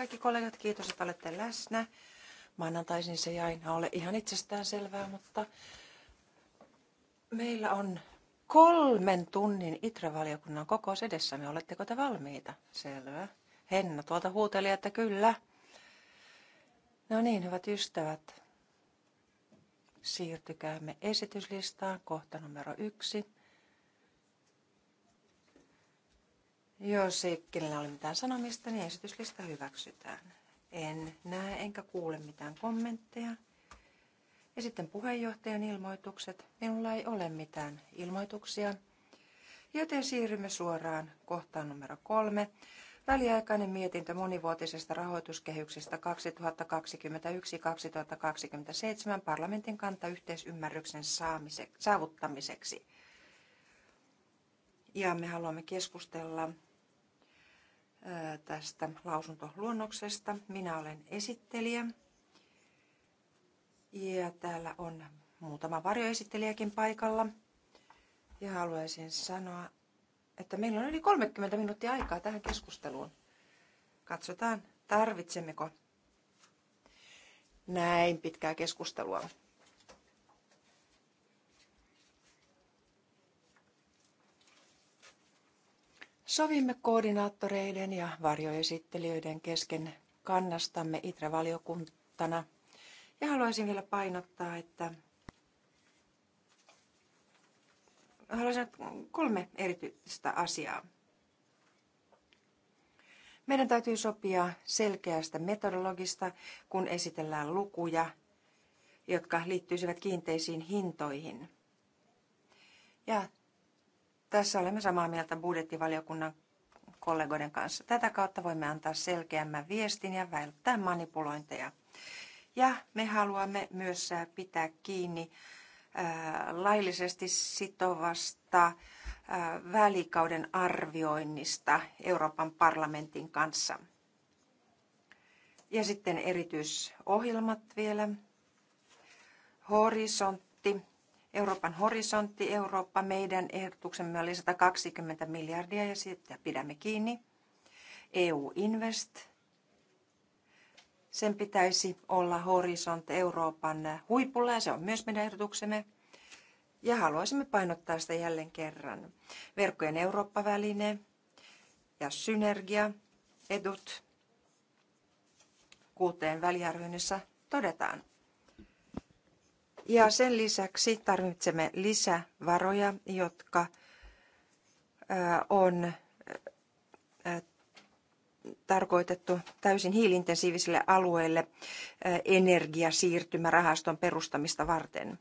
kaikki kollegat, kiitos, että olette läsnä. Maanantaisin se ei aina ole ihan itsestään selvää, mutta meillä on kolmen tunnin itrevaliokunnan kokous edessämme. Oletteko te valmiita? Selvä. Henna tuolta huuteli, että kyllä. No niin, hyvät ystävät. Siirtykäämme esityslistaan kohta numero yksi. Jos ei kenellä ole mitään sanomista, niin esityslista hyväksytään. En näe enkä kuule mitään kommentteja. Ja sitten puheenjohtajan ilmoitukset. Minulla ei ole mitään ilmoituksia. Joten siirrymme suoraan kohtaan numero kolme. Väliaikainen mietintö monivuotisesta rahoituskehyksestä 2021-2027 parlamentin kanta yhteisymmärryksen saavuttamiseksi. Ja me haluamme keskustella tästä lausuntoluonnoksesta. Minä olen esittelijä ja täällä on muutama varjoesittelijäkin paikalla. Ja haluaisin sanoa, että meillä on yli 30 minuuttia aikaa tähän keskusteluun. Katsotaan, tarvitsemmeko näin pitkää keskustelua. Sovimme koordinaattoreiden ja varjoesittelijöiden kesken kannastamme ITRE-valiokuntana. Ja haluaisin vielä painottaa, että haluaisin kolme erityistä asiaa. Meidän täytyy sopia selkeästä metodologista, kun esitellään lukuja, jotka liittyisivät kiinteisiin hintoihin. Ja tässä olemme samaa mieltä budjettivaliokunnan kollegoiden kanssa. Tätä kautta voimme antaa selkeämmän viestin ja välttää manipulointeja. Ja me haluamme myös äh, pitää kiinni äh, laillisesti sitovasta äh, välikauden arvioinnista Euroopan parlamentin kanssa. Ja sitten erityisohjelmat vielä. Horisontti Euroopan horisontti, Eurooppa, meidän ehdotuksemme oli 120 miljardia ja siitä pidämme kiinni. EU Invest, sen pitäisi olla horisont Euroopan huipulla ja se on myös meidän ehdotuksemme. Ja haluaisimme painottaa sitä jälleen kerran. Verkkojen Eurooppa-väline ja synergia, edut, kuuteen väliarvioinnissa todetaan. Ja sen lisäksi tarvitsemme lisävaroja, jotka on tarkoitettu täysin hiilintensiivisille alueille energiasiirtymärahaston perustamista varten.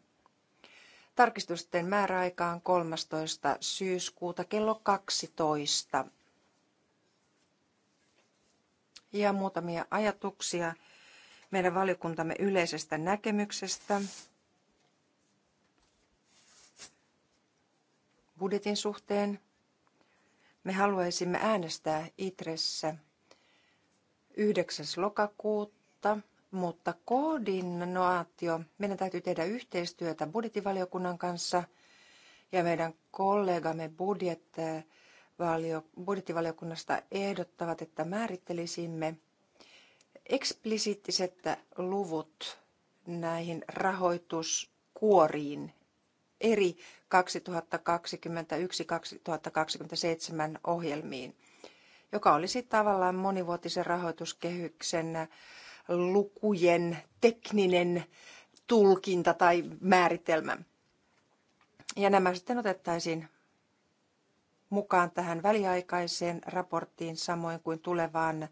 Tarkistusten määräaika on 13. syyskuuta kello 12. Ja muutamia ajatuksia meidän valiokuntamme yleisestä näkemyksestä. budjetin suhteen. Me haluaisimme äänestää ITRessä 9. lokakuuta, mutta koordinaatio, meidän täytyy tehdä yhteistyötä budjettivaliokunnan kanssa ja meidän kollegamme budjet, äh, valio, budjettivaliokunnasta ehdottavat, että määrittelisimme eksplisiittiset luvut näihin rahoituskuoriin eri 2021-2027 ohjelmiin, joka olisi tavallaan monivuotisen rahoituskehyksen lukujen tekninen tulkinta tai määritelmä. Ja nämä sitten otettaisiin mukaan tähän väliaikaiseen raporttiin samoin kuin tulevaan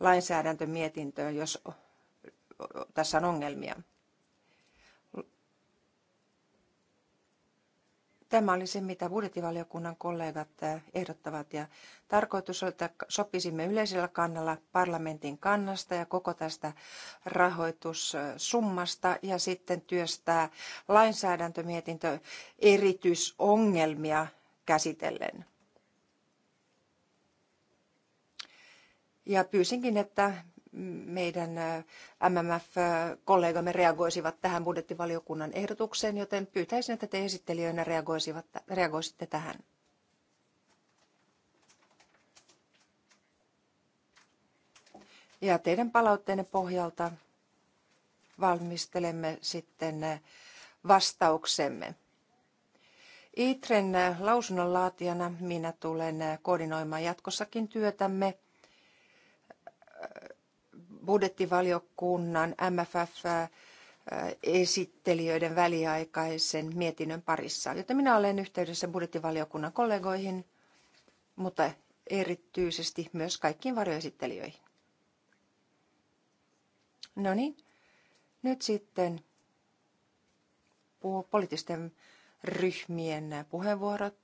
lainsäädäntömietintöön, jos tässä on ongelmia. Tämä oli se, mitä budjettivaliokunnan kollegat eh, ehdottavat ja tarkoitus oli, että sopisimme yleisellä kannalla parlamentin kannasta ja koko tästä rahoitussummasta ja sitten työstää lainsäädäntömietintö erityisongelmia käsitellen. Ja pyysinkin, että meidän MMF-kollegamme reagoisivat tähän budjettivaliokunnan ehdotukseen, joten pyytäisin, että te esittelijöinä reagoisitte tähän. Ja teidän palautteenne pohjalta valmistelemme sitten vastauksemme. ITREN lausunnonlaatijana minä tulen koordinoimaan jatkossakin työtämme budjettivaliokunnan MFF-esittelijöiden väliaikaisen mietinnön parissa. Joten minä olen yhteydessä budjettivaliokunnan kollegoihin, mutta erityisesti myös kaikkiin varjoesittelijöihin. No niin, nyt sitten poliittisten ryhmien puheenvuorot.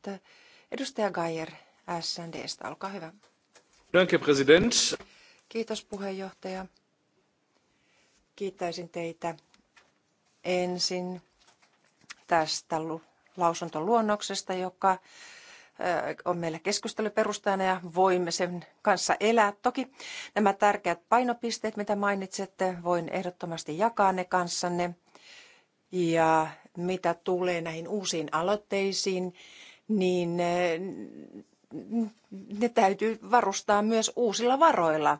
Edustaja Geier SNDstä, olkaa hyvä. Danke, president. Kiitos puheenjohtaja. Kiittäisin teitä ensin tästä lausuntoluonnoksesta, joka äh, on meillä keskusteluperustajana ja voimme sen kanssa elää. Toki nämä tärkeät painopisteet, mitä mainitsette, voin ehdottomasti jakaa ne kanssanne. Ja mitä tulee näihin uusiin aloitteisiin, niin äh, ne täytyy varustaa myös uusilla varoilla.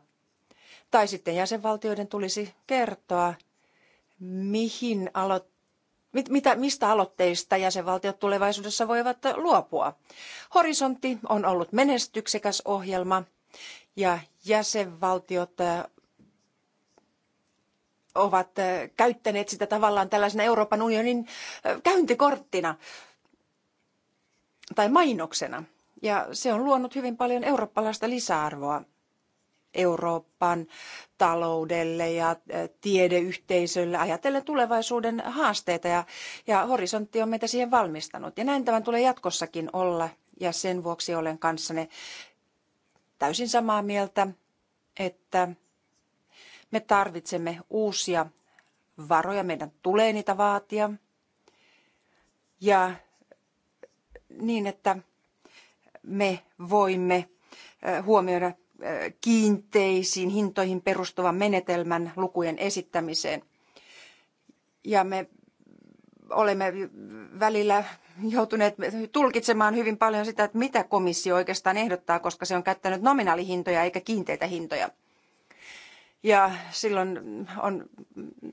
Tai sitten jäsenvaltioiden tulisi kertoa, mihin alo- Mit, mitä, mistä aloitteista jäsenvaltiot tulevaisuudessa voivat luopua? Horisontti on ollut menestyksekäs ohjelma ja jäsenvaltiot äh, ovat äh, käyttäneet sitä tavallaan tällaisena Euroopan unionin äh, käyntikorttina tai mainoksena. Ja se on luonut hyvin paljon eurooppalaista lisäarvoa. Euroopan taloudelle ja tiedeyhteisölle ajatellen tulevaisuuden haasteita ja, ja horisontti on meitä siihen valmistanut. Ja näin tämän tulee jatkossakin olla ja sen vuoksi olen kanssanne täysin samaa mieltä, että me tarvitsemme uusia varoja, meidän tulee niitä vaatia ja niin, että me voimme huomioida kiinteisiin hintoihin perustuvan menetelmän lukujen esittämiseen. Ja me olemme välillä joutuneet tulkitsemaan hyvin paljon sitä, että mitä komissio oikeastaan ehdottaa, koska se on käyttänyt nominaalihintoja eikä kiinteitä hintoja. Ja silloin on,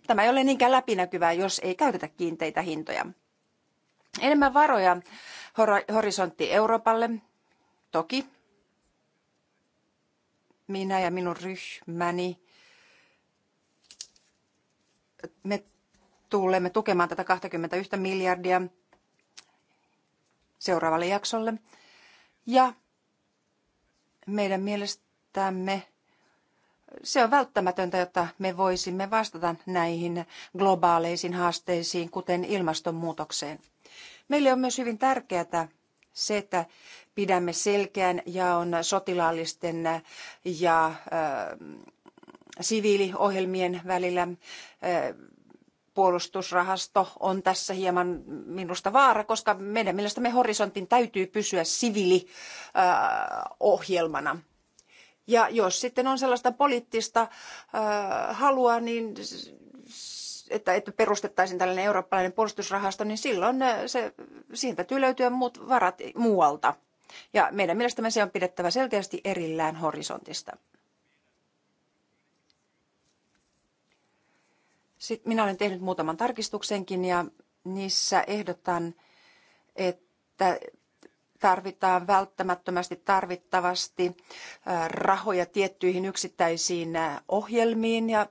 tämä ei ole niinkään läpinäkyvää, jos ei käytetä kiinteitä hintoja. Enemmän varoja Horisontti Euroopalle, toki minä ja minun ryhmäni, me tulemme tukemaan tätä 21 miljardia seuraavalle jaksolle. Ja meidän mielestämme se on välttämätöntä, jotta me voisimme vastata näihin globaaleisiin haasteisiin, kuten ilmastonmuutokseen. Meille on myös hyvin tärkeää, se, että pidämme selkeän jaon sotilaallisten ja äh, siviiliohjelmien välillä. Äh, puolustusrahasto on tässä hieman minusta vaara, koska meidän mielestämme horisontin täytyy pysyä siviiliohjelmana. Äh, ja jos sitten on sellaista poliittista halua, niin että, että perustettaisiin tällainen eurooppalainen puolustusrahasto, niin silloin äh, se, siihen täytyy löytyä muut varat muualta. Ja meidän mielestämme se on pidettävä selkeästi erillään horisontista. Sitten minä olen tehnyt muutaman tarkistuksenkin ja niissä ehdotan, että tarvitaan välttämättömästi tarvittavasti äh, rahoja tiettyihin yksittäisiin äh, ohjelmiin ja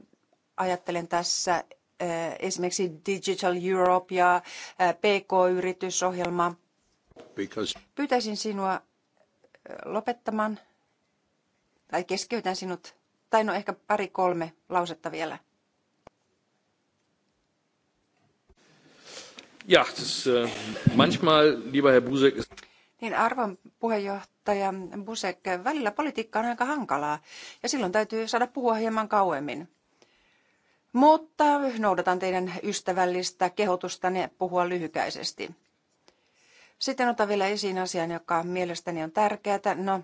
ajattelen tässä Eh, esimerkiksi Digital Europe ja eh, PK-yritysohjelma. Pyytäisin sinua eh, lopettamaan, tai keskeytän sinut, tai no ehkä pari kolme lausetta vielä. Ja, das, äh, manchmal, lieber Herr Busek, ist... Niin arvon puheenjohtaja Busek, välillä politiikka on aika hankalaa ja silloin täytyy saada puhua hieman kauemmin. Mutta noudatan teidän ystävällistä kehotustanne puhua lyhykäisesti. Sitten otan vielä esiin asian, joka mielestäni on tärkeää. No,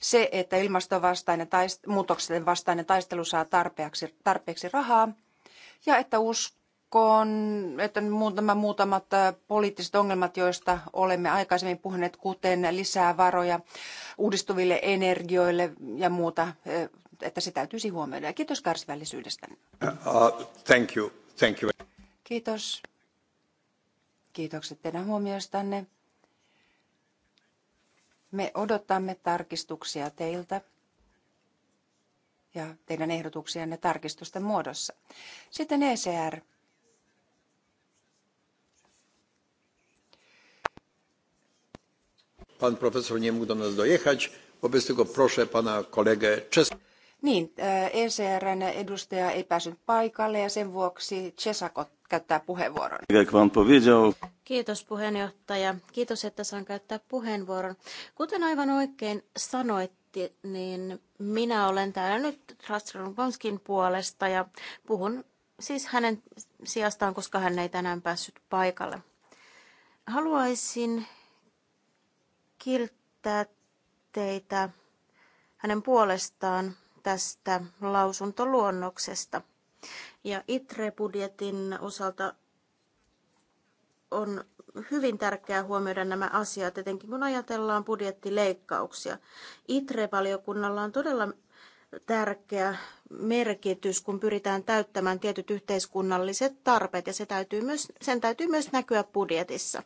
se, että ilmastonvastainen taist- muutoksen vastainen taistelu saa tarpeeksi, tarpeeksi rahaa ja että uskon, että nämä muutamat poliittiset ongelmat, joista olemme aikaisemmin puhuneet, kuten lisää varoja uudistuville energioille ja muuta, että se täytyisi huomioida. Ja kiitos kärsivällisyydestä. Uh, thank you. Thank you. Kiitos. Kiitokset teidän huomioistanne. Me odotamme tarkistuksia teiltä ja teidän ehdotuksianne tarkistusten muodossa. Sitten ECR. Pan professor nie mógł do nas dojechać, wobec tego proszę pana kolegę Czesława. Niin, äh, ECRn edustaja ei päässyt paikalle ja sen vuoksi Chesakot käyttää puheenvuoron. Niin Kiitos puheenjohtaja. Kiitos, että saan käyttää puheenvuoron. Kuten aivan oikein sanoitte, niin minä olen täällä nyt Vanskin puolesta ja puhun siis hänen sijastaan, koska hän ei tänään päässyt paikalle. Haluaisin kilttää teitä hänen puolestaan tästä lausuntoluonnoksesta. Ja ITRE-budjetin osalta on hyvin tärkeää huomioida nämä asiat, etenkin kun ajatellaan budjettileikkauksia. ITRE-valiokunnalla on todella tärkeä merkitys, kun pyritään täyttämään tietyt yhteiskunnalliset tarpeet, ja se täytyy myös, sen täytyy myös näkyä budjetissa.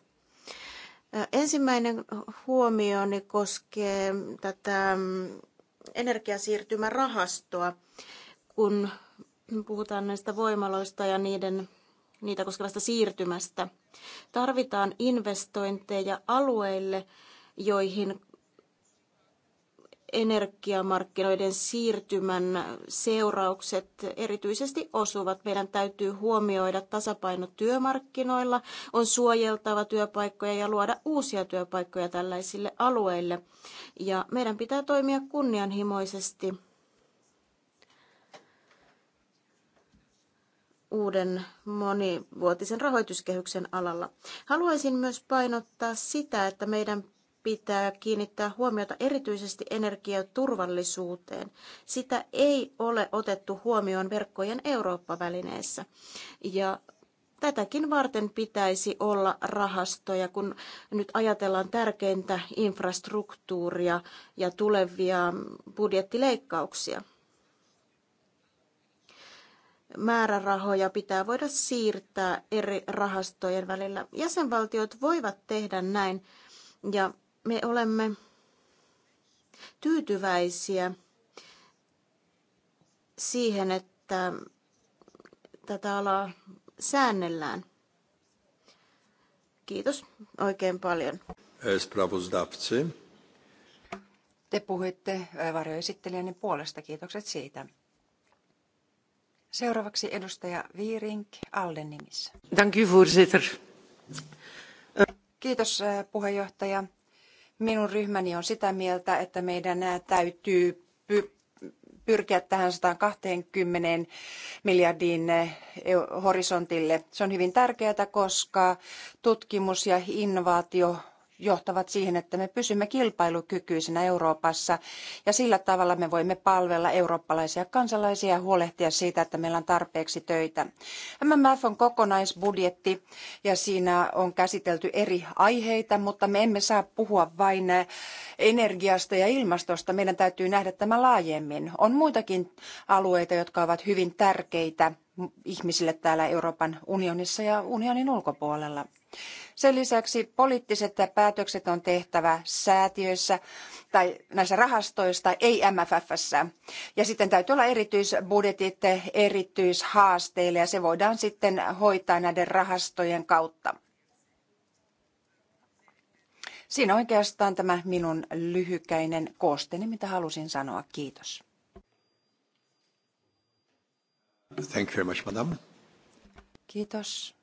Ensimmäinen huomioni koskee tätä mm, energiasiirtymärahastoa, kun puhutaan näistä voimaloista ja niiden, niitä koskevasta siirtymästä. Tarvitaan investointeja alueille, joihin energiamarkkinoiden siirtymän seuraukset erityisesti osuvat. Meidän täytyy huomioida tasapaino työmarkkinoilla, on suojeltava työpaikkoja ja luoda uusia työpaikkoja tällaisille alueille. Ja meidän pitää toimia kunnianhimoisesti uuden monivuotisen rahoituskehyksen alalla. Haluaisin myös painottaa sitä, että meidän pitää kiinnittää huomiota erityisesti energiaturvallisuuteen. Sitä ei ole otettu huomioon verkkojen Eurooppa-välineessä. Ja tätäkin varten pitäisi olla rahastoja, kun nyt ajatellaan tärkeintä infrastruktuuria ja tulevia budjettileikkauksia. Määrärahoja pitää voida siirtää eri rahastojen välillä. Jäsenvaltiot voivat tehdä näin ja me olemme tyytyväisiä siihen, että tätä alaa säännellään. Kiitos oikein paljon. Te puhuitte varjoesittelijänne puolesta. Kiitokset siitä. Seuraavaksi edustaja Viirink Alden nimissä. Dank voorzitter. Kiitos puheenjohtaja. Minun ryhmäni on sitä mieltä, että meidän täytyy pyrkiä tähän 120 miljardin eh, horisontille. Se on hyvin tärkeää, koska tutkimus ja innovaatio johtavat siihen, että me pysymme kilpailukykyisenä Euroopassa ja sillä tavalla me voimme palvella eurooppalaisia kansalaisia ja huolehtia siitä, että meillä on tarpeeksi töitä. MMF on kokonaisbudjetti ja siinä on käsitelty eri aiheita, mutta me emme saa puhua vain energiasta ja ilmastosta. Meidän täytyy nähdä tämä laajemmin. On muitakin alueita, jotka ovat hyvin tärkeitä ihmisille täällä Euroopan unionissa ja unionin ulkopuolella. Sen lisäksi poliittiset päätökset on tehtävä säätiöissä tai näissä rahastoista, ei MFFssä. Ja sitten täytyy olla erityisbudjetit erityishaasteille ja se voidaan sitten hoitaa näiden rahastojen kautta. Siinä oikeastaan tämä minun lyhykäinen koosteeni, niin mitä halusin sanoa. Kiitos. Thank you very much, madam. Kiitos.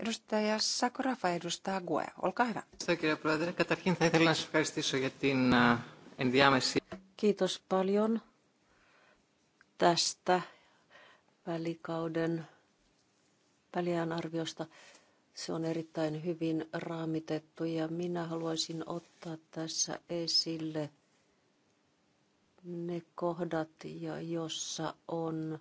Edustaja Sakorafa edustaa GUE. Olkaa hyvä. Kiitos paljon tästä välikauden väliään arviosta. Se on erittäin hyvin raamitettu ja minä haluaisin ottaa tässä esille – ne kohdat, joissa on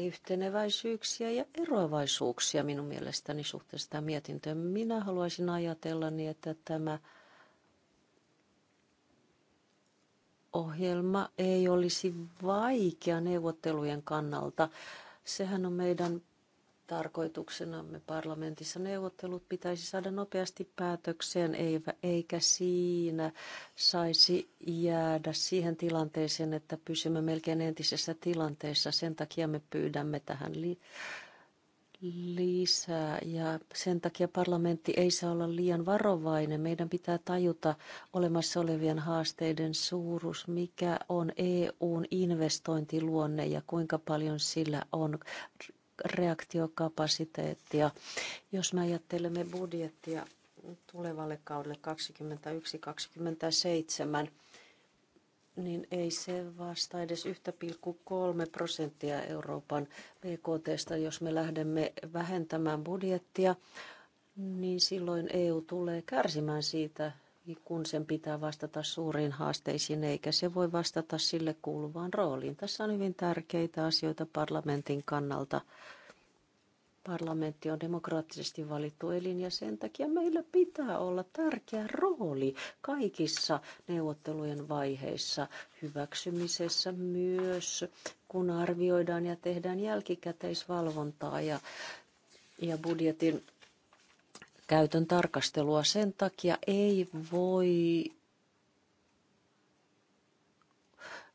yhteneväisyyksiä ja eroavaisuuksia minun mielestäni suhteessa tähän mietintöön. Minä haluaisin ajatella niin, että tämä ohjelma ei olisi vaikea neuvottelujen kannalta. Sehän on meidän tarkoituksenamme parlamentissa neuvottelut pitäisi saada nopeasti päätökseen, eikä siinä saisi jäädä siihen tilanteeseen, että pysymme melkein entisessä tilanteessa. Sen takia me pyydämme tähän li- lisää ja sen takia parlamentti ei saa olla liian varovainen. Meidän pitää tajuta olemassa olevien haasteiden suuruus, mikä on EUn investointiluonne ja kuinka paljon sillä on reaktiokapasiteettia. Jos me ajattelemme budjettia tulevalle kaudelle 2021-2027, niin ei se vasta edes 1,3 prosenttia Euroopan BKTstä. Jos me lähdemme vähentämään budjettia, niin silloin EU tulee kärsimään siitä kun sen pitää vastata suuriin haasteisiin, eikä se voi vastata sille kuuluvaan rooliin. Tässä on hyvin tärkeitä asioita parlamentin kannalta. Parlamentti on demokraattisesti valittu elin ja sen takia meillä pitää olla tärkeä rooli kaikissa neuvottelujen vaiheissa, hyväksymisessä myös, kun arvioidaan ja tehdään jälkikäteisvalvontaa ja, ja budjetin käytön tarkastelua. Sen takia ei voi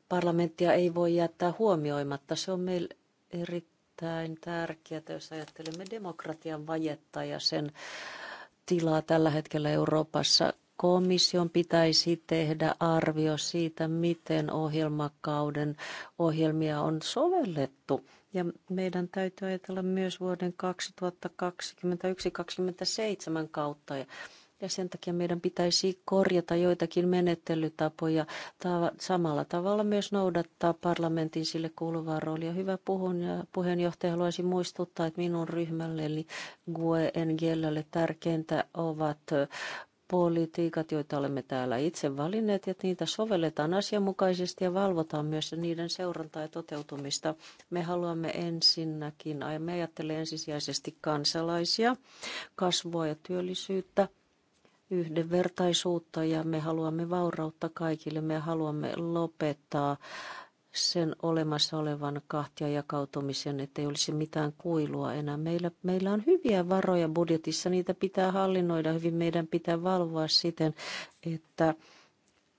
parlamenttia ei voi jättää huomioimatta. Se on meille erittäin tärkeää, jos ajattelemme demokratian vajetta ja sen tilaa tällä hetkellä Euroopassa komission pitäisi tehdä arvio siitä, miten ohjelmakauden ohjelmia on sovellettu. Ja meidän täytyy ajatella myös vuoden 2021-2027 kautta. Ja sen takia meidän pitäisi korjata joitakin menettelytapoja samalla tavalla myös noudattaa parlamentin sille kuuluvaa roolia. Hyvä puhun ja puheenjohtaja haluaisin muistuttaa, että minun ryhmälleni GUE NGLlle tärkeintä ovat politiikat, joita olemme täällä itse valinneet, että niitä sovelletaan asianmukaisesti ja valvotaan myös niiden seurantaa ja toteutumista. Me haluamme ensinnäkin, me ajattelemme ensisijaisesti kansalaisia, kasvua ja työllisyyttä, yhdenvertaisuutta ja me haluamme vaurautta kaikille. Me haluamme lopettaa sen olemassa olevan kahtia jakautumisen, ei olisi mitään kuilua enää. Meillä, meillä on hyviä varoja budjetissa, niitä pitää hallinnoida hyvin, meidän pitää valvoa siten, että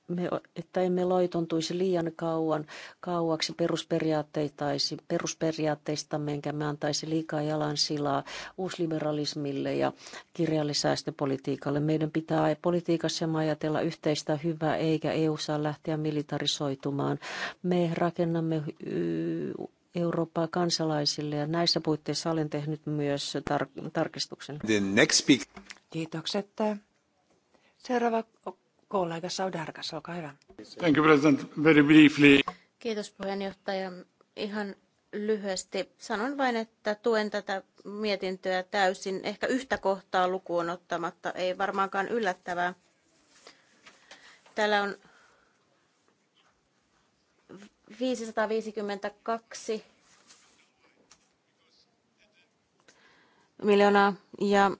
me, että emme loitontuisi liian kauan, kauaksi perusperiaatteitaisi, perusperiaatteistamme, enkä me antaisi liikaa jalansilaa uusliberalismille ja kirjallisäästöpolitiikalle. Meidän pitää politiikassa ajatella yhteistä hyvää, eikä EU saa lähteä militarisoitumaan. Me rakennamme Eurooppaa kansalaisille ja näissä puitteissa olen tehnyt myös tar- tarkistuksen. The next Kiitokset. Seuraava kollega Saudargas, olkaa hyvä. Thank you, President. Very briefly. Kiitos puheenjohtaja. Ihan lyhyesti sanon vain, että tuen tätä mietintöä täysin. Ehkä yhtä kohtaa lukuun ottamatta, ei varmaankaan yllättävää. Täällä on 552 miljoonaa ja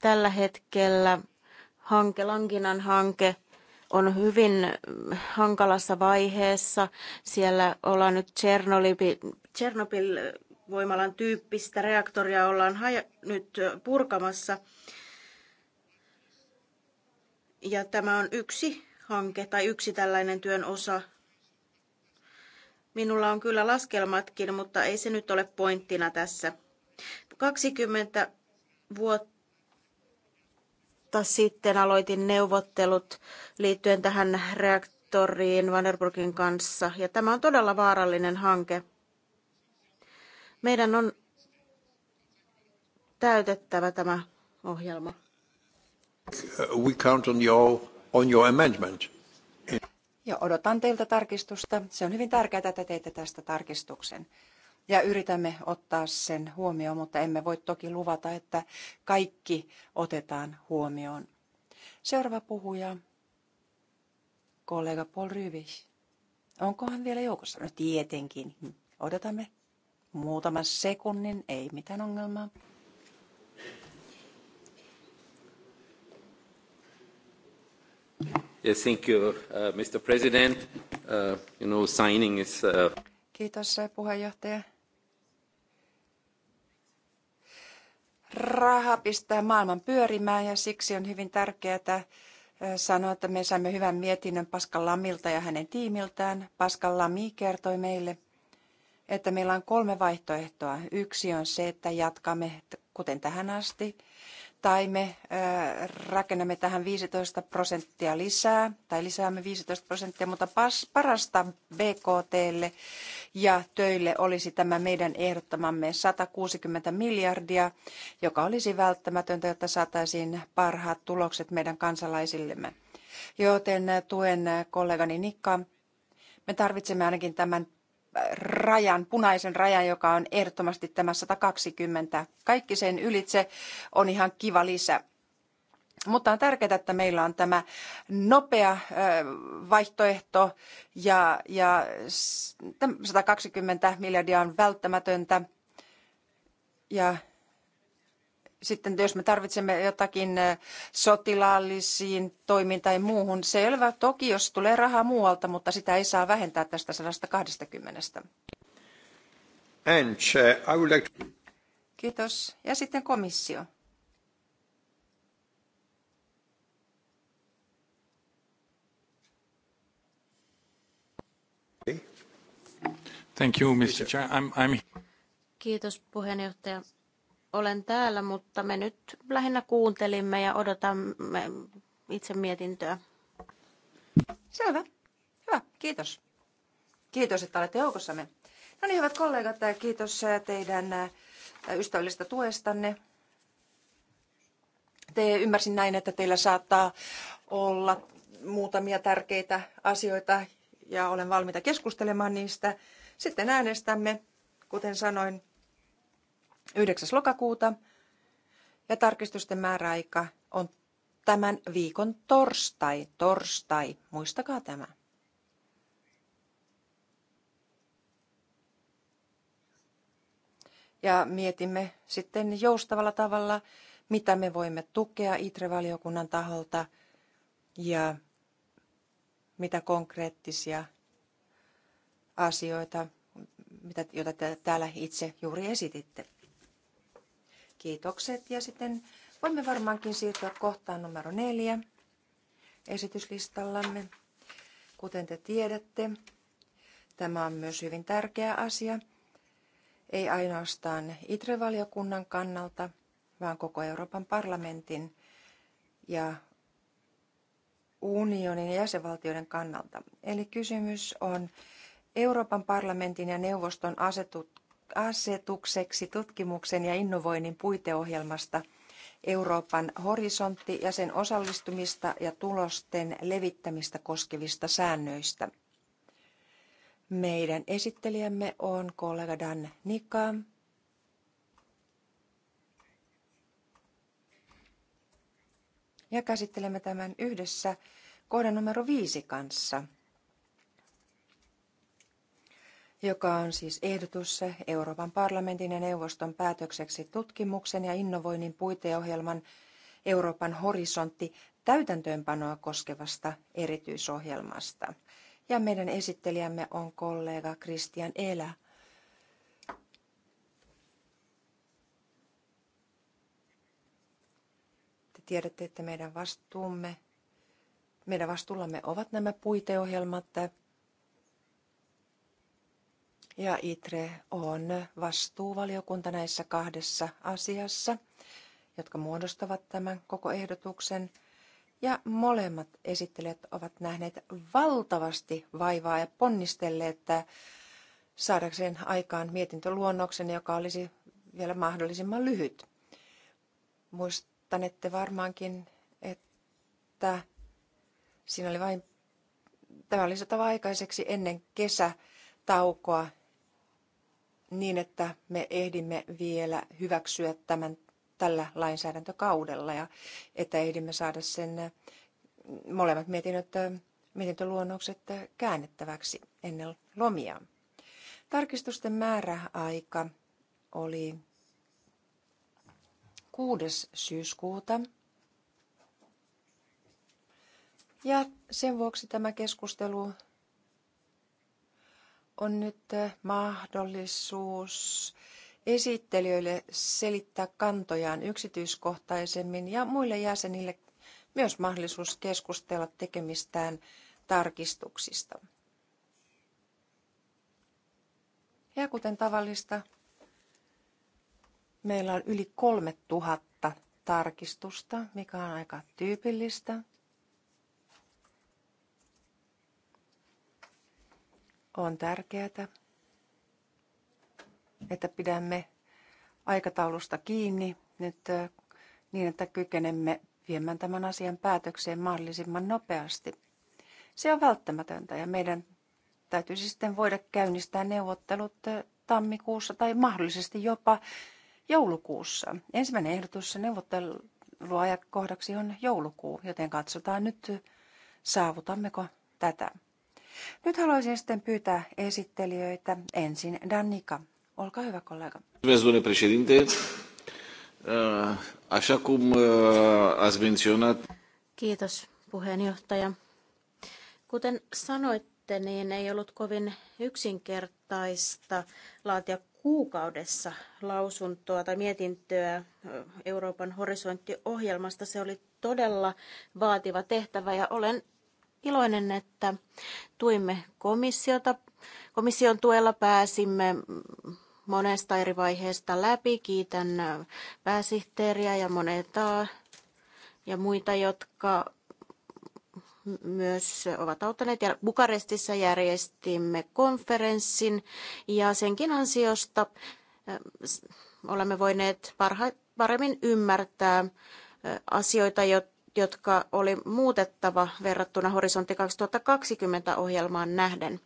tällä hetkellä hanke, Lankinan hanke, on hyvin mm, hankalassa vaiheessa. Siellä ollaan nyt Tchernobyl-voimalan tyyppistä reaktoria ollaan haja- nyt purkamassa. Ja tämä on yksi hanke tai yksi tällainen työn osa. Minulla on kyllä laskelmatkin, mutta ei se nyt ole pointtina tässä. 20 vuotta vuotta sitten aloitin neuvottelut liittyen tähän reaktoriin Vanderburgin kanssa, ja tämä on todella vaarallinen hanke. Meidän on täytettävä tämä ohjelma. We count on your, on your amendment. Ja odotan teiltä tarkistusta. Se on hyvin tärkeää, että teette tästä tarkistuksen ja yritämme ottaa sen huomioon, mutta emme voi toki luvata, että kaikki otetaan huomioon. Seuraava puhuja, kollega Paul Ryvich. Onkohan vielä joukossa? No tietenkin. Odotamme muutaman sekunnin, ei mitään ongelmaa. Yes, thank you, uh, Mr. President. Uh, you know, signing is... Uh... Kiitos puheenjohtaja. raha pistää maailman pyörimään ja siksi on hyvin tärkeää äh, sanoa, että me saimme hyvän mietinnön Pascal Lamilta ja hänen tiimiltään. Pascal Lami kertoi meille, että meillä on kolme vaihtoehtoa. Yksi on se, että jatkamme kuten tähän asti tai me rakennamme tähän 15 prosenttia lisää, tai lisäämme 15 prosenttia, mutta pas, parasta BKTlle ja töille olisi tämä meidän ehdottamamme 160 miljardia, joka olisi välttämätöntä, jotta saataisiin parhaat tulokset meidän kansalaisillemme. Joten tuen kollegani Nikka, me tarvitsemme ainakin tämän rajan, punaisen rajan, joka on ehdottomasti tämä 120. Kaikki sen ylitse on ihan kiva lisä. Mutta on tärkeää, että meillä on tämä nopea vaihtoehto ja, ja 120 miljardia on välttämätöntä. Ja sitten jos me tarvitsemme jotakin sotilaallisiin toimintaan tai muuhun, se ei toki, jos tulee rahaa muualta, mutta sitä ei saa vähentää tästä 120. And, uh, I would like... Kiitos. Ja sitten komissio. Thank you, Mr. Chair. I'm, I'm... Kiitos puheenjohtaja olen täällä, mutta me nyt lähinnä kuuntelimme ja odotamme itse mietintöä. Selvä. Hyvä, kiitos. Kiitos, että olette joukossamme. No niin, hyvät kollegat, kiitos teidän ystävällisestä tuestanne. Te ymmärsin näin, että teillä saattaa olla muutamia tärkeitä asioita ja olen valmiita keskustelemaan niistä. Sitten äänestämme, kuten sanoin, 9. lokakuuta ja tarkistusten määräaika on tämän viikon torstai, torstai, muistakaa tämä. Ja mietimme sitten joustavalla tavalla, mitä me voimme tukea ITRE-valiokunnan taholta ja mitä konkreettisia asioita, mitä, joita täällä itse juuri esititte. Kiitokset. Ja sitten voimme varmaankin siirtyä kohtaan numero neljä esityslistallamme. Kuten te tiedätte, tämä on myös hyvin tärkeä asia, ei ainoastaan ITRE-valiokunnan kannalta, vaan koko Euroopan parlamentin ja unionin ja jäsenvaltioiden kannalta. Eli kysymys on Euroopan parlamentin ja neuvoston asetut, asetukseksi tutkimuksen ja innovoinnin puiteohjelmasta Euroopan horisontti ja sen osallistumista ja tulosten levittämistä koskevista säännöistä. Meidän esittelijämme on kollega Dan Nika. Ja käsittelemme tämän yhdessä kohdan numero viisi kanssa – joka on siis ehdotus Euroopan parlamentin ja neuvoston päätökseksi tutkimuksen ja innovoinnin puiteohjelman Euroopan horisontti täytäntöönpanoa koskevasta erityisohjelmasta. Ja meidän esittelijämme on kollega Christian Elä. Te tiedätte, että meidän vastuumme, meidän vastuullamme ovat nämä puiteohjelmat ja ITRE on vastuuvaliokunta näissä kahdessa asiassa, jotka muodostavat tämän koko ehdotuksen. Ja molemmat esittelijät ovat nähneet valtavasti vaivaa ja ponnistelleet että saadakseen aikaan mietintöluonnoksen, joka olisi vielä mahdollisimman lyhyt. Muistanette varmaankin, että siinä oli vain, tämä oli saatava aikaiseksi ennen kesätaukoa niin, että me ehdimme vielä hyväksyä tämän tällä lainsäädäntökaudella ja että ehdimme saada sen äh, molemmat mietinnöt, äh, mietintöluonnokset äh, käännettäväksi ennen lomia. Tarkistusten määräaika oli 6. syyskuuta. Ja sen vuoksi tämä keskustelu on nyt äh, mahdollisuus esittelijöille selittää kantojaan yksityiskohtaisemmin ja muille jäsenille myös mahdollisuus keskustella tekemistään tarkistuksista. Ja kuten tavallista, meillä on yli 3000 tarkistusta, mikä on aika tyypillistä. on tärkeää, että pidämme aikataulusta kiinni nyt niin, että kykenemme viemään tämän asian päätökseen mahdollisimman nopeasti. Se on välttämätöntä ja meidän täytyisi sitten voida käynnistää neuvottelut tammikuussa tai mahdollisesti jopa joulukuussa. Ensimmäinen ehdotus neuvotteluajakohdaksi on joulukuu, joten katsotaan nyt saavutammeko tätä. Nyt haluaisin sitten pyytää esittelijöitä. Ensin Danika, Olkaa hyvä kollega. Uh, uh, Kiitos puheenjohtaja. Kuten sanoitte, niin ei ollut kovin yksinkertaista laatia kuukaudessa lausuntoa tai mietintöä uh, Euroopan horisonttiohjelmasta. Se oli todella vaativa tehtävä ja olen iloinen, että tuimme komissiota. Komission tuella pääsimme monesta eri vaiheesta läpi. Kiitän pääsihteeriä ja monetaa ja muita, jotka myös ovat auttaneet. Ja Bukarestissa järjestimme konferenssin ja senkin ansiosta eh, olemme voineet parha- paremmin ymmärtää eh, asioita, jotka jotka oli muutettava verrattuna Horisontti 2020 ohjelmaan nähden.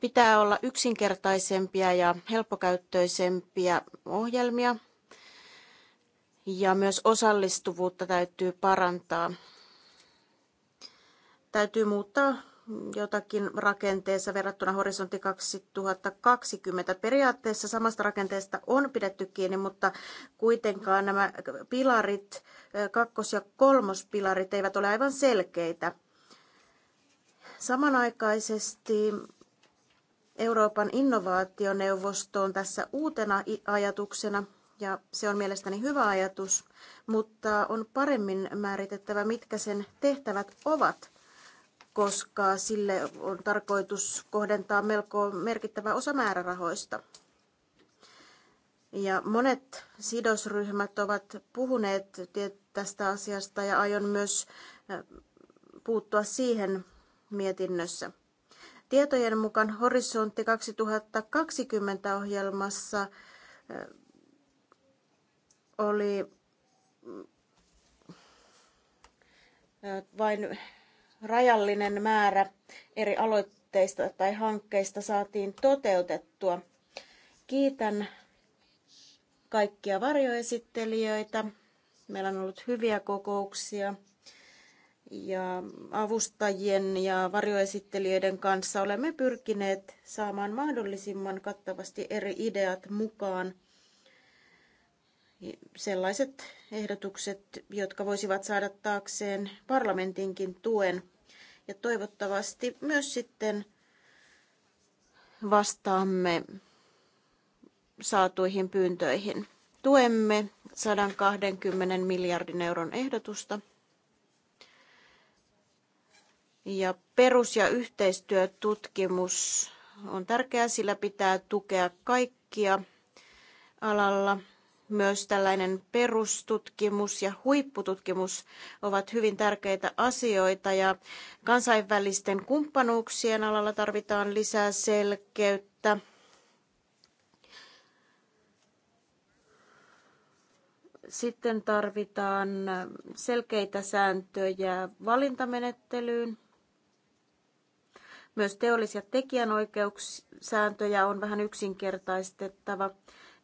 Pitää olla yksinkertaisempia ja helppokäyttöisempiä ohjelmia ja myös osallistuvuutta täytyy parantaa. Täytyy muuttaa jotakin rakenteessa verrattuna horisontti 2020. Periaatteessa samasta rakenteesta on pidetty kiinni, mutta kuitenkaan nämä pilarit, kakkos- ja kolmospilarit eivät ole aivan selkeitä. Samanaikaisesti Euroopan innovaationeuvosto on tässä uutena ajatuksena ja se on mielestäni hyvä ajatus, mutta on paremmin määritettävä, mitkä sen tehtävät ovat – koska sille on tarkoitus kohdentaa melko merkittävä osa määrärahoista. Ja monet sidosryhmät ovat puhuneet tästä asiasta ja aion myös puuttua siihen mietinnössä. Tietojen mukaan Horisontti 2020 ohjelmassa oli vain rajallinen määrä eri aloitteista tai hankkeista saatiin toteutettua. Kiitän kaikkia varjoesittelijöitä. Meillä on ollut hyviä kokouksia ja avustajien ja varjoesittelijöiden kanssa olemme pyrkineet saamaan mahdollisimman kattavasti eri ideat mukaan. Sellaiset ehdotukset, jotka voisivat saada taakseen parlamentinkin tuen ja toivottavasti myös sitten vastaamme saatuihin pyyntöihin. Tuemme 120 miljardin euron ehdotusta. Ja perus- ja yhteistyötutkimus on tärkeää, sillä pitää tukea kaikkia alalla myös tällainen perustutkimus ja huippututkimus ovat hyvin tärkeitä asioita ja kansainvälisten kumppanuuksien alalla tarvitaan lisää selkeyttä. Sitten tarvitaan selkeitä sääntöjä valintamenettelyyn. Myös teollisia tekijänoikeussääntöjä on vähän yksinkertaistettava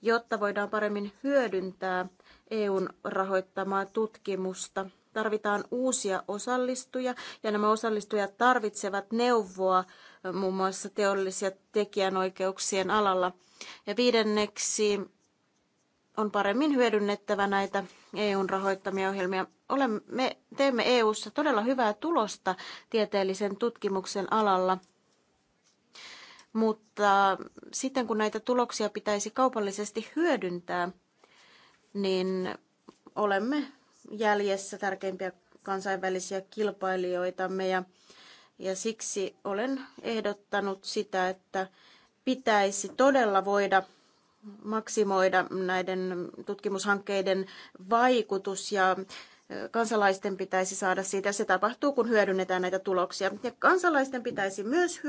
jotta voidaan paremmin hyödyntää EUn rahoittamaa tutkimusta. Tarvitaan uusia osallistujia ja nämä osallistujat tarvitsevat neuvoa muun muassa teollisia tekijänoikeuksien alalla. Ja viidenneksi on paremmin hyödynnettävä näitä EUn rahoittamia ohjelmia. Olemme, teemme EUssa todella hyvää tulosta tieteellisen tutkimuksen alalla. Mutta sitten kun näitä tuloksia pitäisi kaupallisesti hyödyntää, niin olemme jäljessä tärkeimpiä kansainvälisiä kilpailijoitamme ja, ja siksi olen ehdottanut sitä, että pitäisi todella voida maksimoida näiden tutkimushankkeiden vaikutus ja kansalaisten pitäisi saada siitä. Se tapahtuu, kun hyödynnetään näitä tuloksia. Ja kansalaisten pitäisi myös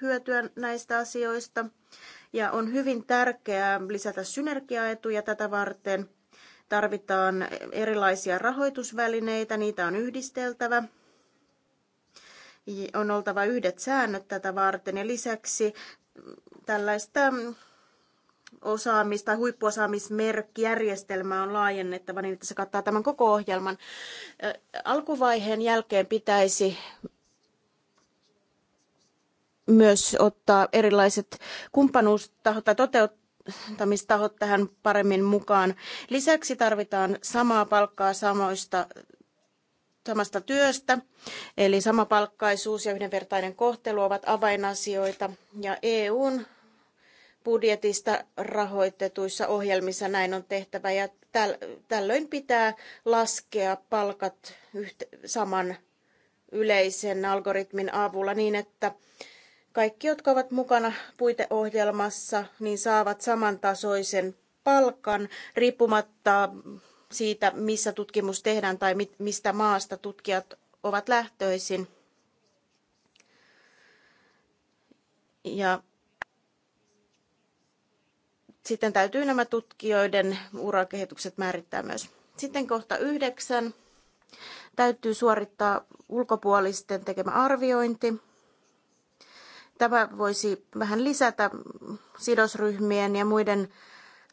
hyötyä näistä asioista. Ja on hyvin tärkeää lisätä synergiaetuja tätä varten. Tarvitaan erilaisia rahoitusvälineitä, niitä on yhdisteltävä. On oltava yhdet säännöt tätä varten ja lisäksi tällaista osaamista tai huippuosaamismerkkijärjestelmää on laajennettava niin, että se kattaa tämän koko ohjelman. Alkuvaiheen jälkeen pitäisi myös ottaa erilaiset kumppanuustahot tai toteuttamistahot tähän paremmin mukaan. Lisäksi tarvitaan samaa palkkaa samoista samasta työstä, eli samapalkkaisuus ja yhdenvertainen kohtelu ovat avainasioita, ja EUn budjetista rahoitetuissa ohjelmissa näin on tehtävä ja tällöin pitää laskea palkat saman yleisen algoritmin avulla niin, että kaikki, jotka ovat mukana puiteohjelmassa, niin saavat samantasoisen palkan riippumatta siitä, missä tutkimus tehdään tai mistä maasta tutkijat ovat lähtöisin. Ja sitten täytyy nämä tutkijoiden urakehitykset määrittää myös. Sitten kohta yhdeksän täytyy suorittaa ulkopuolisten tekemä arviointi. Tämä voisi vähän lisätä sidosryhmien ja muiden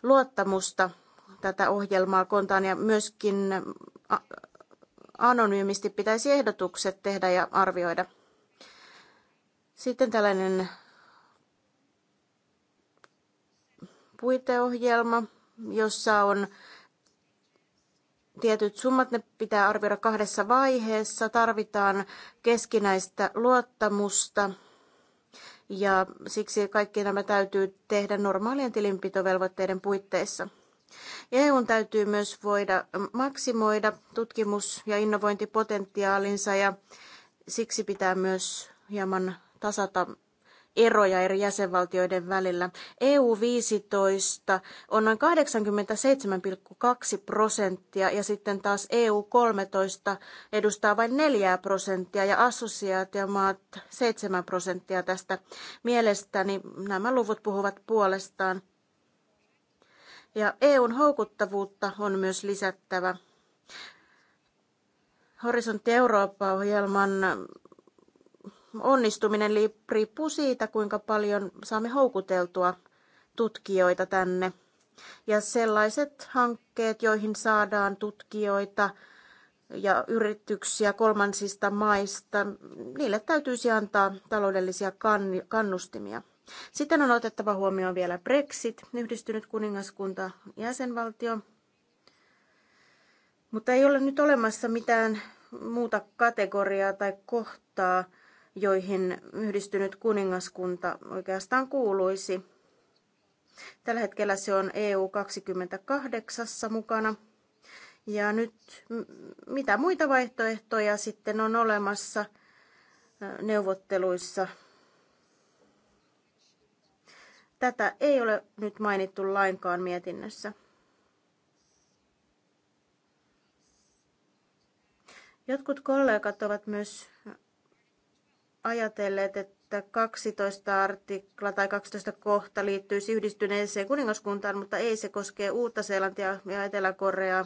luottamusta tätä ohjelmaa kontaan ja myöskin anonyymisti pitäisi ehdotukset tehdä ja arvioida. Sitten tällainen puiteohjelma, jossa on tietyt summat, ne pitää arvioida kahdessa vaiheessa. Tarvitaan keskinäistä luottamusta ja siksi kaikki nämä täytyy tehdä normaalien tilinpitovelvoitteiden puitteissa. EUn täytyy myös voida maksimoida tutkimus- ja innovointipotentiaalinsa ja siksi pitää myös hieman tasata eroja eri jäsenvaltioiden välillä. EU-15 on noin 87,2 prosenttia ja sitten taas EU-13 edustaa vain 4 prosenttia ja assosiaatiomaat 7 prosenttia tästä. Mielestäni nämä luvut puhuvat puolestaan. Ja EUn houkuttavuutta on myös lisättävä. Horisontti Eurooppa-ohjelman onnistuminen riippuu siitä, kuinka paljon saamme houkuteltua tutkijoita tänne. Ja sellaiset hankkeet, joihin saadaan tutkijoita ja yrityksiä kolmansista maista, niille täytyisi antaa taloudellisia kannustimia. Sitten on otettava huomioon vielä Brexit, yhdistynyt kuningaskunta, jäsenvaltio. Mutta ei ole nyt olemassa mitään muuta kategoriaa tai kohtaa, joihin yhdistynyt kuningaskunta oikeastaan kuuluisi. Tällä hetkellä se on EU 28 mukana. Ja nyt mitä muita vaihtoehtoja sitten on olemassa neuvotteluissa? Tätä ei ole nyt mainittu lainkaan mietinnössä. Jotkut kollegat ovat myös ajatelleet, että 12 artikla tai 12 kohta liittyisi yhdistyneeseen kuningaskuntaan, mutta ei se koskee Uutta-Seelantia ja Etelä-Koreaa.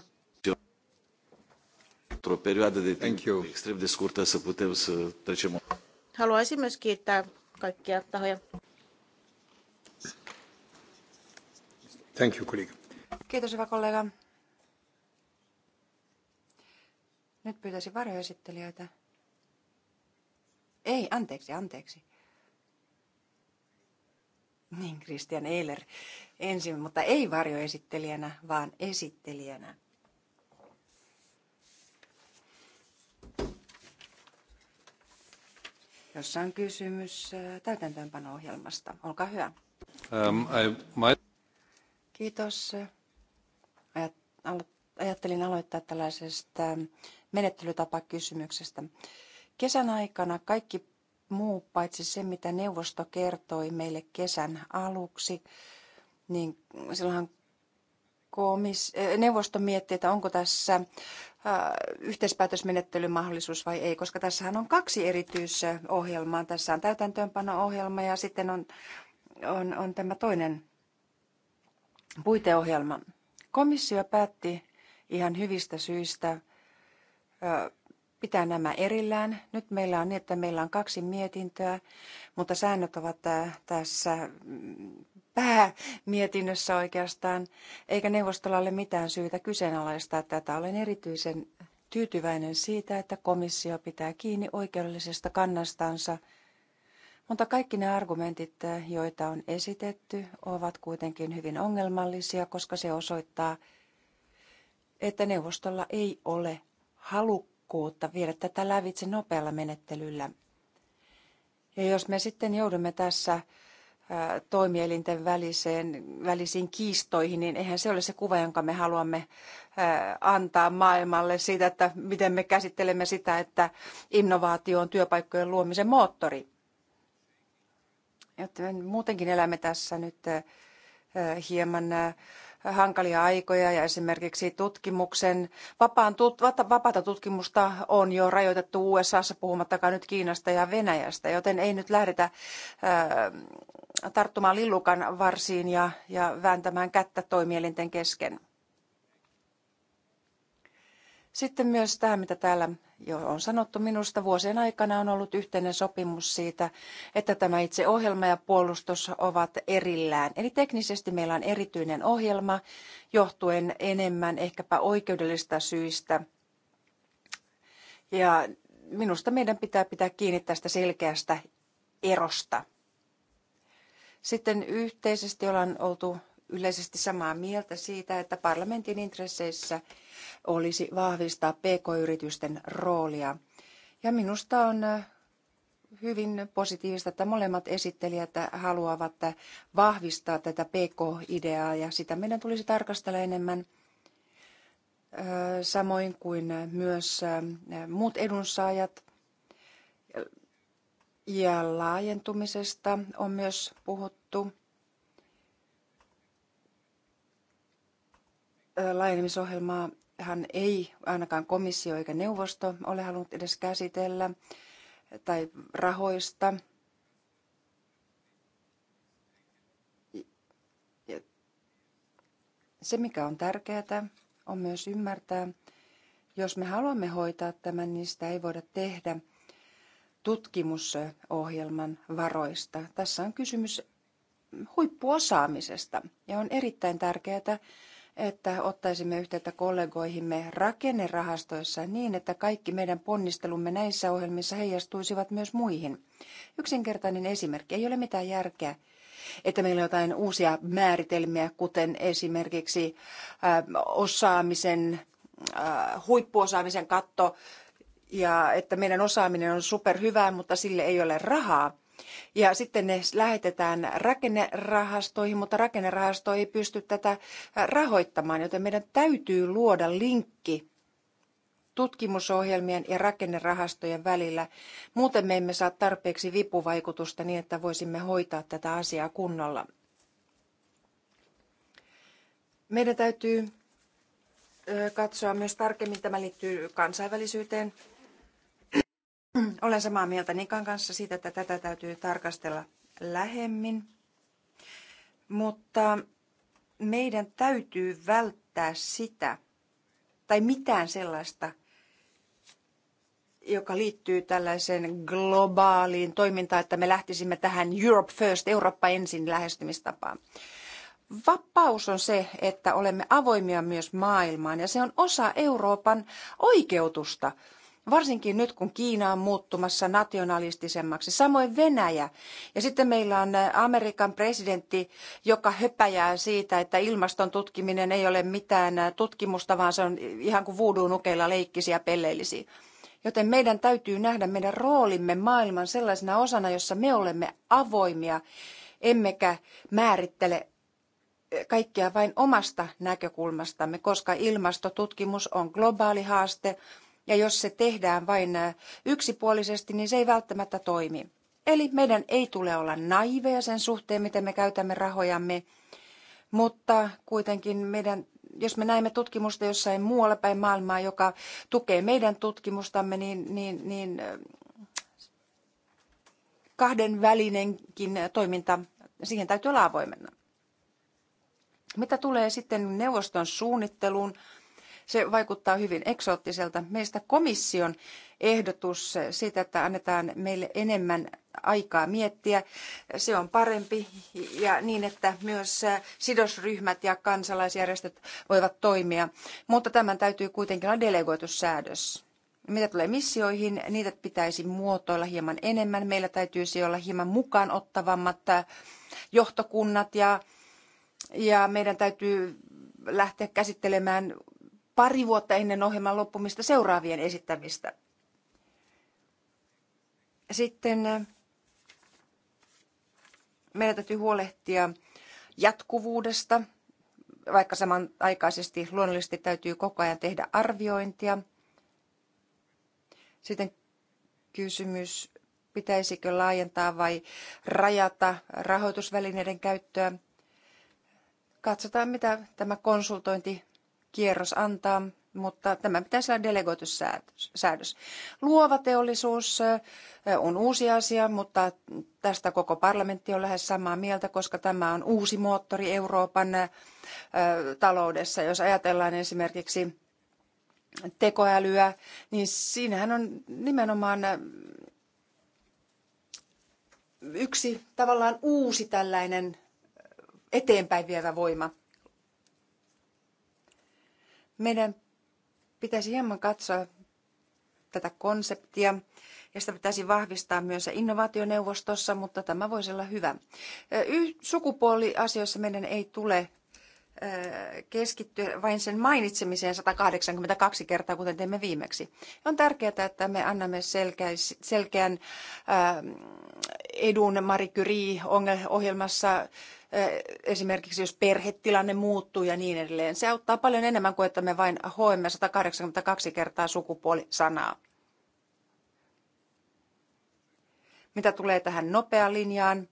Haluaisin myös kiittää kaikkia tahoja. Thank you, Kiitos, hyvä kollega. Nyt pyytäisin varjoesittelijöitä ei, anteeksi, anteeksi. Niin, Christian Eiler ensin, mutta ei varjoesittelijänä, vaan esittelijänä. jossa on kysymys täytäntöönpano-ohjelmasta. Olkaa hyvä. Um, I, my... Kiitos. Ajattelin aloittaa tällaisesta menettelytapakysymyksestä. kysymyksestä Kesän aikana kaikki muu paitsi se, mitä neuvosto kertoi meille kesän aluksi, niin silloinhan komis, eh, neuvosto mietti, että onko tässä äh, yhteispäätösmenettelymahdollisuus vai ei, koska tässähän on kaksi erityisohjelmaa. Tässä on täytäntöönpano-ohjelma ja sitten on, on, on tämä toinen puiteohjelma. Komissio päätti ihan hyvistä syistä äh, pitää nämä erillään. Nyt meillä on niin, että meillä on kaksi mietintöä, mutta säännöt ovat äh, tässä mm, päämietinnössä oikeastaan, eikä neuvostolla ole mitään syytä kyseenalaistaa tätä. Olen erityisen tyytyväinen siitä, että komissio pitää kiinni oikeudellisesta kannastansa, mutta kaikki ne argumentit, äh, joita on esitetty, ovat kuitenkin hyvin ongelmallisia, koska se osoittaa, että neuvostolla ei ole halukkuutta tehokkuutta viedä tätä lävitse nopealla menettelyllä. Ja jos me sitten joudumme tässä toimielinten väliseen, välisiin kiistoihin, niin eihän se ole se kuva, jonka me haluamme antaa maailmalle siitä, että miten me käsittelemme sitä, että innovaatio on työpaikkojen luomisen moottori. me muutenkin elämme tässä nyt hieman hankalia aikoja ja esimerkiksi tutkimuksen, vapaan, tut, vapaata tutkimusta on jo rajoitettu USAssa puhumattakaan nyt Kiinasta ja Venäjästä, joten ei nyt lähdetä ää, äh, tarttumaan lillukan varsiin ja, ja vääntämään kättä toimielinten kesken. Sitten myös tämä, mitä täällä jo on sanottu minusta, vuosien aikana on ollut yhteinen sopimus siitä, että tämä itse ohjelma ja puolustus ovat erillään. Eli teknisesti meillä on erityinen ohjelma johtuen enemmän ehkäpä oikeudellista syistä. Ja minusta meidän pitää pitää kiinni tästä selkeästä erosta. Sitten yhteisesti ollaan oltu yleisesti samaa mieltä siitä, että parlamentin intresseissä olisi vahvistaa pk-yritysten roolia. Ja minusta on äh, hyvin positiivista, että molemmat esittelijät haluavat vahvistaa tätä pk-ideaa ja sitä meidän tulisi tarkastella enemmän äh, samoin kuin myös äh, muut edunsaajat. Ja laajentumisesta on myös puhuttu. laajenemisohjelmaa hän ei ainakaan komissio eikä neuvosto ole halunnut edes käsitellä tai rahoista. Se, mikä on tärkeää, on myös ymmärtää, jos me haluamme hoitaa tämän, niin sitä ei voida tehdä tutkimusohjelman varoista. Tässä on kysymys huippuosaamisesta ja on erittäin tärkeää, että ottaisimme yhteyttä kollegoihimme rakennerahastoissa niin, että kaikki meidän ponnistelumme näissä ohjelmissa heijastuisivat myös muihin. Yksinkertainen esimerkki. Ei ole mitään järkeä, että meillä on jotain uusia määritelmiä, kuten esimerkiksi äh, osaamisen, äh, huippuosaamisen katto, ja että meidän osaaminen on superhyvää, mutta sille ei ole rahaa ja sitten ne lähetetään rakennerahastoihin, mutta rakennerahasto ei pysty tätä rahoittamaan, joten meidän täytyy luoda linkki tutkimusohjelmien ja rakennerahastojen välillä. Muuten me emme saa tarpeeksi vipuvaikutusta niin, että voisimme hoitaa tätä asiaa kunnolla. Meidän täytyy katsoa myös tarkemmin, tämä liittyy kansainvälisyyteen, Mm, olen samaa mieltä Nikan kanssa siitä, että tätä täytyy tarkastella lähemmin. Mutta meidän täytyy välttää sitä tai mitään sellaista, joka liittyy tällaiseen globaaliin toimintaan, että me lähtisimme tähän Europe First, Eurooppa ensin lähestymistapaan. Vapaus on se, että olemme avoimia myös maailmaan ja se on osa Euroopan oikeutusta. Varsinkin nyt, kun Kiina on muuttumassa nationalistisemmaksi, samoin Venäjä. Ja sitten meillä on Amerikan presidentti, joka höpäjää siitä, että ilmaston tutkiminen ei ole mitään tutkimusta, vaan se on ihan kuin nukeilla leikkisiä pelleillisiä. Joten meidän täytyy nähdä meidän roolimme maailman sellaisena osana, jossa me olemme avoimia, emmekä määrittele kaikkea vain omasta näkökulmastamme, koska ilmastotutkimus on globaali haaste – ja jos se tehdään vain äh, yksipuolisesti, niin se ei välttämättä toimi. Eli meidän ei tule olla naiveja sen suhteen, miten me käytämme rahojamme, mutta kuitenkin meidän, jos me näemme tutkimusta jossain muualla päin maailmaa, joka tukee meidän tutkimustamme, niin, niin, niin äh, kahden välinenkin toiminta, siihen täytyy olla avoimena. Mitä tulee sitten neuvoston suunnitteluun, se vaikuttaa hyvin eksoottiselta. Meistä komission ehdotus siitä, että annetaan meille enemmän aikaa miettiä, se on parempi ja niin, että myös sidosryhmät ja kansalaisjärjestöt voivat toimia. Mutta tämän täytyy kuitenkin olla säädös. Mitä tulee missioihin, niitä pitäisi muotoilla hieman enemmän. Meillä täytyisi olla hieman mukaan ottavammat johtokunnat ja, ja meidän täytyy lähteä käsittelemään pari vuotta ennen ohjelman loppumista seuraavien esittämistä. Sitten äh, meidän täytyy huolehtia jatkuvuudesta, vaikka samanaikaisesti luonnollisesti täytyy koko ajan tehdä arviointia. Sitten kysymys, pitäisikö laajentaa vai rajata rahoitusvälineiden käyttöä. Katsotaan, mitä tämä konsultointi kierros antaa, mutta tämä pitäisi olla delegoitussäädös. Luova teollisuus on uusi asia, mutta tästä koko parlamentti on lähes samaa mieltä, koska tämä on uusi moottori Euroopan taloudessa. Jos ajatellaan esimerkiksi tekoälyä, niin siinähän on nimenomaan yksi tavallaan uusi tällainen eteenpäin vievä voima – meidän pitäisi hieman katsoa tätä konseptia ja sitä pitäisi vahvistaa myös innovaationeuvostossa, mutta tämä voisi olla hyvä. Sukupuoliasioissa meidän ei tule keskittyä vain sen mainitsemiseen 182 kertaa, kuten teimme viimeksi. On tärkeää, että me annamme selkeän edun Marie Curie-ohjelmassa esimerkiksi jos perhetilanne muuttuu ja niin edelleen. Se auttaa paljon enemmän kuin että me vain hoemme 182 kertaa sukupuolisanaa. Mitä tulee tähän nopeaan linjaan,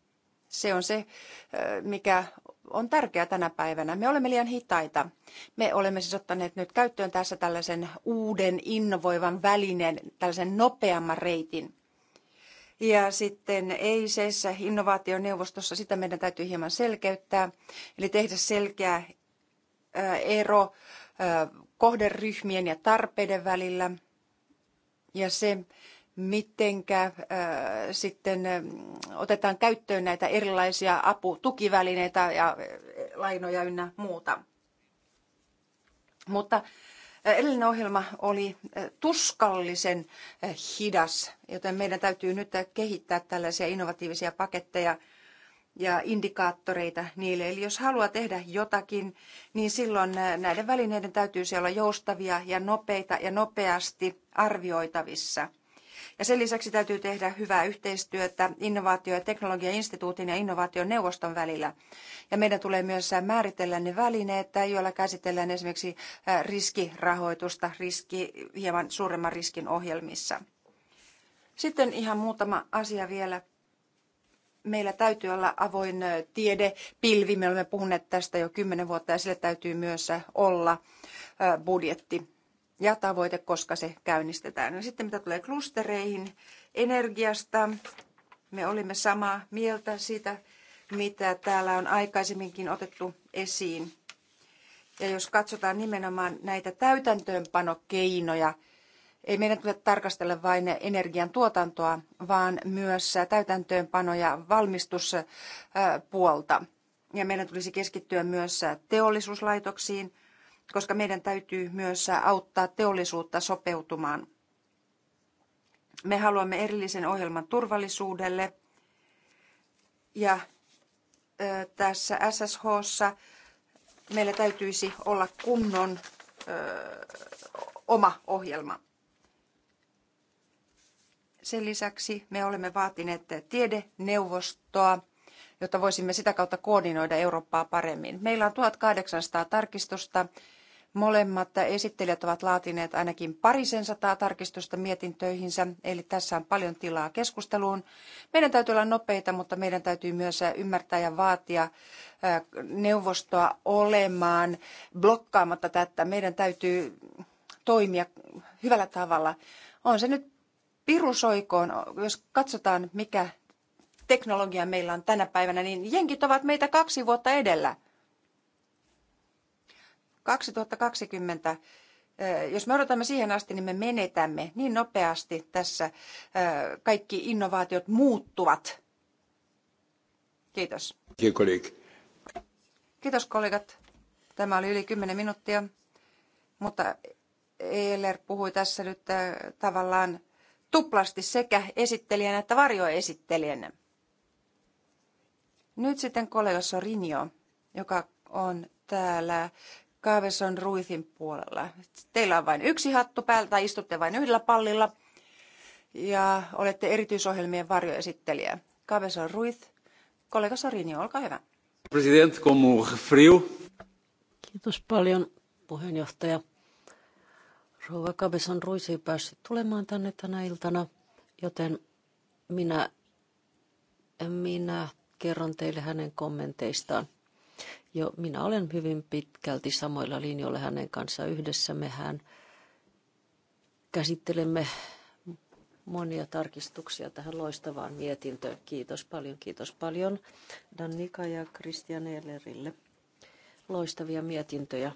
se on se, mikä on tärkeää tänä päivänä. Me olemme liian hitaita. Me olemme siis ottaneet nyt käyttöön tässä tällaisen uuden innovoivan välineen, tällaisen nopeamman reitin. Ja sitten EISEssä, innovaationeuvostossa, sitä meidän täytyy hieman selkeyttää, eli tehdä selkeä ero kohderyhmien ja tarpeiden välillä ja se, mitenkä sitten otetaan käyttöön näitä erilaisia aputukivälineitä ja lainoja ynnä muuta. Mutta Edellinen ohjelma oli eh, tuskallisen eh, hidas, joten meidän täytyy nyt eh, kehittää tällaisia innovatiivisia paketteja ja indikaattoreita niille. Eli jos haluaa tehdä jotakin, niin silloin näiden välineiden täytyy olla joustavia ja nopeita ja nopeasti arvioitavissa – ja sen lisäksi täytyy tehdä hyvää yhteistyötä innovaatio- ja teknologiainstituutin ja innovaationeuvoston välillä. Ja meidän tulee myös määritellä ne välineet, joilla käsitellään esimerkiksi riskirahoitusta riski, hieman suuremman riskin ohjelmissa. Sitten ihan muutama asia vielä meillä täytyy olla avoin tiedepilvi. Me olemme puhuneet tästä jo kymmenen vuotta ja sille täytyy myös olla budjetti ja tavoite, koska se käynnistetään. No sitten mitä tulee klustereihin energiasta, me olimme samaa mieltä siitä, mitä täällä on aikaisemminkin otettu esiin. Ja jos katsotaan nimenomaan näitä täytäntöönpanokeinoja, ei meidän tule tarkastella vain energian tuotantoa, vaan myös täytäntöönpano- ja valmistuspuolta. Ja meidän tulisi keskittyä myös teollisuuslaitoksiin – koska meidän täytyy myös auttaa teollisuutta sopeutumaan. Me haluamme erillisen ohjelman turvallisuudelle ja tässä SSHssa meillä täytyisi olla kunnon oma ohjelma. Sen lisäksi me olemme vaatineet tiedeneuvostoa, jotta voisimme sitä kautta koordinoida Eurooppaa paremmin. Meillä on 1800 tarkistusta Molemmat esittelijät ovat laatineet ainakin parisen sataa tarkistusta mietintöihinsä, eli tässä on paljon tilaa keskusteluun. Meidän täytyy olla nopeita, mutta meidän täytyy myös ymmärtää ja vaatia äh, neuvostoa olemaan blokkaamatta tätä. Meidän täytyy toimia hyvällä tavalla. On se nyt pirusoikoon, jos katsotaan mikä teknologia meillä on tänä päivänä, niin jenkit ovat meitä kaksi vuotta edellä – 2020 eh, jos me odotamme siihen asti, niin me menetämme niin nopeasti tässä. Eh, kaikki innovaatiot muuttuvat. Kiitos. Kiitos kollegat. Tämä oli yli 10 minuuttia, mutta Eiler puhui tässä nyt eh, tavallaan tuplasti sekä esittelijänä että varjoesittelijänä. Nyt sitten kollega Sorinio, joka on täällä on ruisin puolella. Teillä on vain yksi hattu päällä tai istutte vain yhdellä pallilla ja olette erityisohjelmien varjoesittelijä. on ruis. kollega Sorini, olkaa hyvä. President, como referiu. Kiitos paljon puheenjohtaja. Rouva on Ruisi päässyt tulemaan tänne tänä iltana, joten minä, minä kerron teille hänen kommenteistaan. Jo minä olen hyvin pitkälti samoilla linjoilla hänen kanssaan yhdessä. Mehän käsittelemme monia tarkistuksia tähän loistavaan mietintöön. Kiitos paljon, kiitos paljon Dannika ja Christian Ehlerille. Loistavia mietintöjä.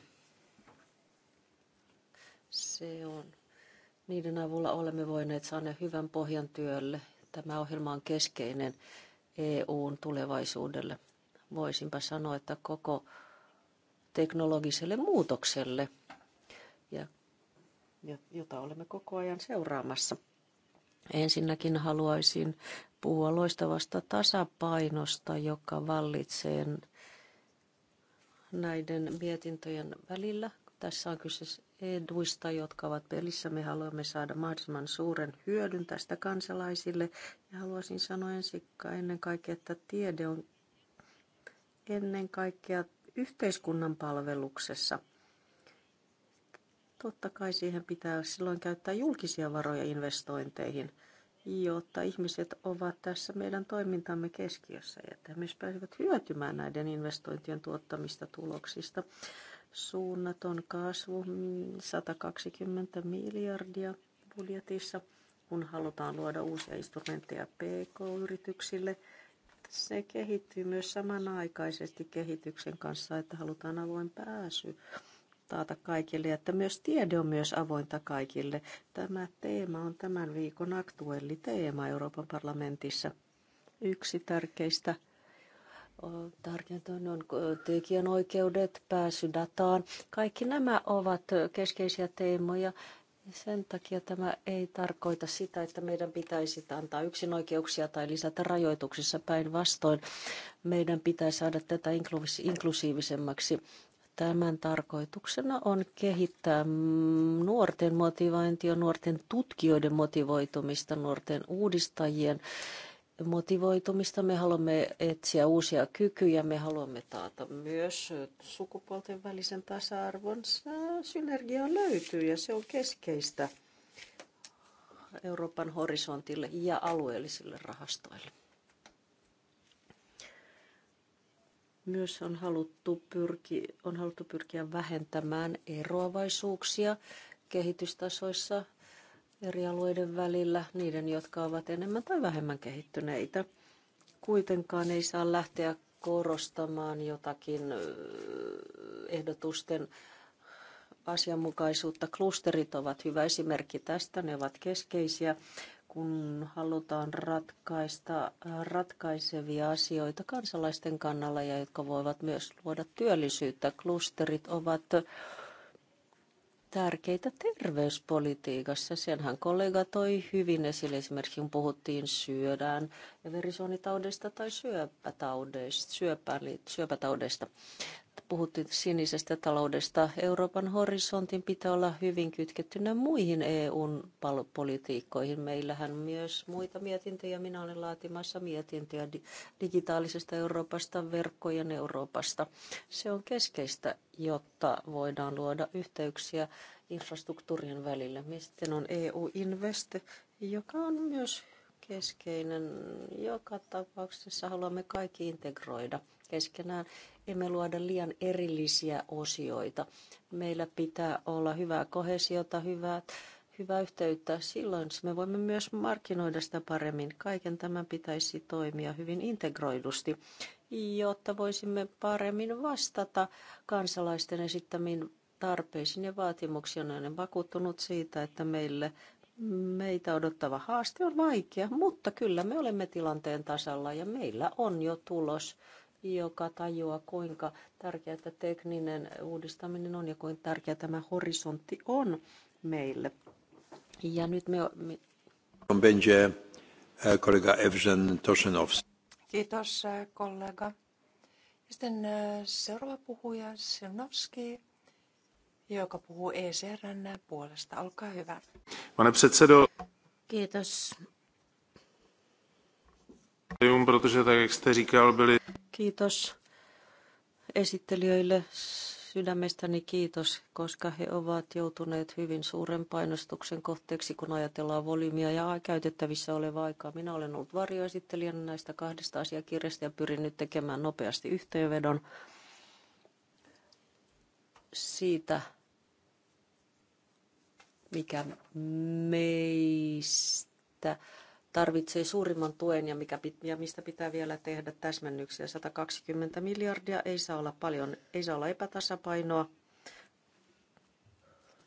Se on. Niiden avulla olemme voineet saada hyvän pohjan työlle. Tämä ohjelma on keskeinen EUn tulevaisuudelle voisinpa sanoa, että koko teknologiselle muutokselle, ja, jota olemme koko ajan seuraamassa. Ensinnäkin haluaisin puhua loistavasta tasapainosta, joka vallitsee näiden mietintöjen välillä. Tässä on kyse eduista, jotka ovat pelissä. Me haluamme saada mahdollisimman suuren hyödyn tästä kansalaisille. Ja haluaisin sanoa ensin ennen kaikkea, että tiede on ennen kaikkea yhteiskunnan palveluksessa. Totta kai siihen pitää silloin käyttää julkisia varoja investointeihin, jotta ihmiset ovat tässä meidän toimintamme keskiössä ja että myös pääsevät hyötymään näiden investointien tuottamista tuloksista. Suunnaton kasvu 120 miljardia budjetissa, kun halutaan luoda uusia instrumentteja PK-yrityksille – se kehittyy myös samanaikaisesti kehityksen kanssa, että halutaan avoin pääsy taata kaikille, että myös tiede on myös avointa kaikille. Tämä teema on tämän viikon aktuelli teema Euroopan parlamentissa. Yksi tärkeistä Tarkentoin on tekijänoikeudet, pääsy dataan. Kaikki nämä ovat keskeisiä teemoja, sen takia tämä ei tarkoita sitä, että meidän pitäisi antaa yksinoikeuksia tai lisätä rajoituksissa päinvastoin. Meidän pitäisi saada tätä inklusiivisemmaksi. Tämän tarkoituksena on kehittää nuorten motivointia, nuorten tutkijoiden motivoitumista, nuorten uudistajien motivoitumista, me haluamme etsiä uusia kykyjä, me haluamme taata myös sukupuolten välisen tasa-arvon. Synergia löytyy ja se on keskeistä Euroopan horisontille ja alueellisille rahastoille. Myös on haluttu, pyrki, on haluttu pyrkiä vähentämään eroavaisuuksia kehitystasoissa eri alueiden välillä, niiden, jotka ovat enemmän tai vähemmän kehittyneitä. Kuitenkaan ei saa lähteä korostamaan jotakin ehdotusten asianmukaisuutta. Klusterit ovat hyvä esimerkki tästä, ne ovat keskeisiä, kun halutaan ratkaista ratkaisevia asioita kansalaisten kannalla ja jotka voivat myös luoda työllisyyttä. Klusterit ovat tärkeitä terveyspolitiikassa. Senhän kollega toi hyvin esille. Esimerkiksi kun puhuttiin syödään ja verisuonitaudista tai syöpätaudeista, syöpätaudeista puhuttiin sinisestä taloudesta. Euroopan horisontin pitää olla hyvin kytkettynä muihin eu politiikkoihin. Meillähän myös muita mietintöjä. Minä olen laatimassa mietintöjä digitaalisesta Euroopasta, verkkojen Euroopasta. Se on keskeistä, jotta voidaan luoda yhteyksiä infrastruktuurien välillä. Sitten on EU Invest, joka on myös keskeinen. Joka tapauksessa haluamme kaikki integroida keskenään emme luoda liian erillisiä osioita. Meillä pitää olla hyvää kohesiota, hyvää, hyvää yhteyttä. Silloin me voimme myös markkinoida sitä paremmin. Kaiken tämän pitäisi toimia hyvin integroidusti, jotta voisimme paremmin vastata kansalaisten esittämiin tarpeisiin ja vaatimuksiin. Olen vakuuttunut siitä, että meille meitä odottava haaste on vaikea, mutta kyllä me olemme tilanteen tasalla ja meillä on jo tulos joka tajuaa, kuinka tärkeää tekninen uudistaminen on ja kuinka tärkeä tämä horisontti on meille. Ja nyt me... Będzie e, e, kollega Evgen Toshenovs. Kiitos kollega. Sitten e, seuraava puhuja Sinovski, joka puhuu ECRn puolesta. Olkaa hyvä. Pane Kiitos. Protože tak, jak jste říkal, Kiitos esittelijöille sydämestäni kiitos, koska he ovat joutuneet hyvin suuren painostuksen kohteeksi, kun ajatellaan volyymia ja käytettävissä olevaa aikaa. Minä olen ollut varjoesittelijänä näistä kahdesta asiakirjasta ja pyrin nyt tekemään nopeasti yhteenvedon siitä, mikä meistä tarvitsee suurimman tuen ja, mikä, ja mistä pitää vielä tehdä täsmennyksiä. 120 miljardia ei saa olla paljon, ei saa olla epätasapainoa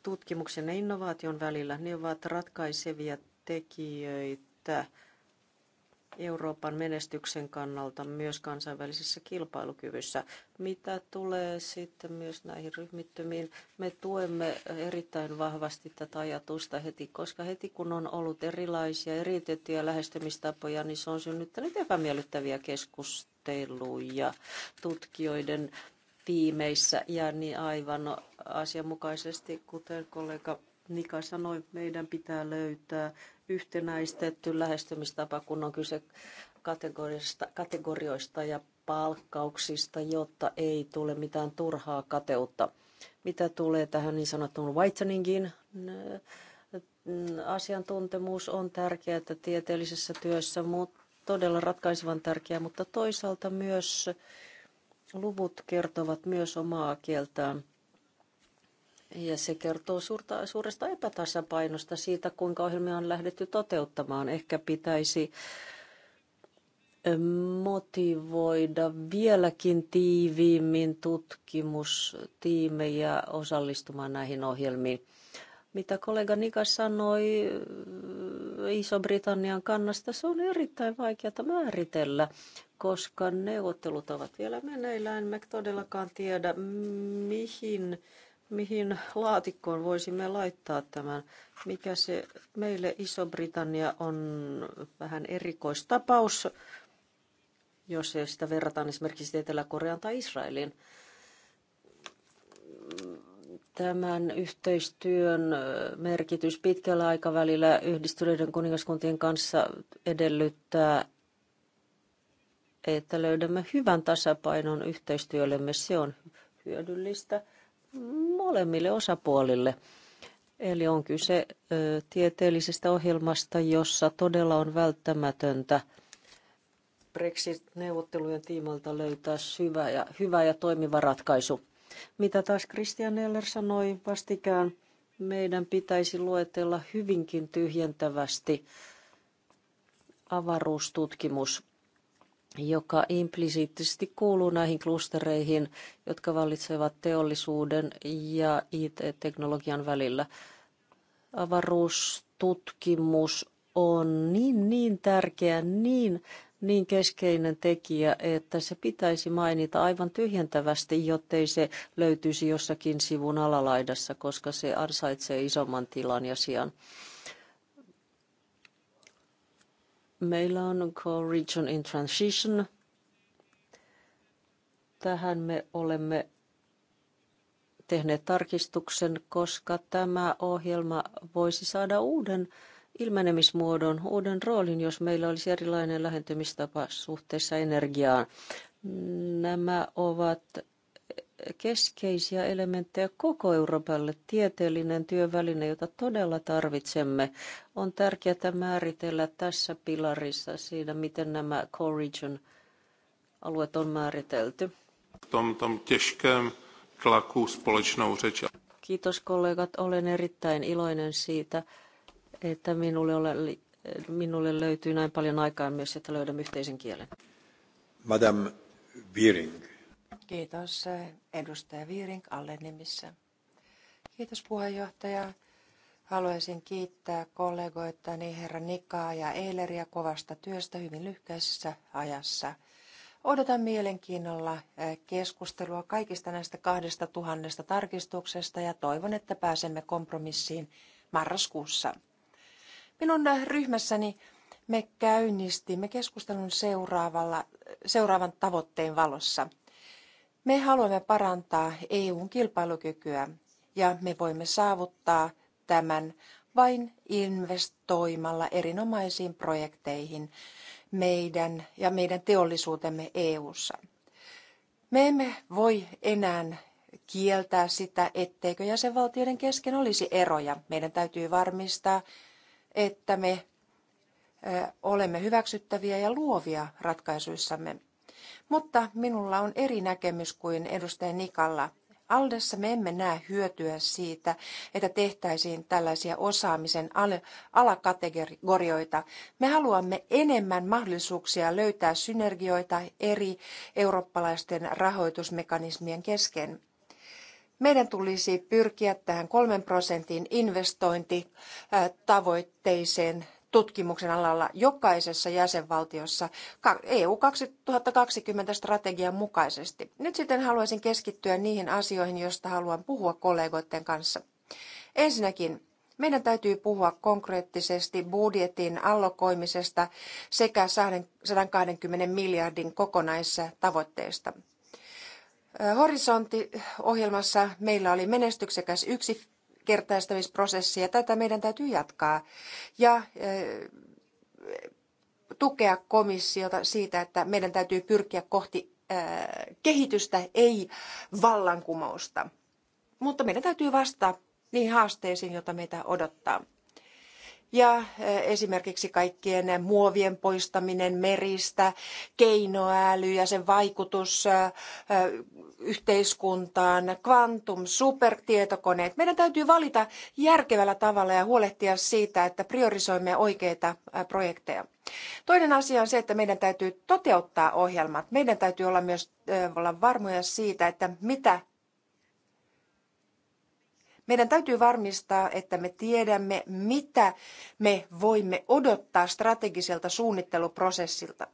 tutkimuksen ja innovaation välillä. Ne ovat ratkaisevia tekijöitä Euroopan menestyksen kannalta myös kansainvälisessä kilpailukyvyssä. Mitä tulee sitten myös näihin ryhmittymiin, me tuemme erittäin vahvasti tätä ajatusta heti, koska heti kun on ollut erilaisia eriytettyjä lähestymistapoja, niin se on synnyttänyt epämiellyttäviä keskusteluja tutkijoiden tiimeissä ja niin aivan asianmukaisesti, kuten kollega Nika sanoi, meidän pitää löytää yhtenäistetty lähestymistapa, kun on kyse kategorioista, kategorioista ja palkkauksista, jotta ei tule mitään turhaa kateutta. Mitä tulee tähän niin sanottuun whiteningin, äh, asiantuntemus on tärkeää tieteellisessä työssä, mutta todella ratkaisevan tärkeää, mutta toisaalta myös luvut kertovat myös omaa kieltään ja se kertoo suurta, suuresta epätasapainosta siitä, kuinka ohjelmia on lähdetty toteuttamaan. Ehkä pitäisi motivoida vieläkin tiiviimmin tutkimustiimejä osallistumaan näihin ohjelmiin. Mitä kollega Nika sanoi Iso-Britannian kannasta, se on erittäin vaikeaa määritellä, koska neuvottelut ovat vielä meneillään. Me todellakaan tiedä, mihin mihin laatikkoon voisimme laittaa tämän. Mikä se meille Iso-Britannia on vähän erikoistapaus, jos sitä verrataan esimerkiksi Etelä-Koreaan tai Israeliin. Tämän yhteistyön merkitys pitkällä aikavälillä yhdistyneiden kuningaskuntien kanssa edellyttää, että löydämme hyvän tasapainon yhteistyöllemme. Se on hyödyllistä – molemmille osapuolille. Eli on kyse tieteellisestä ohjelmasta, jossa todella on välttämätöntä Brexit-neuvottelujen tiimalta löytää syvä ja, hyvä ja toimiva ratkaisu. Mitä taas Christian Eller sanoi vastikään, meidän pitäisi luetella hyvinkin tyhjentävästi avaruustutkimus joka implisiittisesti kuuluu näihin klustereihin, jotka vallitsevat teollisuuden ja IT-teknologian välillä. Avaruustutkimus on niin, niin tärkeä, niin, niin keskeinen tekijä, että se pitäisi mainita aivan tyhjentävästi, jottei se löytyisi jossakin sivun alalaidassa, koska se ansaitsee isomman tilan ja sijan. Meillä on Core Region in Transition. Tähän me olemme tehneet tarkistuksen, koska tämä ohjelma voisi saada uuden ilmenemismuodon, uuden roolin, jos meillä olisi erilainen lähentymistapa suhteessa energiaan. Nämä ovat keskeisiä elementtejä koko Euroopalle. Tieteellinen työväline, jota todella tarvitsemme, on tärkeää määritellä tässä pilarissa siinä, miten nämä core region alueet on määritelty. Kiitos kollegat, olen erittäin iloinen siitä, että minulle, ole, minulle löytyy näin paljon aikaa myös, että löydämme yhteisen kielen. Madame Biering. Kiitos eh, edustaja Viirink alle nimissä. Kiitos puheenjohtaja. Haluaisin kiittää kollegoitani herra Nikaa ja Eileriä kovasta työstä hyvin lyhkäisessä ajassa. Odotan mielenkiinnolla eh, keskustelua kaikista näistä kahdesta tuhannesta tarkistuksesta ja toivon, että pääsemme kompromissiin marraskuussa. Minun eh, ryhmässäni me käynnistimme keskustelun seuraavalla, seuraavan tavoitteen valossa – me haluamme parantaa EUn kilpailukykyä ja me voimme saavuttaa tämän vain investoimalla erinomaisiin projekteihin meidän ja meidän teollisuutemme EU:ssa. Me emme voi enää kieltää sitä, etteikö jäsenvaltioiden kesken olisi eroja. Meidän täytyy varmistaa, että me olemme hyväksyttäviä ja luovia ratkaisuissamme. Mutta minulla on eri näkemys kuin edustaja Nikalla. Aldessa me emme näe hyötyä siitä, että tehtäisiin tällaisia osaamisen alakategorioita. Me haluamme enemmän mahdollisuuksia löytää synergioita eri eurooppalaisten rahoitusmekanismien kesken. Meidän tulisi pyrkiä tähän kolmen prosentin investointitavoitteeseen tutkimuksen alalla jokaisessa jäsenvaltiossa EU 2020 strategian mukaisesti. Nyt sitten haluaisin keskittyä niihin asioihin, joista haluan puhua kollegoiden kanssa. Ensinnäkin meidän täytyy puhua konkreettisesti budjetin allokoimisesta sekä 120 miljardin kokonaistavoitteesta. Horisontti-ohjelmassa meillä oli menestyksekäs yksi ja Tätä meidän täytyy jatkaa ja tukea komissiota siitä, että meidän täytyy pyrkiä kohti kehitystä, ei vallankumousta. Mutta meidän täytyy vastata niihin haasteisiin, joita meitä odottaa ja eh, esimerkiksi kaikkien muovien poistaminen meristä, keinoäly ja sen vaikutus eh, eh, yhteiskuntaan, kvantum, supertietokoneet. Meidän täytyy valita järkevällä tavalla ja huolehtia siitä, että priorisoimme oikeita projekteja. Toinen asia on se, että meidän täytyy toteuttaa ohjelmat. Meidän täytyy olla myös olla varmoja siitä, että mitä meidän täytyy varmistaa, että me tiedämme, mitä me voimme odottaa strategiselta suunnitteluprosessilta.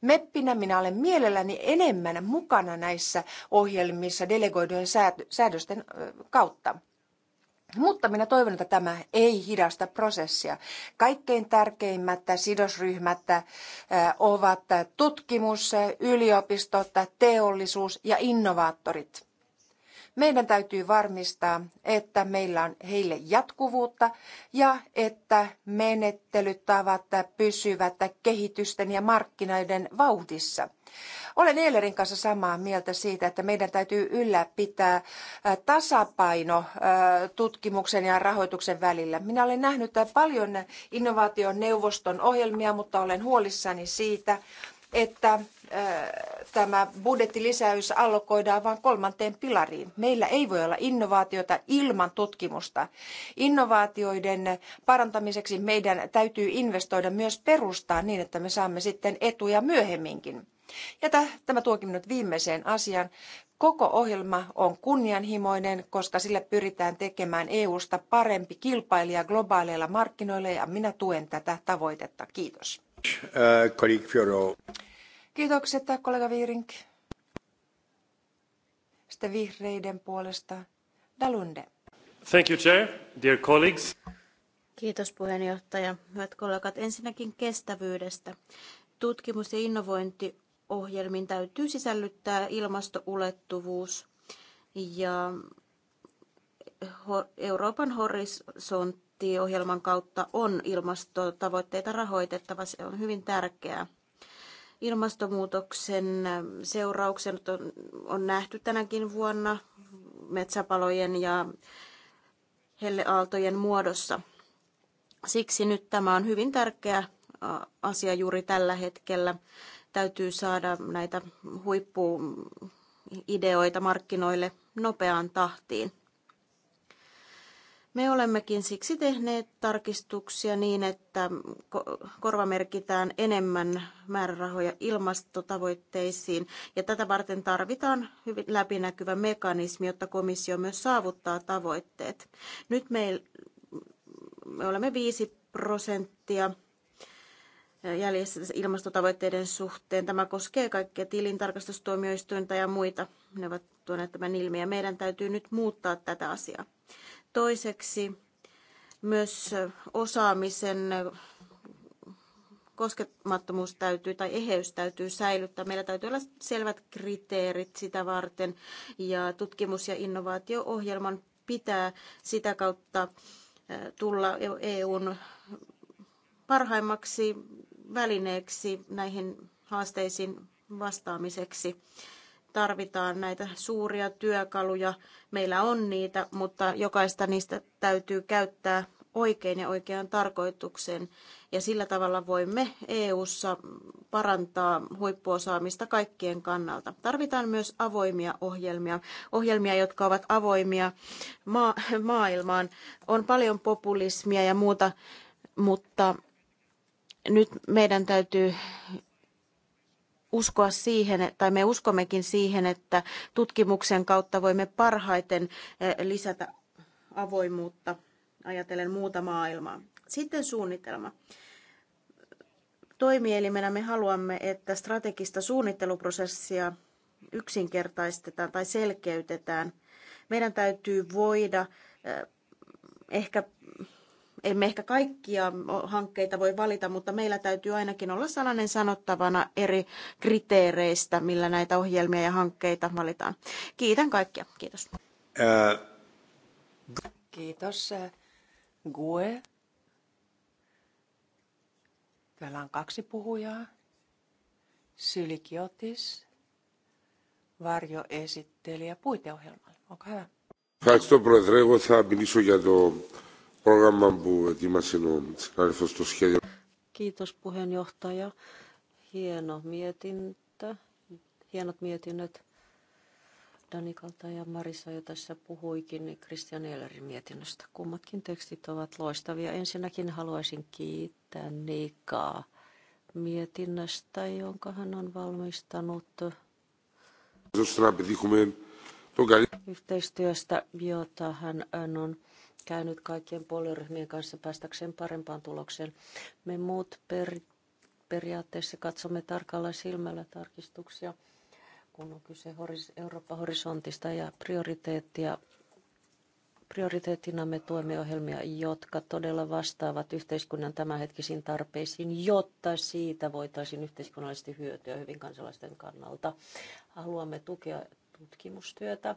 Meppinä minä olen mielelläni enemmän mukana näissä ohjelmissa delegoidujen säädösten kautta. Mutta minä toivon, että tämä ei hidasta prosessia. Kaikkein tärkeimmät sidosryhmät ovat tutkimus, yliopistot, teollisuus ja innovaattorit. Meidän täytyy varmistaa, että meillä on heille jatkuvuutta ja että menettelytavat pysyvät kehitysten ja markkinoiden vauhdissa. Olen Eelerin kanssa samaa mieltä siitä, että meidän täytyy ylläpitää tasapaino tutkimuksen ja rahoituksen välillä. Minä olen nähnyt paljon innovaationeuvoston ohjelmia, mutta olen huolissani siitä, että tämä budjettilisäys allokoidaan vain kolmanteen pilariin. Meillä ei voi olla innovaatiota ilman tutkimusta. Innovaatioiden parantamiseksi meidän täytyy investoida myös perustaa niin, että me saamme sitten etuja myöhemminkin. Ja tämä tuokin nyt viimeiseen asiaan. Koko ohjelma on kunnianhimoinen, koska sillä pyritään tekemään EUsta parempi kilpailija globaaleilla markkinoilla ja minä tuen tätä tavoitetta. Kiitos. Äh, Kiitokset, kollega Viirink. Sitten vihreiden puolesta Dalunde. Thank you, Chair. Dear colleagues. Kiitos puheenjohtaja. Hyvät kollegat, ensinnäkin kestävyydestä. Tutkimus- ja innovointiohjelmiin täytyy sisällyttää ilmastoulettuvuus ja Euroopan horisontti ohjelman kautta on ilmastotavoitteita rahoitettava. Se on hyvin tärkeää. Ilmastonmuutoksen seuraukset on, on nähty tänäkin vuonna metsäpalojen ja helleaaltojen muodossa. Siksi nyt tämä on hyvin tärkeä asia juuri tällä hetkellä. Täytyy saada näitä huippuideoita markkinoille nopeaan tahtiin. Me olemmekin siksi tehneet tarkistuksia niin, että korvamerkitään enemmän määrärahoja ilmastotavoitteisiin. Ja tätä varten tarvitaan hyvin läpinäkyvä mekanismi, jotta komissio myös saavuttaa tavoitteet. Nyt me, me olemme 5 prosenttia jäljessä ilmastotavoitteiden suhteen. Tämä koskee kaikkia tilintarkastustuomioistuinta ja muita. Ne ovat tuoneet tämän ilmi ja meidän täytyy nyt muuttaa tätä asiaa. Toiseksi myös osaamisen koskemattomuus täytyy tai eheys täytyy säilyttää. Meillä täytyy olla selvät kriteerit sitä varten ja tutkimus- ja innovaatio-ohjelman pitää sitä kautta tulla EUn parhaimmaksi välineeksi näihin haasteisiin vastaamiseksi tarvitaan näitä suuria työkaluja. Meillä on niitä, mutta jokaista niistä täytyy käyttää oikein ja oikeaan tarkoitukseen. Ja sillä tavalla voimme EU:ssa parantaa huippuosaamista kaikkien kannalta. Tarvitaan myös avoimia ohjelmia, ohjelmia, jotka ovat avoimia ma- maailmaan. On paljon populismia ja muuta, mutta nyt meidän täytyy uskoa siihen, tai me uskommekin siihen, että tutkimuksen kautta voimme parhaiten eh, lisätä avoimuutta ajatellen muuta maailmaa. Sitten suunnitelma. Toimielimenä me haluamme, että strategista suunnitteluprosessia yksinkertaistetaan tai selkeytetään. Meidän täytyy voida eh, ehkä emme ehkä kaikkia mm, hankkeita voi valita, mutta meillä täytyy ainakin olla sananen sanottavana eri kriteereistä, millä näitä ohjelmia ja hankkeita valitaan. Kiitän kaikkia. Kiitos. Kiitos. Gue. Täällä on kaksi puhujaa. Sylikiotis, varjoesittelijä puiteohjelmalle. Olkaa hyvä. Ευχαριστώ Πρόεδρε, εγώ θα μιλήσω για το πρόγραμμα που ετοίμασε ο συνάδελφος στο σχέδιο. Kiitos puheenjohtaja. Hieno mietintö. Hienot mietinnöt Danikalta ja Marisa jo tässä puhuikin niin Christian Ehlerin mietinnöstä. Kummatkin tekstit ovat loistavia. Ensinnäkin haluaisin kiittää Nikaa mietinnöstä, jonka hän on valmistanut. Yhteistyöstä, jota hän on käynyt kaikkien puolueryhmien kanssa päästäkseen parempaan tulokseen. Me muut per, periaatteessa katsomme tarkalla silmällä tarkistuksia, kun on kyse Eurooppa-horisontista ja prioriteettia prioriteettina me tuemme ohjelmia, jotka todella vastaavat yhteiskunnan tämänhetkisiin tarpeisiin, jotta siitä voitaisiin yhteiskunnallisesti hyötyä hyvin kansalaisten kannalta. Haluamme tukea tutkimustyötä,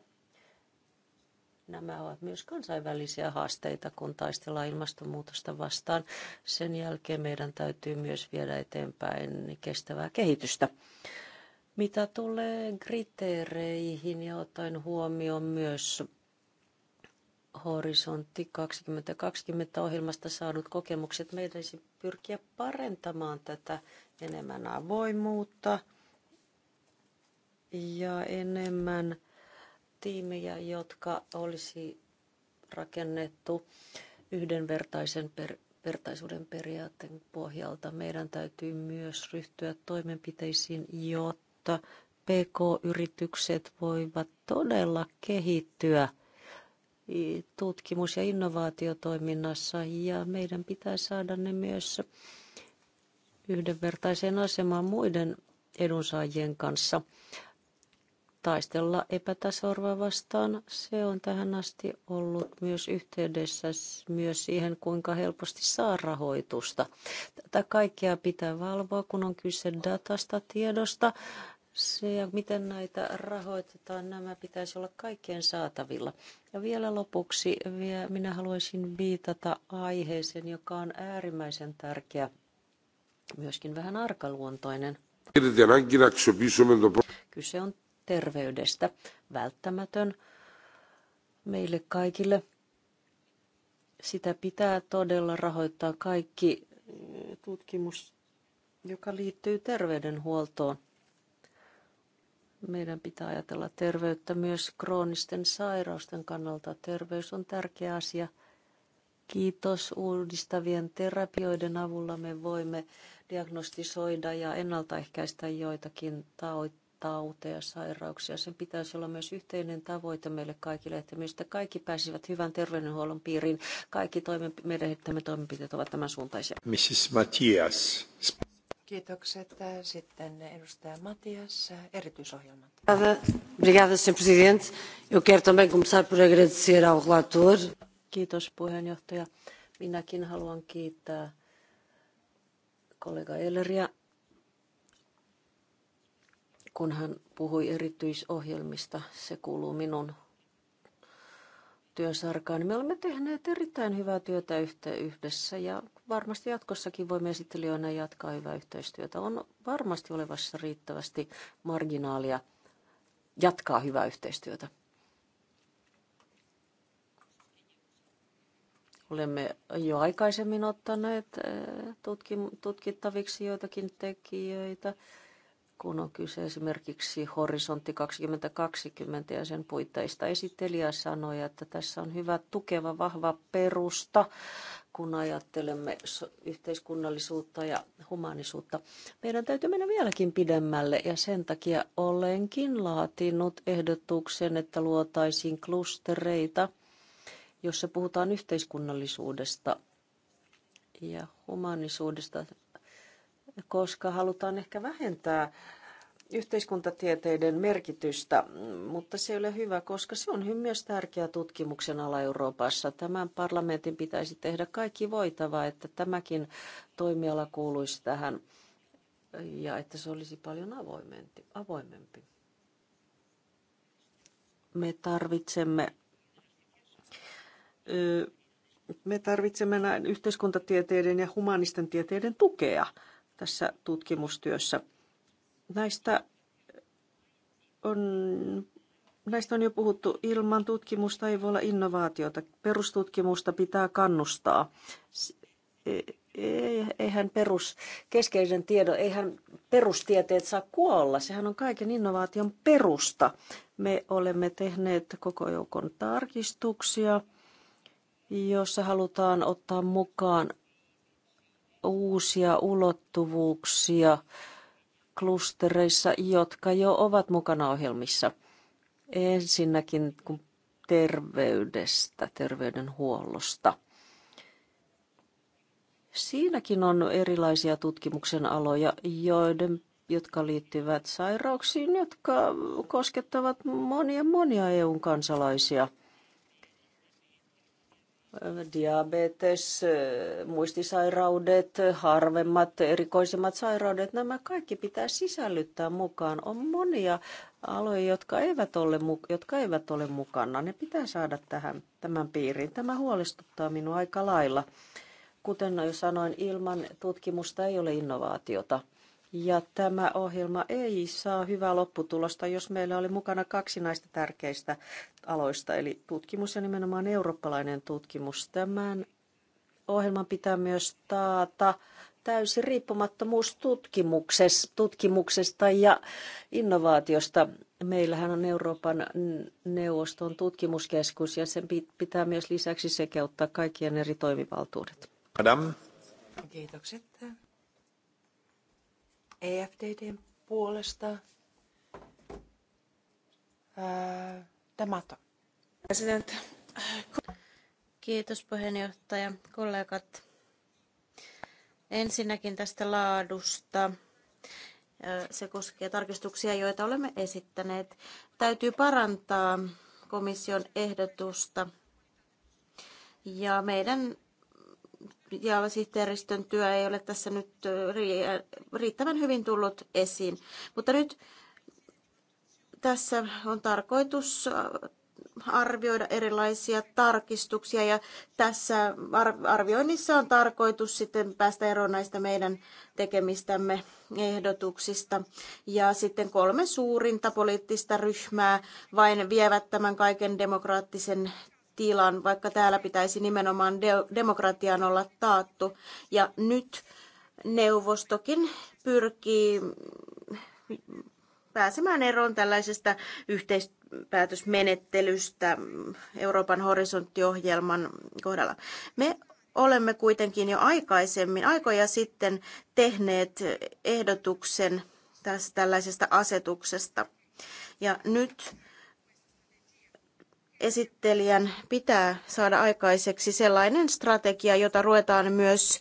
Nämä ovat myös kansainvälisiä haasteita, kun taistellaan ilmastonmuutosta vastaan. Sen jälkeen meidän täytyy myös viedä eteenpäin kestävää kehitystä. Mitä tulee kriteereihin ja ottaen huomioon myös Horisontti 2020 ohjelmasta saadut kokemukset, meidän pyrkiä parentamaan tätä enemmän avoimuutta ja enemmän – tiimejä, jotka olisi rakennettu yhdenvertaisen per, vertaisuuden periaatteen pohjalta. Meidän täytyy myös ryhtyä toimenpiteisiin, jotta PK-yritykset voivat todella kehittyä tutkimus- ja innovaatiotoiminnassa ja meidän pitää saada ne myös yhdenvertaiseen asemaan muiden edunsaajien kanssa taistella epätasa-arvoa vastaan. Se on tähän asti ollut myös yhteydessä myös siihen, kuinka helposti saa rahoitusta. Tätä kaikkea pitää valvoa, kun on kyse datasta, tiedosta. Se ja miten näitä rahoitetaan, nämä pitäisi olla kaikkien saatavilla. Ja vielä lopuksi minä haluaisin viitata aiheeseen, joka on äärimmäisen tärkeä, myöskin vähän arkaluontoinen. Kyse on terveydestä. Välttämätön meille kaikille. Sitä pitää todella rahoittaa kaikki eh, tutkimus, joka liittyy terveydenhuoltoon. Meidän pitää ajatella terveyttä myös kroonisten sairausten kannalta. Terveys on tärkeä asia. Kiitos uudistavien terapioiden avulla me voimme diagnostisoida ja ennaltaehkäistä joitakin tauteja, sairauksia. Sen pitäisi olla myös yhteinen tavoite meille kaikille, että että kaikki pääsivät hyvän terveydenhuollon piiriin. Kaikki toimenp- meidän toimenpiteet ovat tämän suuntaisia. Mrs. Matias. Kiitokset. Sitten edustaja Matias, erityisohjelmat. Obrigada, Sr. Presidente. Eu quero também começar por agradecer ao relator. Kiitos puheenjohtaja. Minäkin haluan kiittää kollega Elleria kun hän puhui erityisohjelmista. Se kuuluu minun työsarkaan. Me olemme tehneet erittäin hyvää työtä yhdessä ja varmasti jatkossakin voimme esittelijöinä jatkaa hyvää yhteistyötä. On varmasti olevassa riittävästi marginaalia jatkaa hyvää yhteistyötä. Olemme jo aikaisemmin ottaneet eh, tutkittaviksi joitakin tekijöitä kun on kyse esimerkiksi Horisontti 2020 ja sen puitteista. Esittelijä sanoi, että tässä on hyvä, tukeva, vahva perusta, kun ajattelemme yhteiskunnallisuutta ja humanisuutta. Meidän täytyy mennä vieläkin pidemmälle ja sen takia olenkin laatinut ehdotuksen, että luotaisiin klustereita, jossa puhutaan yhteiskunnallisuudesta ja humanisuudesta koska halutaan ehkä vähentää yhteiskuntatieteiden merkitystä, mutta se ei ole hyvä, koska se on myös tärkeä tutkimuksen ala Euroopassa. Tämän parlamentin pitäisi tehdä kaikki voitava, että tämäkin toimiala kuuluisi tähän ja että se olisi paljon avoimempi. Me tarvitsemme me tarvitsemme yhteiskuntatieteiden ja humanisten tieteiden tukea tässä tutkimustyössä. Näistä on, näistä on jo puhuttu, ilman tutkimusta ei voi olla innovaatiota. Perustutkimusta pitää kannustaa. E, e, eihän perus, keskeisen tiedon, eihän perustieteet saa kuolla. Sehän on kaiken innovaation perusta. Me olemme tehneet koko joukon tarkistuksia, jossa halutaan ottaa mukaan uusia ulottuvuuksia klustereissa, jotka jo ovat mukana ohjelmissa. Ensinnäkin kun terveydestä, terveydenhuollosta. Siinäkin on erilaisia tutkimuksen aloja, joiden, jotka liittyvät sairauksiin, jotka koskettavat monia monia EU-kansalaisia kansalaisia – diabetes, muistisairaudet, harvemmat, erikoisemmat sairaudet, nämä kaikki pitää sisällyttää mukaan. On monia aloja, jotka eivät ole, jotka eivät ole mukana. Ne pitää saada tähän, tämän piiriin. Tämä huolestuttaa minua aika lailla. Kuten jo sanoin, ilman tutkimusta ei ole innovaatiota. Ja tämä ohjelma ei saa hyvää lopputulosta, jos meillä oli mukana kaksi näistä tärkeistä aloista, eli tutkimus ja nimenomaan eurooppalainen tutkimus. Tämän ohjelman pitää myös taata täysi riippumattomuus tutkimuksesta ja innovaatiosta. Meillähän on Euroopan neuvoston tutkimuskeskus ja sen pitää myös lisäksi sekeuttaa kaikkien eri toimivaltuudet. Adam. Kiitokset. EFTDn puolesta. Tämä President. Kiitos puheenjohtaja, kollegat. Ensinnäkin tästä laadusta. Se koskee tarkistuksia, joita olemme esittäneet. Täytyy parantaa komission ehdotusta. Ja meidän ja sihteeristön työ ei ole tässä nyt riittävän hyvin tullut esiin. Mutta nyt tässä on tarkoitus arvioida erilaisia tarkistuksia ja tässä arvioinnissa on tarkoitus sitten päästä eroon näistä meidän tekemistämme ehdotuksista. Ja sitten kolme suurinta poliittista ryhmää vain vievät tämän kaiken demokraattisen tilan, vaikka täällä pitäisi nimenomaan de- demokratian olla taattu. Ja nyt neuvostokin pyrkii pääsemään eroon tällaisesta yhteispäätösmenettelystä Euroopan horisonttiohjelman kohdalla. Me olemme kuitenkin jo aikaisemmin, aikoja sitten, tehneet ehdotuksen tästä tällaisesta asetuksesta. Ja nyt esittelijän pitää saada aikaiseksi sellainen strategia, jota ruvetaan myös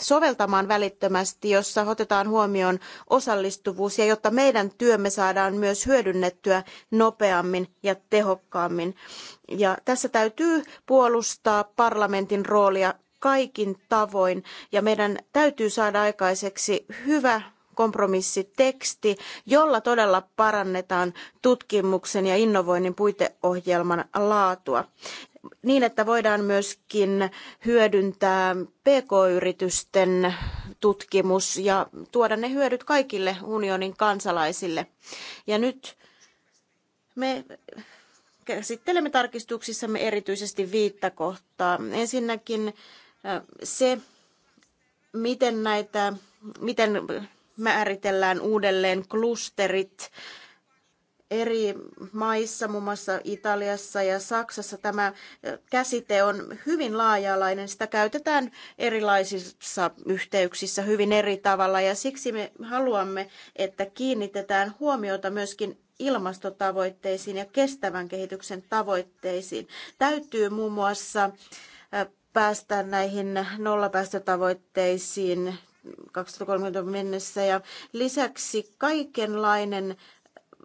soveltamaan välittömästi, jossa otetaan huomioon osallistuvuus ja jotta meidän työmme saadaan myös hyödynnettyä nopeammin ja tehokkaammin. Ja tässä täytyy puolustaa parlamentin roolia kaikin tavoin ja meidän täytyy saada aikaiseksi hyvä kompromissiteksti, jolla todella parannetaan tutkimuksen ja innovoinnin puiteohjelman laatua niin, että voidaan myöskin hyödyntää pk-yritysten tutkimus ja tuoda ne hyödyt kaikille unionin kansalaisille. Ja nyt me käsittelemme tarkistuksissamme erityisesti viittä kohtaa. Ensinnäkin äh, se, miten näitä, miten määritellään uudelleen klusterit eri maissa, muun muassa Italiassa ja Saksassa tämä käsite on hyvin laaja-alainen. Sitä käytetään erilaisissa yhteyksissä hyvin eri tavalla ja siksi me haluamme, että kiinnitetään huomiota myöskin ilmastotavoitteisiin ja kestävän kehityksen tavoitteisiin. Täytyy muun muassa päästä näihin nollapäästötavoitteisiin 2030 mennessä ja lisäksi kaikenlainen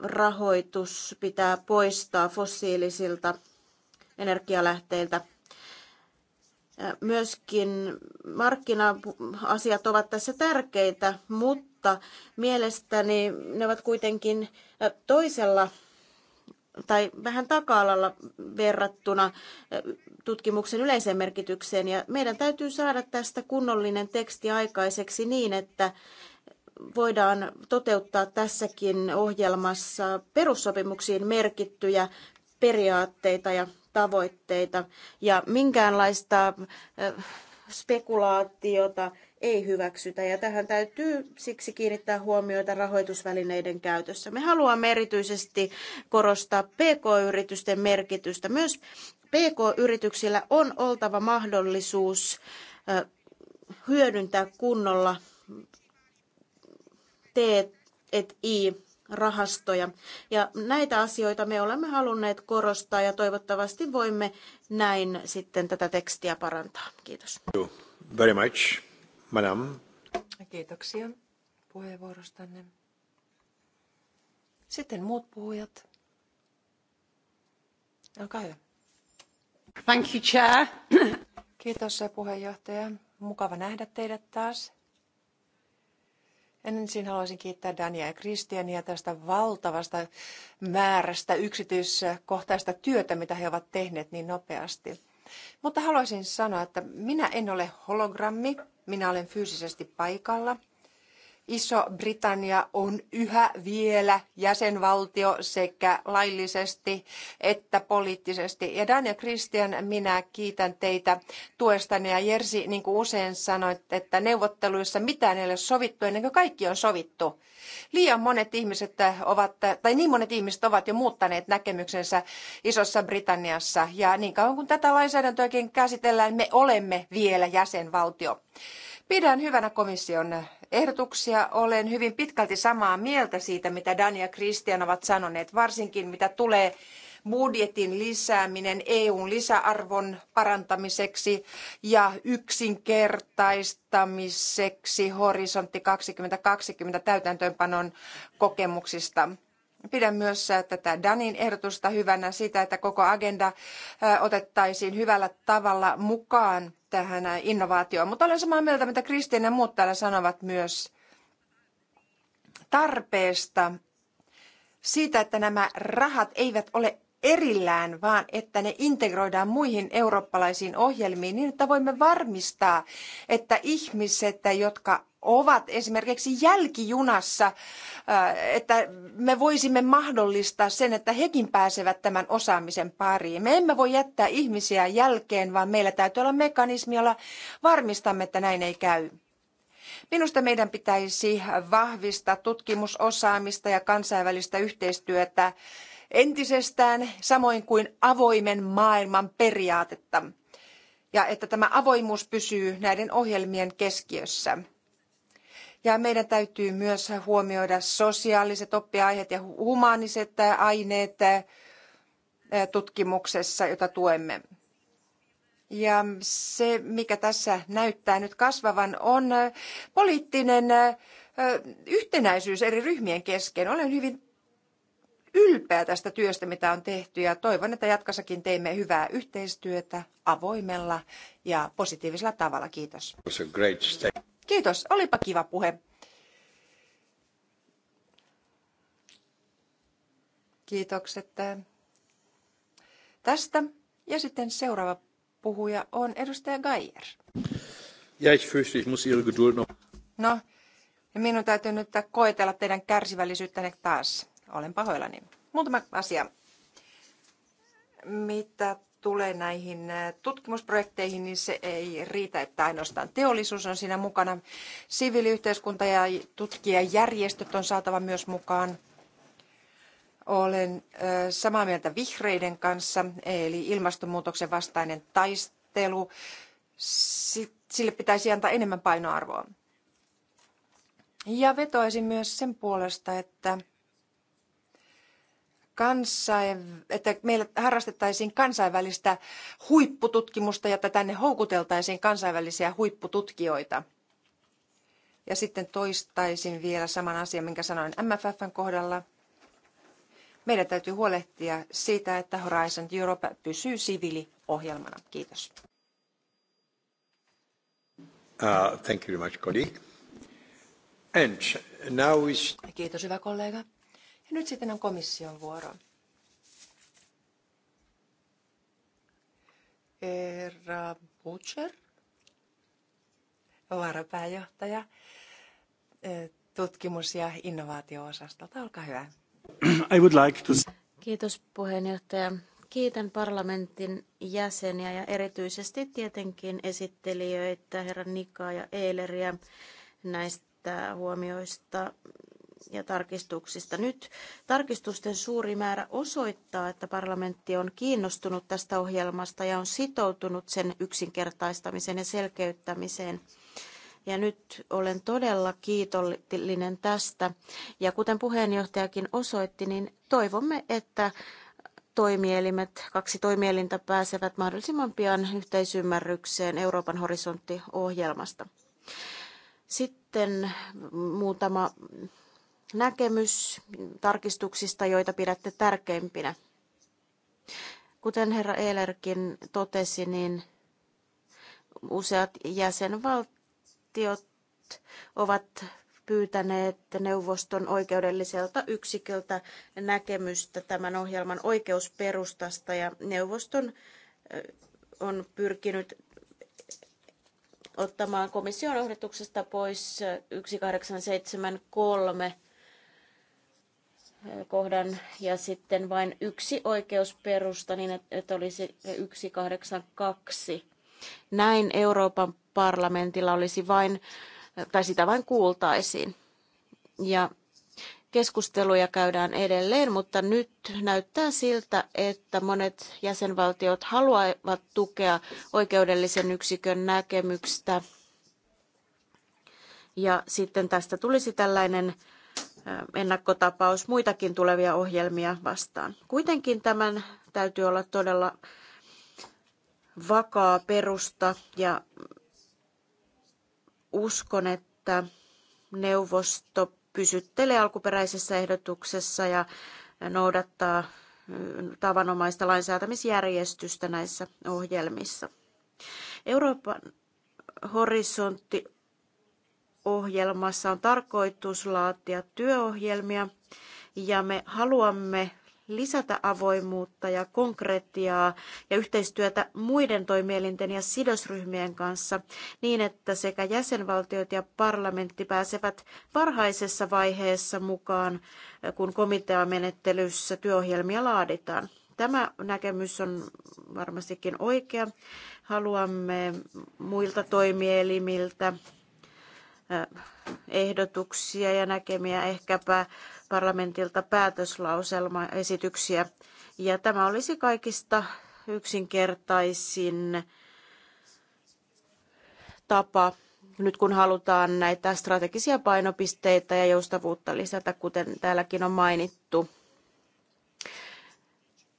rahoitus pitää poistaa fossiilisilta energialähteiltä. Myöskin markkina-asiat ovat tässä tärkeitä, mutta mielestäni ne ovat kuitenkin toisella tai vähän taka-alalla verrattuna eh, tutkimuksen yleiseen merkitykseen. Ja meidän täytyy saada tästä kunnollinen teksti aikaiseksi niin, että voidaan toteuttaa tässäkin ohjelmassa perussopimuksiin merkittyjä periaatteita ja tavoitteita. Ja minkäänlaista eh, spekulaatiota ei hyväksytä ja tähän täytyy siksi kiinnittää huomiota rahoitusvälineiden käytössä. Me haluamme erityisesti korostaa PK-yritysten merkitystä. Myös PK-yrityksillä on oltava mahdollisuus hyödyntää kunnolla T&I rahastoja. Ja näitä asioita me olemme halunneet korostaa ja toivottavasti voimme näin sitten tätä tekstiä parantaa. Kiitos. Thank you very much, madam. Kiitoksia puheenvuorostanne. Sitten muut puhujat. Olkaa hyvä. Thank you, Chair. Kiitos puheenjohtaja. Mukava nähdä teidät taas. Ensin haluaisin kiittää Dania ja Kristiania tästä valtavasta määrästä yksityiskohtaista työtä, mitä he ovat tehneet niin nopeasti. Mutta haluaisin sanoa, että minä en ole hologrammi, minä olen fyysisesti paikalla – Iso-Britannia on yhä vielä jäsenvaltio sekä laillisesti että poliittisesti. Ja Dan ja Christian, minä kiitän teitä tuestanne. Ja Jersi, niin kuin usein sanoit, että neuvotteluissa mitään ei ole sovittu ennen kuin kaikki on sovittu. Liian monet ihmiset ovat, tai niin monet ihmiset ovat jo muuttaneet näkemyksensä Isossa Britanniassa. Ja niin kauan kuin tätä lainsäädäntöäkin käsitellään, me olemme vielä jäsenvaltio. Pidän hyvänä komission ehdotuksia. Olen hyvin pitkälti samaa mieltä siitä, mitä Dan ja Christian ovat sanoneet, varsinkin mitä tulee budjetin lisääminen n lisäarvon parantamiseksi ja yksinkertaistamiseksi horisontti kaksikymmentä täytäntöönpanon kokemuksista. Pidän myös tätä Danin ehdotusta hyvänä sitä, että koko agenda otettaisiin hyvällä tavalla mukaan tähän innovaatioon. Mutta olen samaa mieltä, mitä Kristiina ja muut täällä sanovat myös tarpeesta siitä, että nämä rahat eivät ole erillään, vaan että ne integroidaan muihin eurooppalaisiin ohjelmiin niin, että voimme varmistaa, että ihmiset, jotka ovat esimerkiksi jälkijunassa, äh, että me voisimme mahdollistaa sen, että hekin pääsevät tämän osaamisen pariin. Me emme voi jättää ihmisiä jälkeen, vaan meillä täytyy olla mekanismi, jolla varmistamme, että näin ei käy. Minusta meidän pitäisi vahvistaa tutkimusosaamista ja kansainvälistä yhteistyötä entisestään, samoin kuin avoimen maailman periaatetta ja että tämä avoimuus pysyy näiden ohjelmien keskiössä. Ja meidän täytyy myös huomioida sosiaaliset oppiaiheet ja humaaniset aineet eh, tutkimuksessa, jota tuemme. Ja se, mikä tässä näyttää nyt kasvavan, on eh, poliittinen eh, yhtenäisyys eri ryhmien kesken. Olen hyvin ylpeä tästä työstä, mitä on tehty ja toivon, että jatkossakin teemme hyvää yhteistyötä avoimella ja positiivisella tavalla. Kiitos. Kiitos, olipa kiva puhe. Kiitokset eh, tästä. Ja sitten seuraava puhuja on edustaja Geier. Ja ich fürchte, ich muss Ihre Geduld noch... No, minun täytyy nyt koetella teidän kärsivällisyyttäne taas. Olen pahoillani. Muutama asia, mitä tulee näihin äh, tutkimusprojekteihin, niin se ei riitä, että ainoastaan teollisuus on siinä mukana. Siviiliyhteiskunta ja tutkijajärjestöt on saatava myös mukaan. Olen äh, samaa mieltä vihreiden kanssa, eli ilmastonmuutoksen vastainen taistelu. Sille pitäisi antaa enemmän painoarvoa. Ja vetoaisin myös sen puolesta, että kansain, että meillä harrastettaisiin kansainvälistä huippututkimusta ja että tänne houkuteltaisiin kansainvälisiä huippututkijoita. Ja sitten toistaisin vielä saman asian, minkä sanoin MFFn kohdalla. Meidän täytyy huolehtia siitä, että Horizon Europe pysyy siviiliohjelmana. Kiitos. Uh, thank you very much, colleague. And now is... Kiitos, hyvä kollega. Ja nyt sitten on komission vuoro. Herra Butcher, varapääjohtaja eh, tutkimus- ja innovaatio-osastolta. Olkaa hyvä. I would like to... Kiitos puheenjohtaja. Kiitän parlamentin jäseniä ja erityisesti tietenkin esittelijöitä, herra Nikaa ja Eileriä näistä huomioista ja tarkistuksista. Nyt tarkistusten suuri määrä osoittaa, että parlamentti on kiinnostunut tästä ohjelmasta ja on sitoutunut sen yksinkertaistamiseen ja selkeyttämiseen. Ja nyt olen todella kiitollinen tästä. Ja kuten puheenjohtajakin osoitti, niin toivomme, että toimielimet, kaksi toimielintä pääsevät mahdollisimman pian yhteisymmärrykseen Euroopan horisonttiohjelmasta. Sitten muutama näkemys tarkistuksista, joita pidätte tärkeimpinä? Kuten herra Eilerkin totesi, niin useat jäsenvaltiot ovat pyytäneet neuvoston oikeudelliselta yksiköltä näkemystä tämän ohjelman oikeusperustasta ja neuvoston on pyrkinyt ottamaan komission ehdotuksesta pois 1873 kohdan ja sitten vain yksi oikeusperusta, niin että olisi 182. Näin Euroopan parlamentilla olisi vain, tai sitä vain kuultaisiin. Ja keskusteluja käydään edelleen, mutta nyt näyttää siltä, että monet jäsenvaltiot haluavat tukea oikeudellisen yksikön näkemystä. Ja sitten tästä tulisi tällainen ennakkotapaus muitakin tulevia ohjelmia vastaan. Kuitenkin tämän täytyy olla todella vakaa perusta ja uskon, että neuvosto pysyttelee alkuperäisessä ehdotuksessa ja noudattaa tavanomaista lainsäätämisjärjestystä näissä ohjelmissa. Euroopan horisontti ohjelmassa on tarkoitus laatia työohjelmia ja me haluamme lisätä avoimuutta ja konkretiaa ja yhteistyötä muiden toimielinten ja sidosryhmien kanssa niin, että sekä jäsenvaltiot ja parlamentti pääsevät varhaisessa vaiheessa mukaan, kun komiteamenettelyssä työohjelmia laaditaan. Tämä näkemys on varmastikin oikea. Haluamme muilta toimielimiltä ehdotuksia ja näkemiä, ehkäpä parlamentilta päätöslauselmaesityksiä. Ja tämä olisi kaikista yksinkertaisin tapa nyt kun halutaan näitä strategisia painopisteitä ja joustavuutta lisätä, kuten täälläkin on mainittu.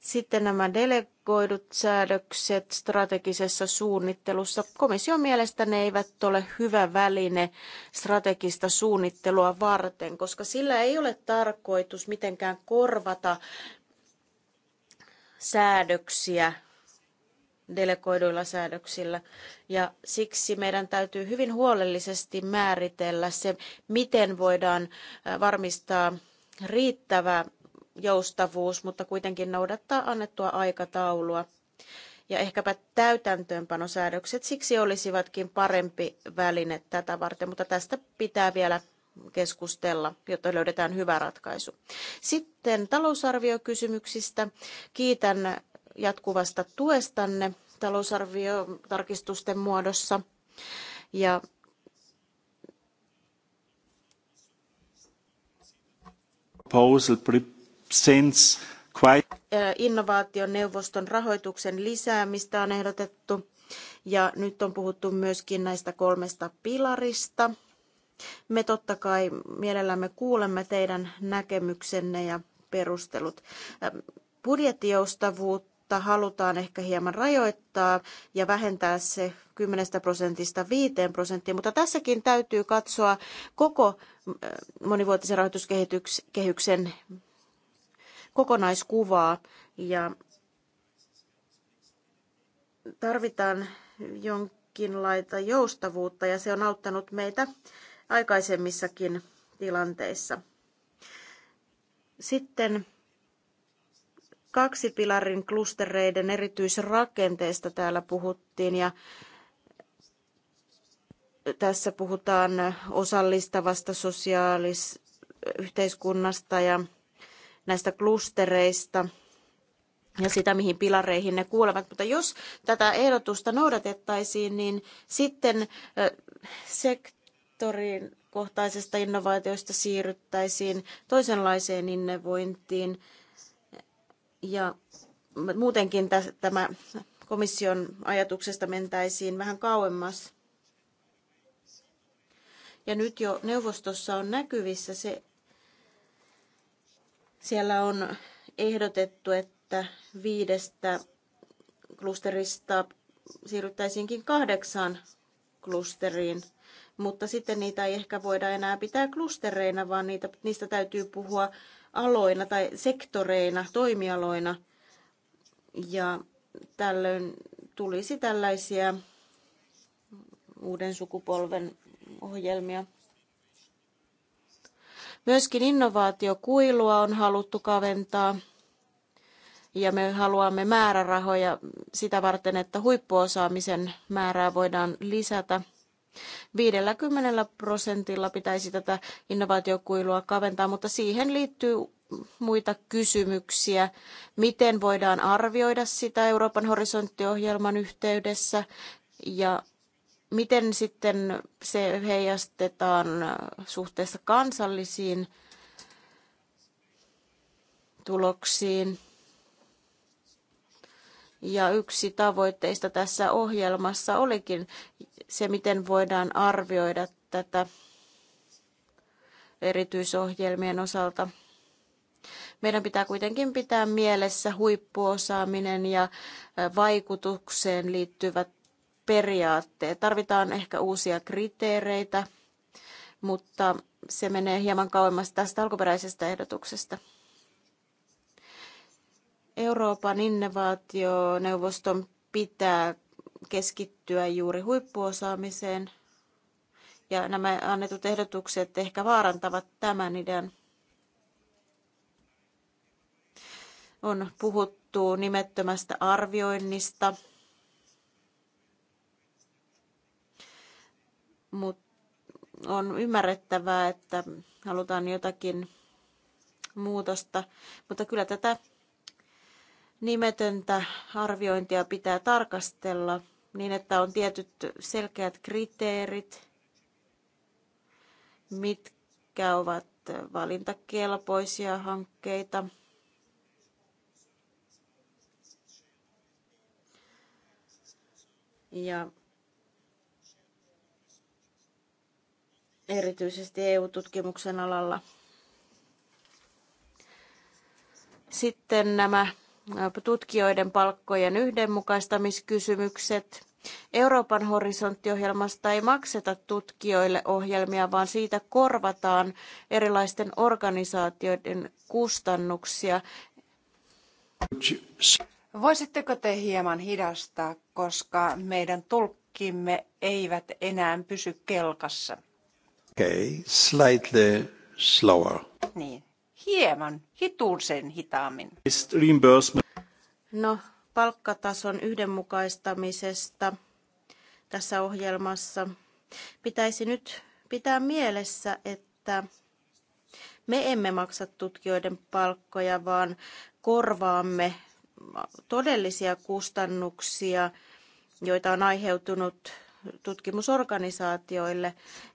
Sitten nämä delegoidut säädökset strategisessa suunnittelussa. Komission mielestä ne eivät ole hyvä väline strategista suunnittelua varten, koska sillä ei ole tarkoitus mitenkään korvata säädöksiä delegoiduilla säädöksillä. Ja siksi meidän täytyy hyvin huolellisesti määritellä se, miten voidaan äh, varmistaa riittävä joustavuus, mutta kuitenkin noudattaa annettua aikataulua. Ja ehkäpä täytäntöönpanosäädökset siksi olisivatkin parempi väline tätä varten, mutta tästä pitää vielä keskustella, jotta löydetään hyvä ratkaisu. Sitten talousarviokysymyksistä. Kiitän jatkuvasta tuestanne talousarviotarkistusten muodossa. Ja proposal since quite... Innovaationeuvoston rahoituksen lisäämistä on ehdotettu ja nyt on puhuttu myöskin näistä kolmesta pilarista. Me totta kai mielellämme kuulemme teidän näkemyksenne ja perustelut. Budjettijoustavuutta halutaan ehkä hieman rajoittaa ja vähentää se 10 prosentista 5 prosenttiin, mutta tässäkin täytyy katsoa koko monivuotisen rahoituskehyksen kokonaiskuvaa ja tarvitaan jonkinlaista joustavuutta ja se on auttanut meitä aikaisemmissakin tilanteissa. Sitten kaksi pilarin klustereiden erityisrakenteesta täällä puhuttiin ja tässä puhutaan osallistavasta sosiaalis yhteiskunnasta ja näistä klustereista ja sitä, mihin pilareihin ne kuulevat. Mutta jos tätä ehdotusta noudatettaisiin, niin sitten sektorin kohtaisesta innovaatioista siirryttäisiin toisenlaiseen innovointiin. Ja muutenkin tämä komission ajatuksesta mentäisiin vähän kauemmas. Ja nyt jo neuvostossa on näkyvissä se, siellä on ehdotettu, että viidestä klusterista siirryttäisiinkin kahdeksaan klusteriin, mutta sitten niitä ei ehkä voida enää pitää klustereina, vaan niitä, niistä täytyy puhua aloina tai sektoreina, toimialoina. Ja tällöin tulisi tällaisia uuden sukupolven ohjelmia. Myöskin innovaatiokuilua on haluttu kaventaa ja me haluamme määrärahoja sitä varten, että huippuosaamisen määrää voidaan lisätä. 50 prosentilla pitäisi tätä innovaatiokuilua kaventaa, mutta siihen liittyy muita kysymyksiä. Miten voidaan arvioida sitä Euroopan horisonttiohjelman yhteydessä ja miten sitten se heijastetaan suhteessa kansallisiin tuloksiin. Ja yksi tavoitteista tässä ohjelmassa olikin se, miten voidaan arvioida tätä erityisohjelmien osalta. Meidän pitää kuitenkin pitää mielessä huippuosaaminen ja vaikutukseen liittyvät periaatteet. Tarvitaan ehkä uusia kriteereitä, mutta se menee hieman kauemmas tästä alkuperäisestä ehdotuksesta. Euroopan innovaationeuvoston pitää keskittyä juuri huippuosaamiseen, ja nämä annetut ehdotukset ehkä vaarantavat tämän idean. On puhuttu nimettömästä arvioinnista – mutta on ymmärrettävää, että halutaan jotakin muutosta, mutta kyllä tätä nimetöntä arviointia pitää tarkastella niin, että on tietyt selkeät kriteerit, mitkä ovat valintakelpoisia hankkeita. Ja erityisesti EU-tutkimuksen alalla. Sitten nämä tutkijoiden palkkojen yhdenmukaistamiskysymykset. Euroopan horisonttiohjelmasta ei makseta tutkijoille ohjelmia, vaan siitä korvataan erilaisten organisaatioiden kustannuksia. Voisitteko te hieman hidastaa, koska meidän tulkkimme eivät enää pysy kelkassa? Okay, slightly slower. Niin, hieman, hitusen hitaammin. No, palkkatason yhdenmukaistamisesta tässä ohjelmassa. Pitäisi nyt pitää mielessä, että me emme maksa tutkijoiden palkkoja, vaan korvaamme todellisia kustannuksia, joita on aiheutunut tutkimusorganisaatioille,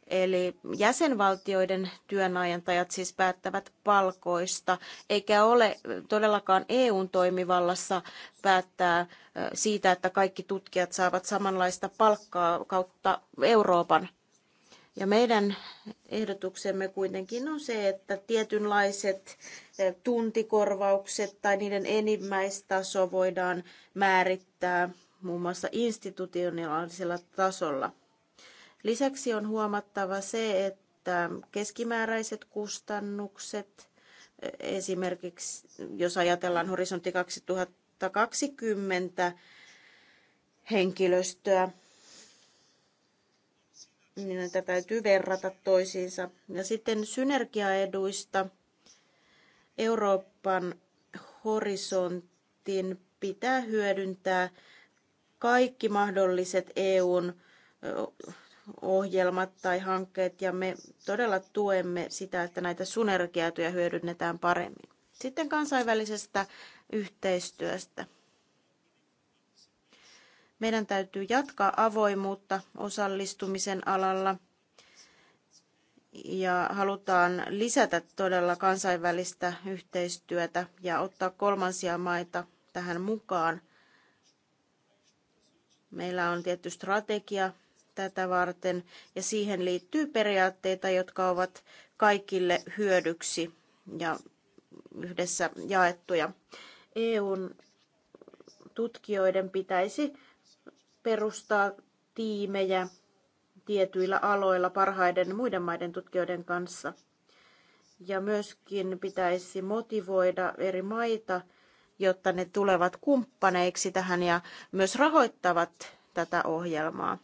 eli jäsenvaltioiden työnantajat siis päättävät palkoista, eikä ole todellakaan EUn toimivallassa päättää siitä, että kaikki tutkijat saavat samanlaista palkkaa kautta Euroopan. Ja meidän ehdotuksemme kuitenkin on se, että tietynlaiset tuntikorvaukset tai niiden enimmäistaso voidaan määrittää muun muassa institutionaalisella tasolla. Lisäksi on huomattava se, että keskimääräiset kustannukset, esimerkiksi jos ajatellaan horisontti 2020 henkilöstöä, niin näitä täytyy verrata toisiinsa. Ja sitten synergiaeduista Euroopan horisontin pitää hyödyntää kaikki mahdolliset EUn ohjelmat tai hankkeet ja me todella tuemme sitä, että näitä synergiaetuja hyödynnetään paremmin. Sitten kansainvälisestä yhteistyöstä. Meidän täytyy jatkaa avoimuutta osallistumisen alalla ja halutaan lisätä todella kansainvälistä yhteistyötä ja ottaa kolmansia maita tähän mukaan – Meillä on tietty strategia tätä varten ja siihen liittyy periaatteita, jotka ovat kaikille hyödyksi ja yhdessä jaettuja. EUn tutkijoiden pitäisi perustaa tiimejä tietyillä aloilla parhaiden muiden maiden tutkijoiden kanssa. Ja myöskin pitäisi motivoida eri maita – jotta ne tulevat kumppaneiksi tähän ja myös rahoittavat tätä ohjelmaa.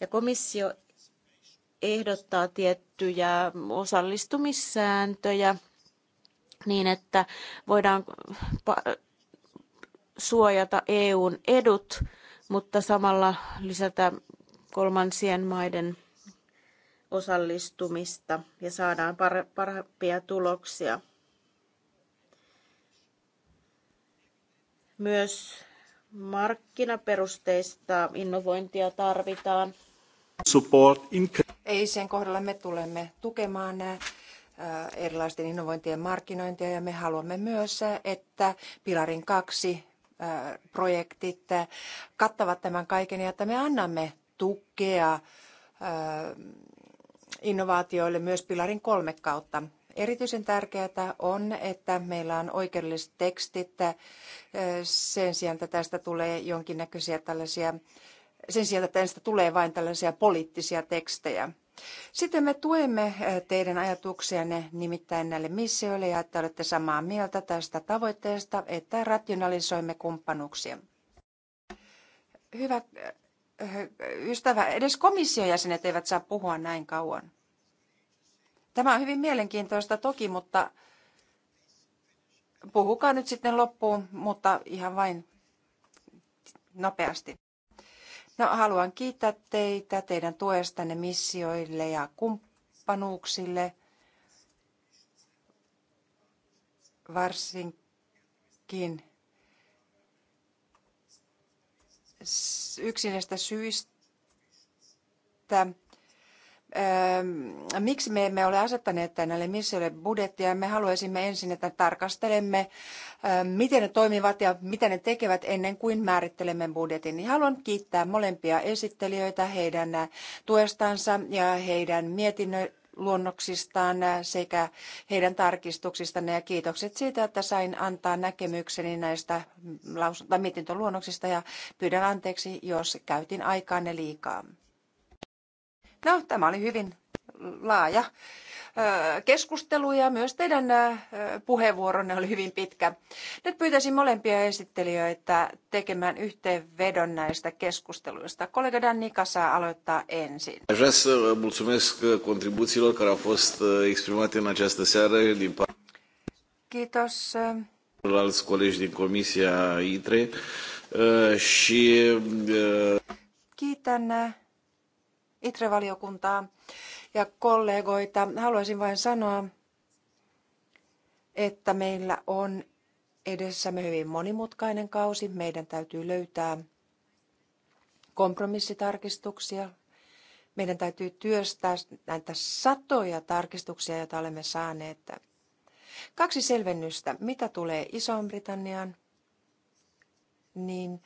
Ja komissio ehdottaa tiettyjä osallistumissääntöjä niin, että voidaan suojata EUn edut, mutta samalla lisätä kolmansien maiden osallistumista ja saadaan parempia tuloksia. Myös markkinaperusteista innovointia tarvitaan. Ei sen kohdalla me tulemme tukemaan äh, erilaisten innovointien markkinointia ja me haluamme myös, äh, että Pilarin kaksi äh, projektit kattavat tämän kaiken ja että me annamme tukea innovaatioille myös Pilarin kolme kautta. Erityisen tärkeää on, että meillä on oikeudelliset tekstit sen sijaan, että tästä tulee jonkinnäköisiä tällaisia sen sijaan, että tästä tulee vain tällaisia poliittisia tekstejä. Sitten me tuemme teidän ajatuksianne nimittäin näille missioille ja että olette samaa mieltä tästä tavoitteesta, että rationalisoimme kumppanuuksia. Hyvä ystävä, edes komission jäsenet eivät saa puhua näin kauan. Tämä on hyvin mielenkiintoista toki, mutta puhukaa nyt sitten loppuun, mutta ihan vain nopeasti. No, haluan kiittää teitä teidän tuestanne missioille ja kumppanuuksille. Varsinkin yksinestä syistä, miksi me emme ole asettaneet näille missioille budjettia. Me haluaisimme ensin, että tarkastelemme, miten ne toimivat ja mitä ne tekevät ennen kuin määrittelemme budjetin. Niin haluan kiittää molempia esittelijöitä heidän tuestansa ja heidän mietinnön luonnoksistaan sekä heidän tarkistuksistaan ja kiitokset siitä, että sain antaa näkemykseni näistä lausunta- mietintöluonnoksista ja pyydän anteeksi, jos käytin aikaanne liikaa. No, tämä oli hyvin laaja keskustelu ja myös teidän puheenvuoronne oli hyvin pitkä. Nyt pyytäisin molempia esittelijöitä tekemään yhteenvedon näistä keskusteluista. Kollega Dannika saa aloittaa ensin. Uh, Kiitos. E, uh, uh, Kiitän ITRE-valiokuntaa ja kollegoita. Haluaisin vain sanoa, että meillä on edessämme hyvin monimutkainen kausi. Meidän täytyy löytää kompromissitarkistuksia. Meidän täytyy työstää näitä satoja tarkistuksia, joita olemme saaneet. Kaksi selvennystä. Mitä tulee Iso-Britanniaan, niin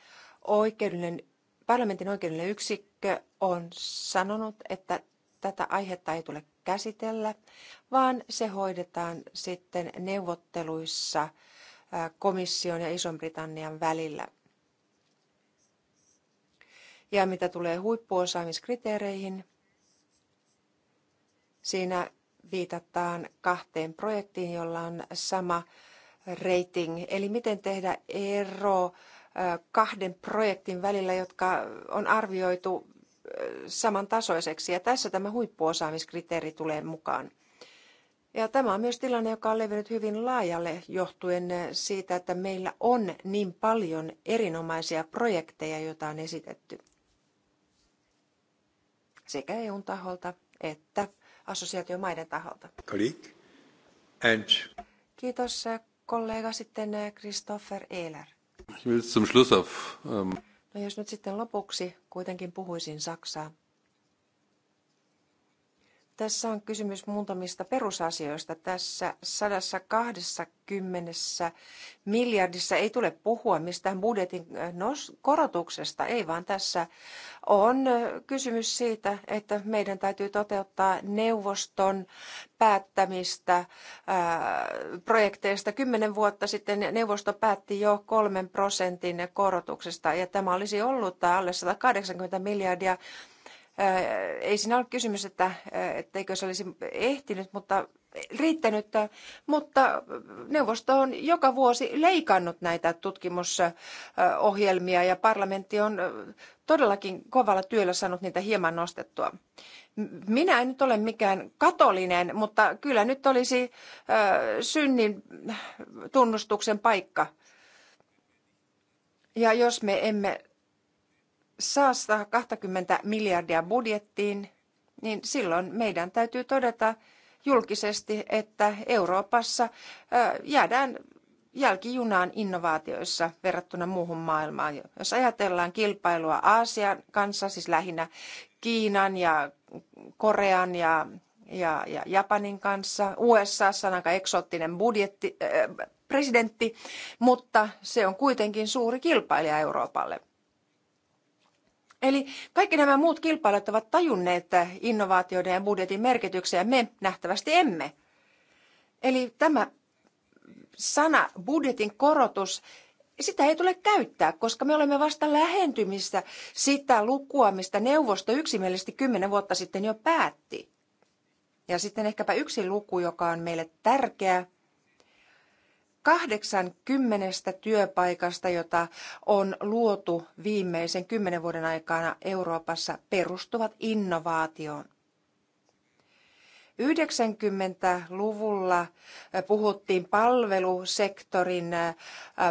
oikeudellinen Parlamentin oikeudellinen yksikkö on sanonut, että tätä aihetta ei tule käsitellä, vaan se hoidetaan sitten neuvotteluissa komission ja Ison-Britannian välillä. Ja mitä tulee huippuosaamiskriteereihin, siinä viitataan kahteen projektiin, jolla on sama rating. Eli miten tehdä ero kahden projektin välillä, jotka on arvioitu samantasoiseksi. Ja tässä tämä huippuosaamiskriteeri tulee mukaan. Ja tämä on myös tilanne, joka on levinnyt hyvin laajalle johtuen siitä, että meillä on niin paljon erinomaisia projekteja, joita on esitetty sekä EUn taholta että assosiaatiomaiden taholta. Kiitos kollega sitten Christopher Ehler. Ähm, no jos nyt sitten lopuksi kuitenkin puhuisin Saksaa. Tässä on kysymys muutamista perusasioista. Tässä 120 miljardissa ei tule puhua mistään budjetin äh, korotuksesta, ei vaan tässä on äh, kysymys siitä, että meidän täytyy toteuttaa neuvoston päättämistä ää, äh, projekteista. Kymmenen vuotta sitten neuvosto päätti jo kolmen prosentin korotuksesta ja tämä olisi ollut alle 180 miljardia ei siinä ole kysymys, että etteikö se olisi ehtinyt, mutta riittänyt, mutta neuvosto on joka vuosi leikannut näitä tutkimusohjelmia ja parlamentti on todellakin kovalla työllä saanut niitä hieman nostettua. Minä en nyt ole mikään katolinen, mutta kyllä nyt olisi synnin tunnustuksen paikka. Ja jos me emme saa 120 miljardia budjettiin, niin silloin meidän täytyy todeta julkisesti, että Euroopassa jäädään jälkijunaan innovaatioissa verrattuna muuhun maailmaan. Jos ajatellaan kilpailua Aasian kanssa, siis lähinnä Kiinan ja Korean ja, ja, ja Japanin kanssa, USA on aika eksoottinen budjetti, äh, presidentti, mutta se on kuitenkin suuri kilpailija Euroopalle – Eli kaikki nämä muut kilpailijat ovat tajunneet innovaatioiden ja budjetin merkityksen ja me nähtävästi emme. Eli tämä sana budjetin korotus, sitä ei tule käyttää, koska me olemme vasta lähentymissä sitä lukua, mistä neuvosto yksimielisesti kymmenen vuotta sitten jo päätti. Ja sitten ehkäpä yksi luku, joka on meille tärkeä – 80 työpaikasta, jota on luotu viimeisen kymmenen vuoden aikana Euroopassa, perustuvat innovaatioon. 90-luvulla puhuttiin palvelusektorin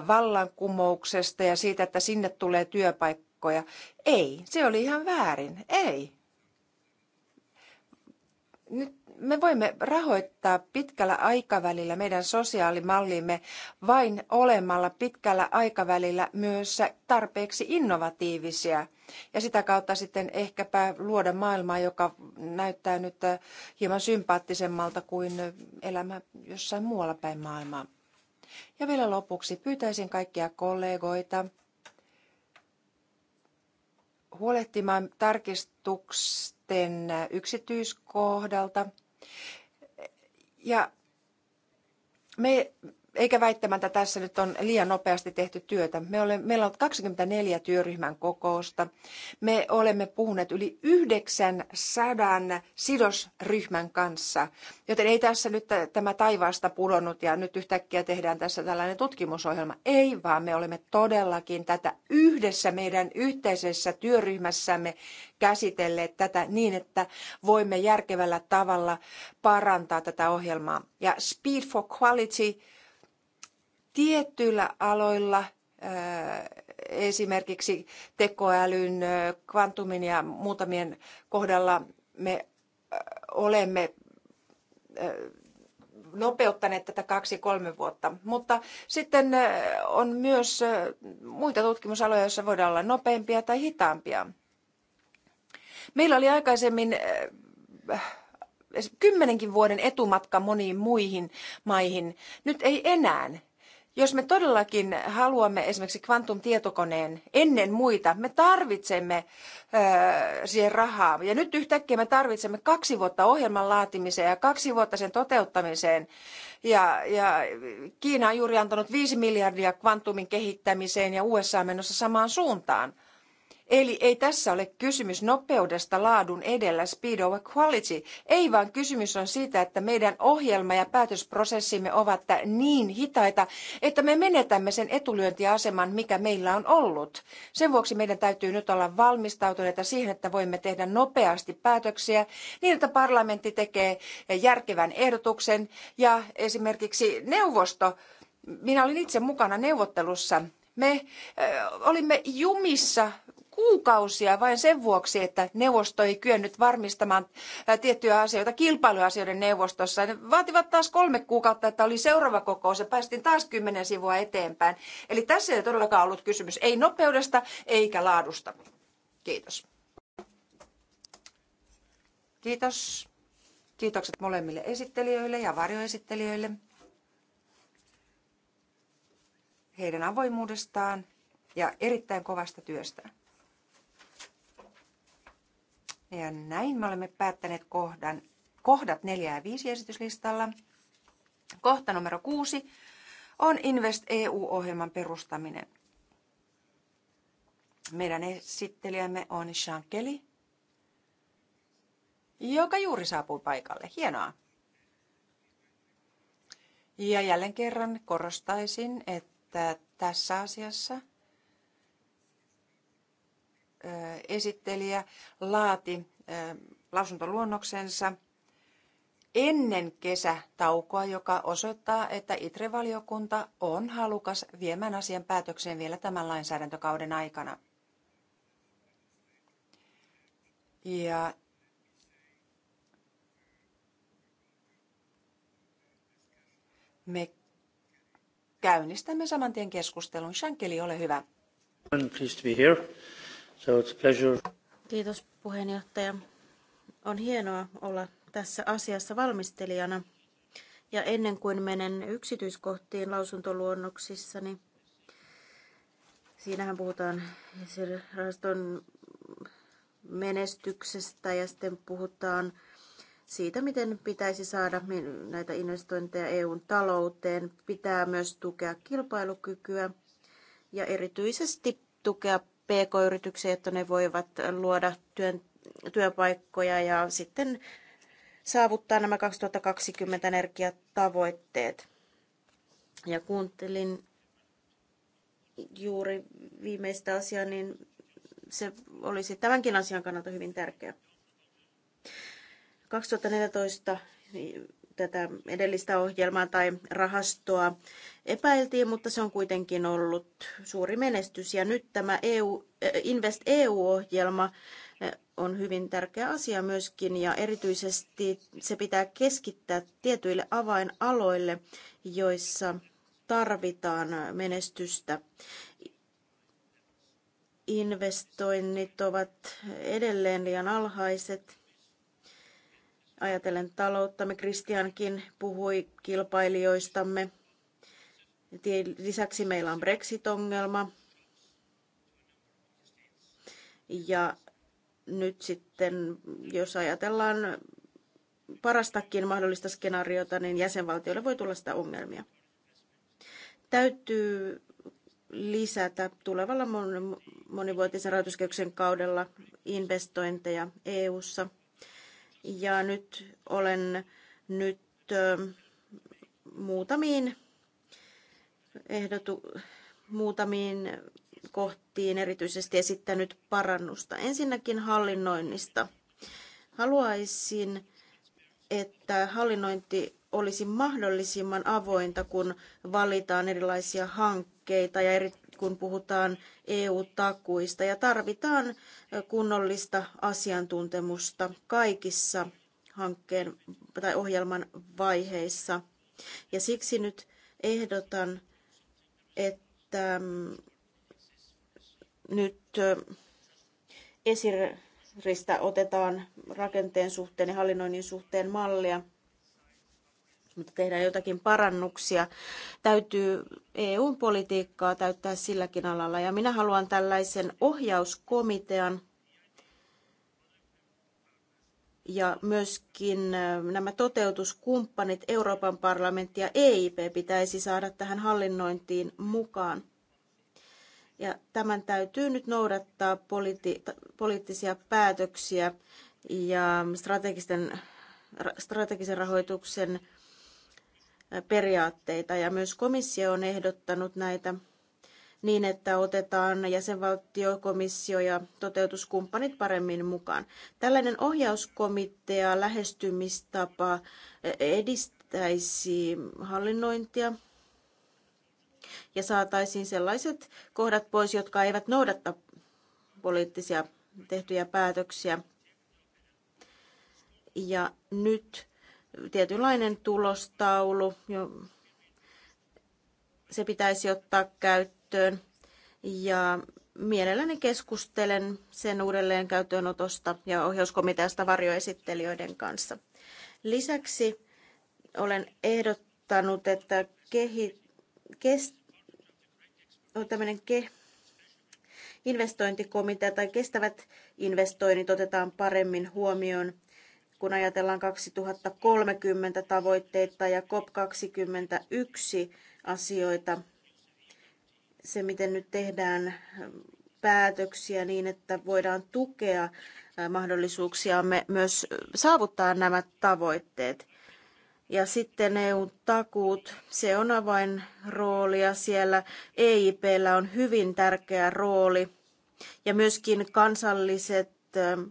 vallankumouksesta ja siitä, että sinne tulee työpaikkoja. Ei, se oli ihan väärin. Ei. Nyt me voimme rahoittaa pitkällä aikavälillä meidän sosiaalimallimme vain olemalla pitkällä aikavälillä myös tarpeeksi innovatiivisia ja sitä kautta sitten ehkäpä luoda maailmaa, joka näyttää nyt hieman sympaattisemmalta kuin elämä jossain muualla päin maailmaa. Ja vielä lopuksi pyytäisin kaikkia kollegoita huolehtimaan tarkistuksista yksityiskohdalta. Ja me eikä väittämättä tässä nyt on liian nopeasti tehty työtä. Me olemme, meillä on 24 työryhmän kokousta. Me olemme puhuneet yli 900 sidosryhmän kanssa, joten ei tässä nyt tämä taivaasta pudonnut ja nyt yhtäkkiä tehdään tässä tällainen tutkimusohjelma. Ei, vaan me olemme todellakin tätä yhdessä meidän yhteisessä työryhmässämme käsitelleet tätä niin, että voimme järkevällä tavalla parantaa tätä ohjelmaa. Ja Speed for Quality – tietyillä aloilla, äh, esimerkiksi tekoälyn, äh, kvantumin ja muutamien kohdalla me äh, olemme nopeuttaneet tätä kaksi-kolme vuotta. Mutta sitten on myös muita tutkimusaloja, joissa voidaan olla nopeampia tai hitaampia. Meillä oli aikaisemmin kymmenenkin vuoden etumatka moniin muihin maihin. Nyt ei enää. Jos me todellakin haluamme esimerkiksi kvantumtietokoneen ennen muita, me tarvitsemme ö, siihen rahaa. Ja nyt yhtäkkiä me tarvitsemme kaksi vuotta ohjelman laatimiseen ja kaksi vuotta sen toteuttamiseen. Ja, ja Kiina on juuri antanut viisi miljardia kvantumin kehittämiseen ja USA on menossa samaan suuntaan. Eli ei tässä ole kysymys nopeudesta laadun edellä, speed over quality. Ei vaan kysymys on siitä, että meidän ohjelma- ja päätösprosessimme ovat niin hitaita, että me menetämme sen etulyöntiaseman, mikä meillä on ollut. Sen vuoksi meidän täytyy nyt olla valmistautuneita siihen, että voimme tehdä nopeasti päätöksiä niin, että parlamentti tekee järkevän ehdotuksen ja esimerkiksi neuvosto minä olin itse mukana neuvottelussa. Me olimme jumissa kuukausia vain sen vuoksi, että neuvosto ei kyennyt varmistamaan tiettyjä asioita kilpailuasioiden neuvostossa. Ne vaativat taas kolme kuukautta, että oli seuraava kokous ja päästiin taas kymmenen sivua eteenpäin. Eli tässä ei todellakaan ollut kysymys ei nopeudesta eikä laadusta. Kiitos. Kiitos. Kiitokset molemmille esittelijöille ja varjoesittelijöille heidän avoimuudestaan ja erittäin kovasta työstään. Ja näin me olemme päättäneet kohdan, kohdat 4 ja 5 esityslistalla. Kohta numero 6 on Invest EU-ohjelman perustaminen. Meidän esittelijämme on Sean Kelly, joka juuri saapui paikalle. Hienoa. Ja jälleen kerran korostaisin, että tässä asiassa – esittelijä laati lausuntoluonnoksensa ennen kesätaukoa, joka osoittaa, että ITRE-valiokunta on halukas viemään asian päätökseen vielä tämän lainsäädäntökauden aikana. Ja me käynnistämme saman tien keskustelun. Shankeli, ole hyvä. I'm pleased to be here. So it's pleasure. Kiitos puheenjohtaja. On hienoa olla tässä asiassa valmistelijana. Ja ennen kuin menen yksityiskohtiin lausuntoluonnoksissa, niin siinähän puhutaan rahaston menestyksestä ja sitten puhutaan siitä, miten pitäisi saada näitä investointeja EUn talouteen. Pitää myös tukea kilpailukykyä ja erityisesti tukea pk-yrityksiä, että ne voivat luoda työn, työpaikkoja ja sitten saavuttaa nämä 2020 energiatavoitteet. Ja kuuntelin juuri viimeistä asiaa, niin se olisi tämänkin asian kannalta hyvin tärkeä. 2014 tätä edellistä ohjelmaa tai rahastoa epäiltiin, mutta se on kuitenkin ollut suuri menestys. Ja nyt tämä EU, eh, Invest EU-ohjelma eh, on hyvin tärkeä asia myöskin ja erityisesti se pitää keskittää tietyille avainaloille, joissa tarvitaan menestystä. Investoinnit ovat edelleen liian alhaiset Ajatellen talouttamme, Kristiankin puhui kilpailijoistamme. Lisäksi meillä on Brexit-ongelma. Ja nyt sitten, jos ajatellaan parastakin mahdollista skenaariota, niin jäsenvaltioille voi tulla sitä ongelmia. Täytyy lisätä tulevalla monivuotisen rahoituskehyksen kaudella investointeja EU:ssa. ssa ja nyt olen nyt ähm, muutamiin ehdotu, muutamiin kohtiin erityisesti esittänyt parannusta. Ensinnäkin hallinnoinnista. Haluaisin, että hallinnointi olisi mahdollisimman avointa, kun valitaan erilaisia hankkeita ja eri kun puhutaan EU-takuista ja tarvitaan kunnollista asiantuntemusta kaikissa hankkeen tai ohjelman vaiheissa. Ja siksi nyt ehdotan, että mm, nyt esiristä otetaan rakenteen suhteen ja hallinnoinnin suhteen mallia mutta tehdään jotakin parannuksia. Täytyy EU-politiikkaa täyttää silläkin alalla. Ja minä haluan tällaisen ohjauskomitean ja myöskin äh, nämä toteutuskumppanit Euroopan parlamentti ja EIP pitäisi saada tähän hallinnointiin mukaan. Ja tämän täytyy nyt noudattaa politi- poliittisia päätöksiä ja strategisten, strategisen rahoituksen periaatteita ja myös komissio on ehdottanut näitä niin, että otetaan jäsenvaltiokomissio ja toteutuskumppanit paremmin mukaan. Tällainen ohjauskomitea lähestymistapa edistäisi hallinnointia ja saataisiin sellaiset kohdat pois, jotka eivät noudatta poliittisia tehtyjä päätöksiä. Ja nyt tietynlainen tulostaulu. Se pitäisi ottaa käyttöön ja mielelläni keskustelen sen uudelleen käyttöönotosta ja ohjauskomiteasta varjoesittelijöiden kanssa. Lisäksi olen ehdottanut, että kehi, kes, on tämmöinen ke, investointikomitea tai kestävät investoinnit otetaan paremmin huomioon kun ajatellaan 2030 tavoitteita ja COP21 asioita, se miten nyt tehdään ähm, päätöksiä niin, että voidaan tukea äh, mahdollisuuksiamme myös äh, saavuttaa nämä tavoitteet. Ja sitten EU-takuut, se on rooli ja siellä EIPllä on hyvin tärkeä rooli. Ja myöskin kansalliset ähm,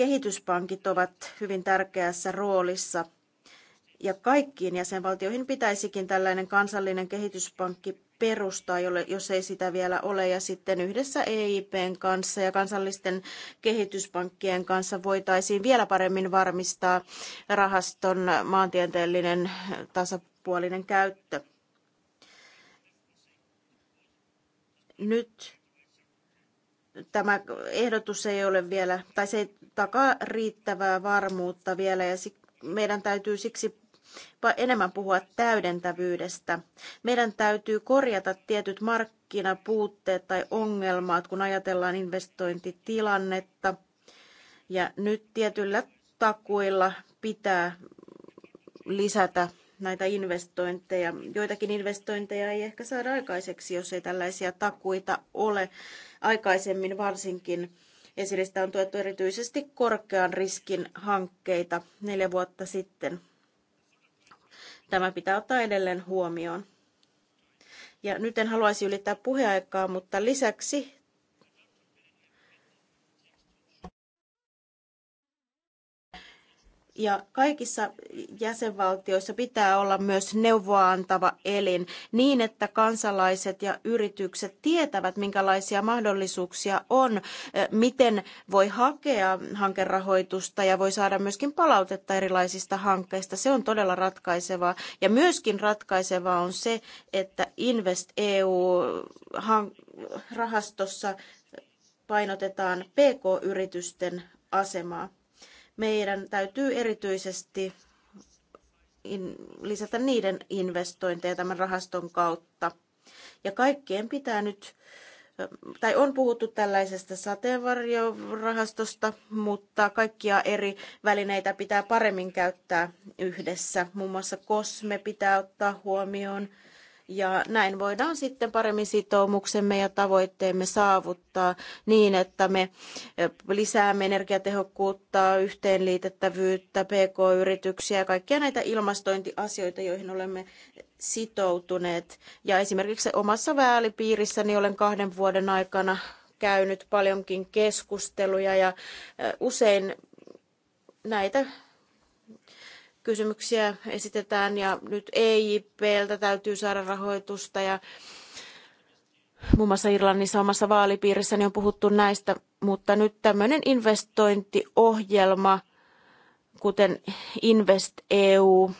kehityspankit ovat hyvin tärkeässä roolissa. Ja kaikkiin jäsenvaltioihin pitäisikin tällainen kansallinen kehityspankki perustaa, jolle, jos ei sitä vielä ole. Ja sitten yhdessä EIPn kanssa ja kansallisten kehityspankkien kanssa voitaisiin vielä paremmin varmistaa rahaston maantieteellinen tasapuolinen käyttö. Nyt tämä ehdotus ei ole vielä, tai se ei takaa riittävää varmuutta vielä, ja meidän täytyy siksi enemmän puhua täydentävyydestä. Meidän täytyy korjata tietyt markkinapuutteet tai ongelmat, kun ajatellaan investointitilannetta. Ja nyt tietyllä takuilla pitää lisätä näitä investointeja. Joitakin investointeja ei ehkä saada aikaiseksi, jos ei tällaisia takuita ole. Aikaisemmin varsinkin esiristä on tuettu erityisesti korkean riskin hankkeita neljä vuotta sitten. Tämä pitää ottaa edelleen huomioon. Ja nyt en haluaisi ylittää puheaikaa, mutta lisäksi Ja kaikissa jäsenvaltioissa pitää olla myös neuvoa antava elin niin, että kansalaiset ja yritykset tietävät, minkälaisia mahdollisuuksia on, miten voi hakea hankerahoitusta ja voi saada myöskin palautetta erilaisista hankkeista. Se on todella ratkaisevaa. Ja myöskin ratkaisevaa on se, että Invest EU-rahastossa painotetaan PK-yritysten asemaa meidän täytyy erityisesti lisätä niiden investointeja tämän rahaston kautta. Ja kaikkien pitää nyt, tai on puhuttu tällaisesta sateenvarjorahastosta, mutta kaikkia eri välineitä pitää paremmin käyttää yhdessä. Muun muassa kosme pitää ottaa huomioon ja näin voidaan sitten paremmin sitoumuksemme ja tavoitteemme saavuttaa niin, että me lisäämme energiatehokkuutta, yhteenliitettävyyttä, pk-yrityksiä ja kaikkia näitä ilmastointiasioita, joihin olemme sitoutuneet. Ja esimerkiksi omassa väälipiirissäni olen kahden vuoden aikana käynyt paljonkin keskusteluja ja usein näitä kysymyksiä esitetään ja nyt EIPltä täytyy saada rahoitusta ja muun muassa Irlannissa omassa vaalipiirissäni on puhuttu näistä, mutta nyt tämmöinen investointiohjelma, kuten Invest EU,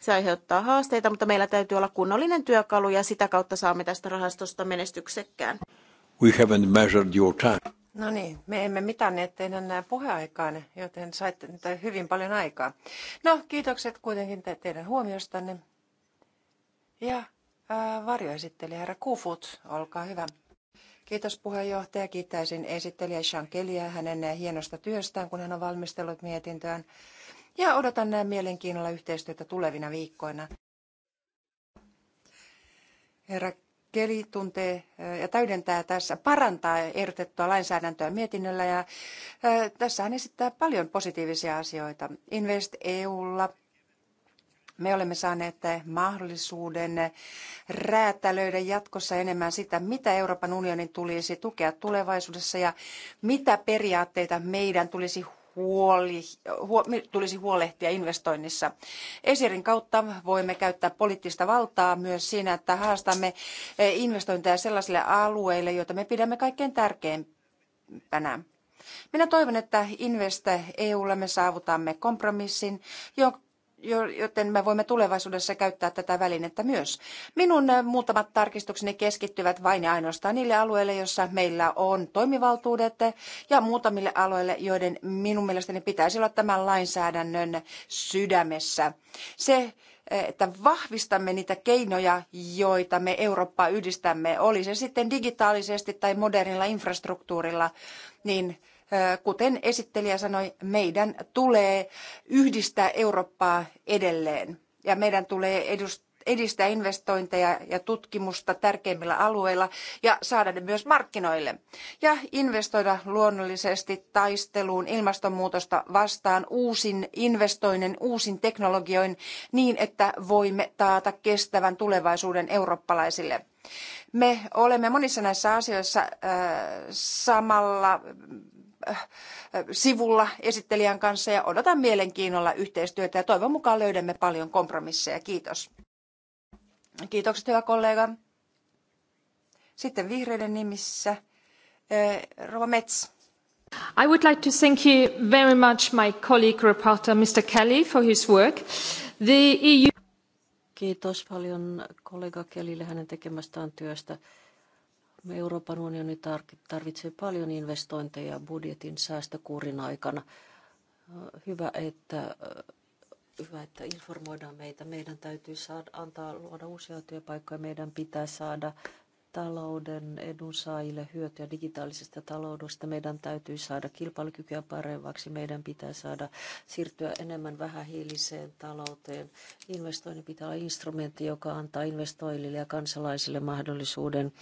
se aiheuttaa haasteita, mutta meillä täytyy olla kunnollinen työkalu ja sitä kautta saamme tästä rahastosta menestyksekkään. We haven't measured your time. No niin, me emme mitanneet teidän puheaikaan, joten saitte nyt hyvin paljon aikaa. No, kiitokset kuitenkin te- teidän huomiostanne. Ja äh, varjoesittelijä herra Kufut, olkaa hyvä. Kiitos puheenjohtaja. Kiittäisin esittelijä Sean Kellyä hänen hienosta työstään, kun hän on valmistellut mietintöään. Ja odotan näin mielenkiinnolla yhteistyötä tulevina viikkoina. Herra Keli tuntee ja täydentää tässä, parantaa ehdotettua lainsäädäntöä mietinnöllä ja tässä hän esittää paljon positiivisia asioita. Invest EUlla me olemme saaneet mahdollisuuden räätälöidä jatkossa enemmän sitä, mitä Euroopan unionin tulisi tukea tulevaisuudessa ja mitä periaatteita meidän tulisi huoli, huo, tulisi huolehtia investoinnissa. Esirin kautta voimme käyttää poliittista valtaa myös siinä, että haastamme e, investointeja sellaisille alueille, joita me pidämme kaikkein tärkeimpänä. Minä toivon, että Invest EUlla me saavutamme kompromissin, joten me voimme tulevaisuudessa käyttää tätä välinettä myös. Minun äh, muutamat tarkistukseni keskittyvät vain ja ainoastaan niille alueille, joissa meillä on toimivaltuudet äh, ja muutamille alueille, joiden minun mielestäni pitäisi olla tämän lainsäädännön sydämessä. Se, äh, että vahvistamme niitä keinoja, joita me Eurooppaa yhdistämme, oli se sitten digitaalisesti tai modernilla infrastruktuurilla, niin Kuten esittelijä sanoi, meidän tulee yhdistää Eurooppaa edelleen ja meidän tulee edistää investointeja ja tutkimusta tärkeimmillä alueilla ja saada ne myös markkinoille. Ja investoida luonnollisesti taisteluun ilmastonmuutosta vastaan uusin investoinnin, uusin teknologioin niin, että voimme taata kestävän tulevaisuuden eurooppalaisille. Me olemme monissa näissä asioissa äh, samalla Äh, sivulla esittelijän kanssa ja odotan mielenkiinnolla yhteistyötä ja toivon mukaan löydämme paljon kompromisseja. Kiitos. Kiitokset hyvä kollega. Sitten vihreiden nimissä äh, Rova Mets. I would like to thank you very much my colleague reporter Mr. Kelly for his work. The EU... Kiitos paljon kollega Kellylle hänen tekemästään työstä. Euroopan unioni tarvitsee paljon investointeja budjetin säästökuurin aikana. Hyvä, että hyvä, että informoidaan meitä. Meidän täytyy saada, antaa luoda uusia työpaikkoja. Meidän pitää saada talouden edunsaajille hyötyä digitaalisesta taloudesta. Meidän täytyy saada kilpailukykyä paremmaksi. Meidän pitää saada siirtyä enemmän vähähiiliseen talouteen. Investoinnin pitää olla instrumentti, joka antaa investoijille ja kansalaisille mahdollisuuden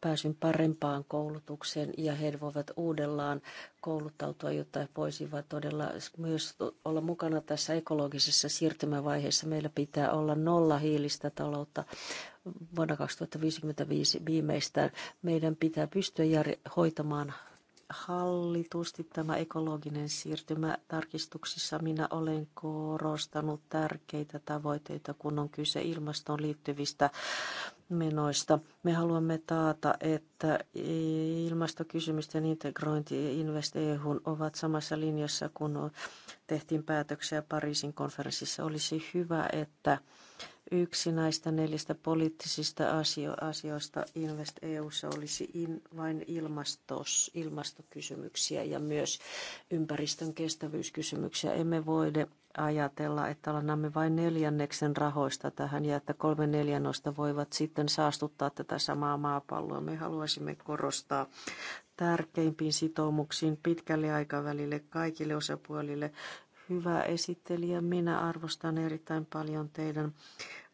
pääsyn parempaan koulutukseen ja he voivat uudellaan kouluttautua, jotta he voisivat todella myös olla mukana tässä ekologisessa siirtymävaiheessa. Meillä pitää olla nolla hiilistä taloutta vuonna 2055 viimeistään. Meidän pitää pystyä hoitamaan hallitusti tämä ekologinen siirtymä. Tarkistuksissa minä olen korostanut tärkeitä tavoitteita, kun on kyse ilmastoon liittyvistä menoista. Me haluamme taata, että ilmastokysymysten integrointi ja Invest EU ovat samassa linjassa, kun tehtiin päätöksiä Pariisin konferenssissa. Olisi hyvä, että Yksi näistä neljästä poliittisista asio- asioista Invest EUssa olisi in, vain ilmastos, ilmastokysymyksiä ja myös ympäristön kestävyyskysymyksiä. Emme voi ajatella, että annamme vain neljänneksen rahoista tähän ja että kolme neljännosta voivat sitten saastuttaa tätä samaa maapalloa. Me haluaisimme korostaa tärkeimpiin sitoumuksiin pitkälle aikavälille kaikille osapuolille Hyvä esittelijä, minä arvostan erittäin paljon teidän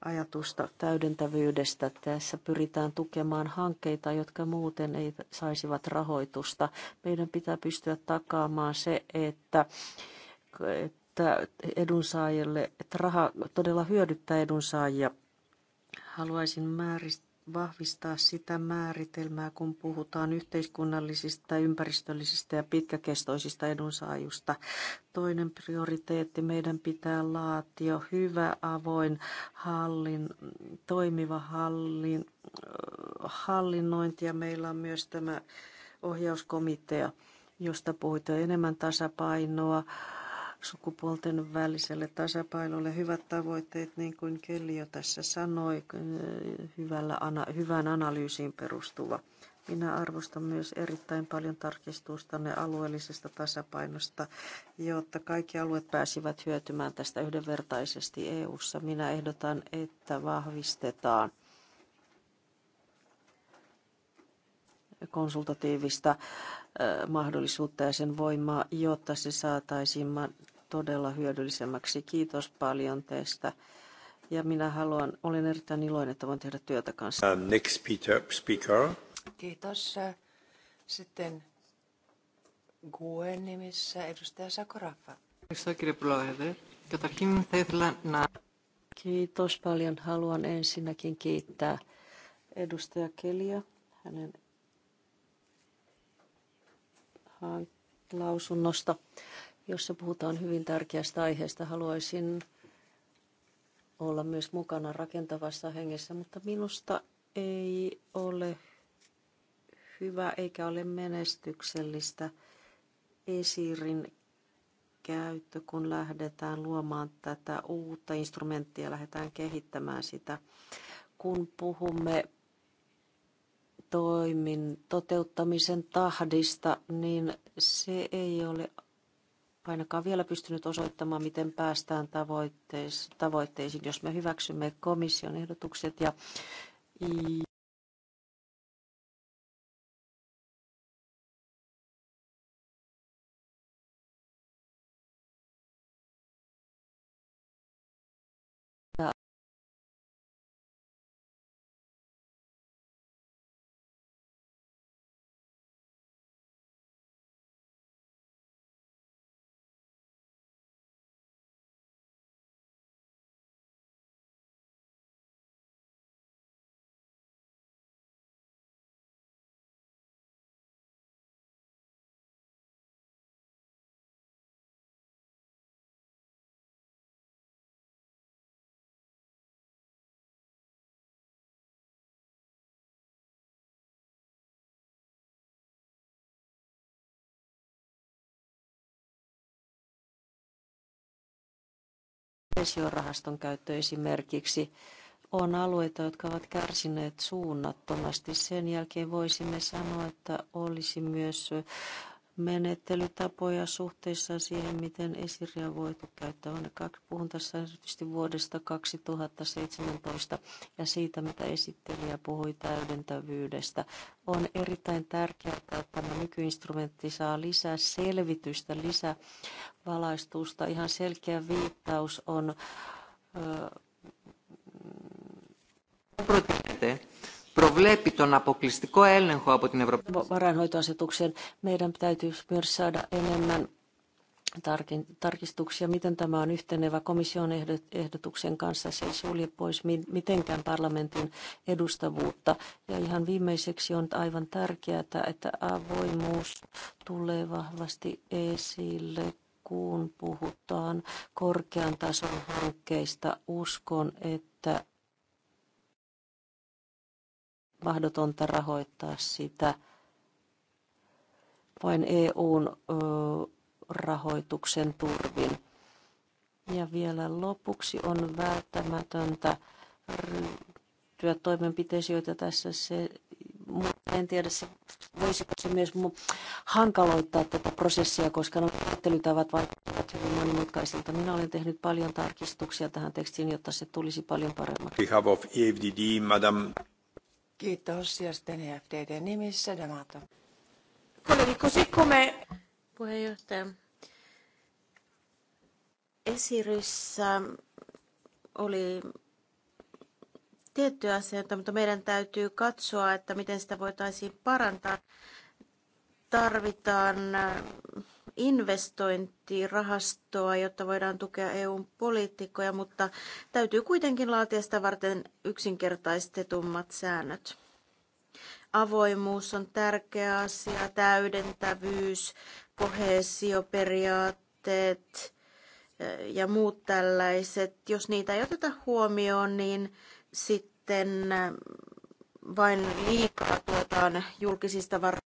ajatusta täydentävyydestä. Tässä pyritään tukemaan hankkeita, jotka muuten ei saisivat rahoitusta. Meidän pitää pystyä takaamaan se, että, että edunsaajille, että raha todella hyödyttää edunsaajia. Haluaisin määrittää vahvistaa sitä määritelmää, kun puhutaan yhteiskunnallisista, ympäristöllisistä ja pitkäkestoisista edunsaajusta. Toinen prioriteetti, meidän pitää laatia hyvä, avoin, hallin, toimiva hallin, hallinnointi ja meillä on myös tämä ohjauskomitea, josta puhutaan enemmän tasapainoa sukupuolten väliselle tasapainolle. Hyvät tavoitteet, niin kuin Kelli jo tässä sanoi, eh, hyvällä, hyvään analyysiin perustuva. Minä arvostan myös erittäin paljon tarkistustanne alueellisesta tasapainosta, jotta kaikki alueet pääsivät hyötymään tästä yhdenvertaisesti EU:ssa. Minä ehdotan, että vahvistetaan konsultatiivista eh, mahdollisuutta ja sen voimaa, jotta se saataisiin todella hyödyllisemmäksi. Kiitos paljon teistä. Ja minä haluan, olen erittäin iloinen, että voin tehdä työtä kanssa. Uh, next Peter, speaker. Kiitos. Uh, sitten Guen nimissä edustaja Sakorafa. Kiitos paljon. Haluan ensinnäkin kiittää edustaja Kelia hänen lausunnosta jossa puhutaan hyvin tärkeästä aiheesta. Haluaisin olla myös mukana rakentavassa hengessä, mutta minusta ei ole hyvä eikä ole menestyksellistä esirin käyttö, kun lähdetään luomaan tätä uutta instrumenttia, lähdetään kehittämään sitä. Kun puhumme toimin toteuttamisen tahdista, niin se ei ole ainakaan vielä pystynyt osoittamaan, miten päästään tavoitteisiin, jos me hyväksymme komission ehdotukset ja kohesiorahaston käyttö esimerkiksi on alueita, jotka ovat kärsineet suunnattomasti. Sen jälkeen voisimme sanoa, että olisi myös menettelytapoja suhteessa siihen, miten esiriä voitu käyttää. Puhun tässä erityisesti vuodesta 2017 ja siitä, mitä esittelijä puhui täydentävyydestä. On erittäin tärkeää, että tämä nykyinstrumentti saa lisää selvitystä, lisää valaistusta. Ihan selkeä viittaus on... Öö, προβλέπει τον αποκλειστικό έλεγχο από την Ευρωπαϊκή Varainhoitoasetukseen meidän täytyy myös saada enemmän tarkistuksia, miten tämä on yhtenevä komission ehdotuksen kanssa. Se ei sulje pois mitenkään parlamentin edustavuutta. Ja ihan viimeiseksi on aivan tärkeää, että avoimuus tulee vahvasti esille kun puhutaan korkean tason hankkeista. Uskon, että mahdotonta rahoittaa sitä vain EUn rahoituksen turvin. Ja vielä lopuksi on välttämätöntä ryhtyä toimenpiteisiin, joita tässä se, mutta en tiedä, se, voisiko se myös hankaloittaa tätä prosessia, koska no, ajattelytavat vaikuttavat hyvin monimutkaisilta. Minä olen tehnyt paljon tarkistuksia tähän tekstiin, jotta se tulisi paljon paremmaksi. We have of EFDD, Madam. Kiitos ja sitten EFDD nimissä Damato. Colleghi, così come... Puheenjohtaja. Esiryssä oli tietty asioita, mutta meidän täytyy katsoa, että miten sitä voitaisiin parantaa. Tarvitaan investointirahastoa, jotta voidaan tukea EUn poliitikkoja, mutta täytyy kuitenkin laatia sitä varten yksinkertaistetummat säännöt. Avoimuus on tärkeä asia, täydentävyys, kohesioperiaatteet ja muut tällaiset. Jos niitä ei oteta huomioon, niin sitten vain liikaa tuetaan julkisista varoista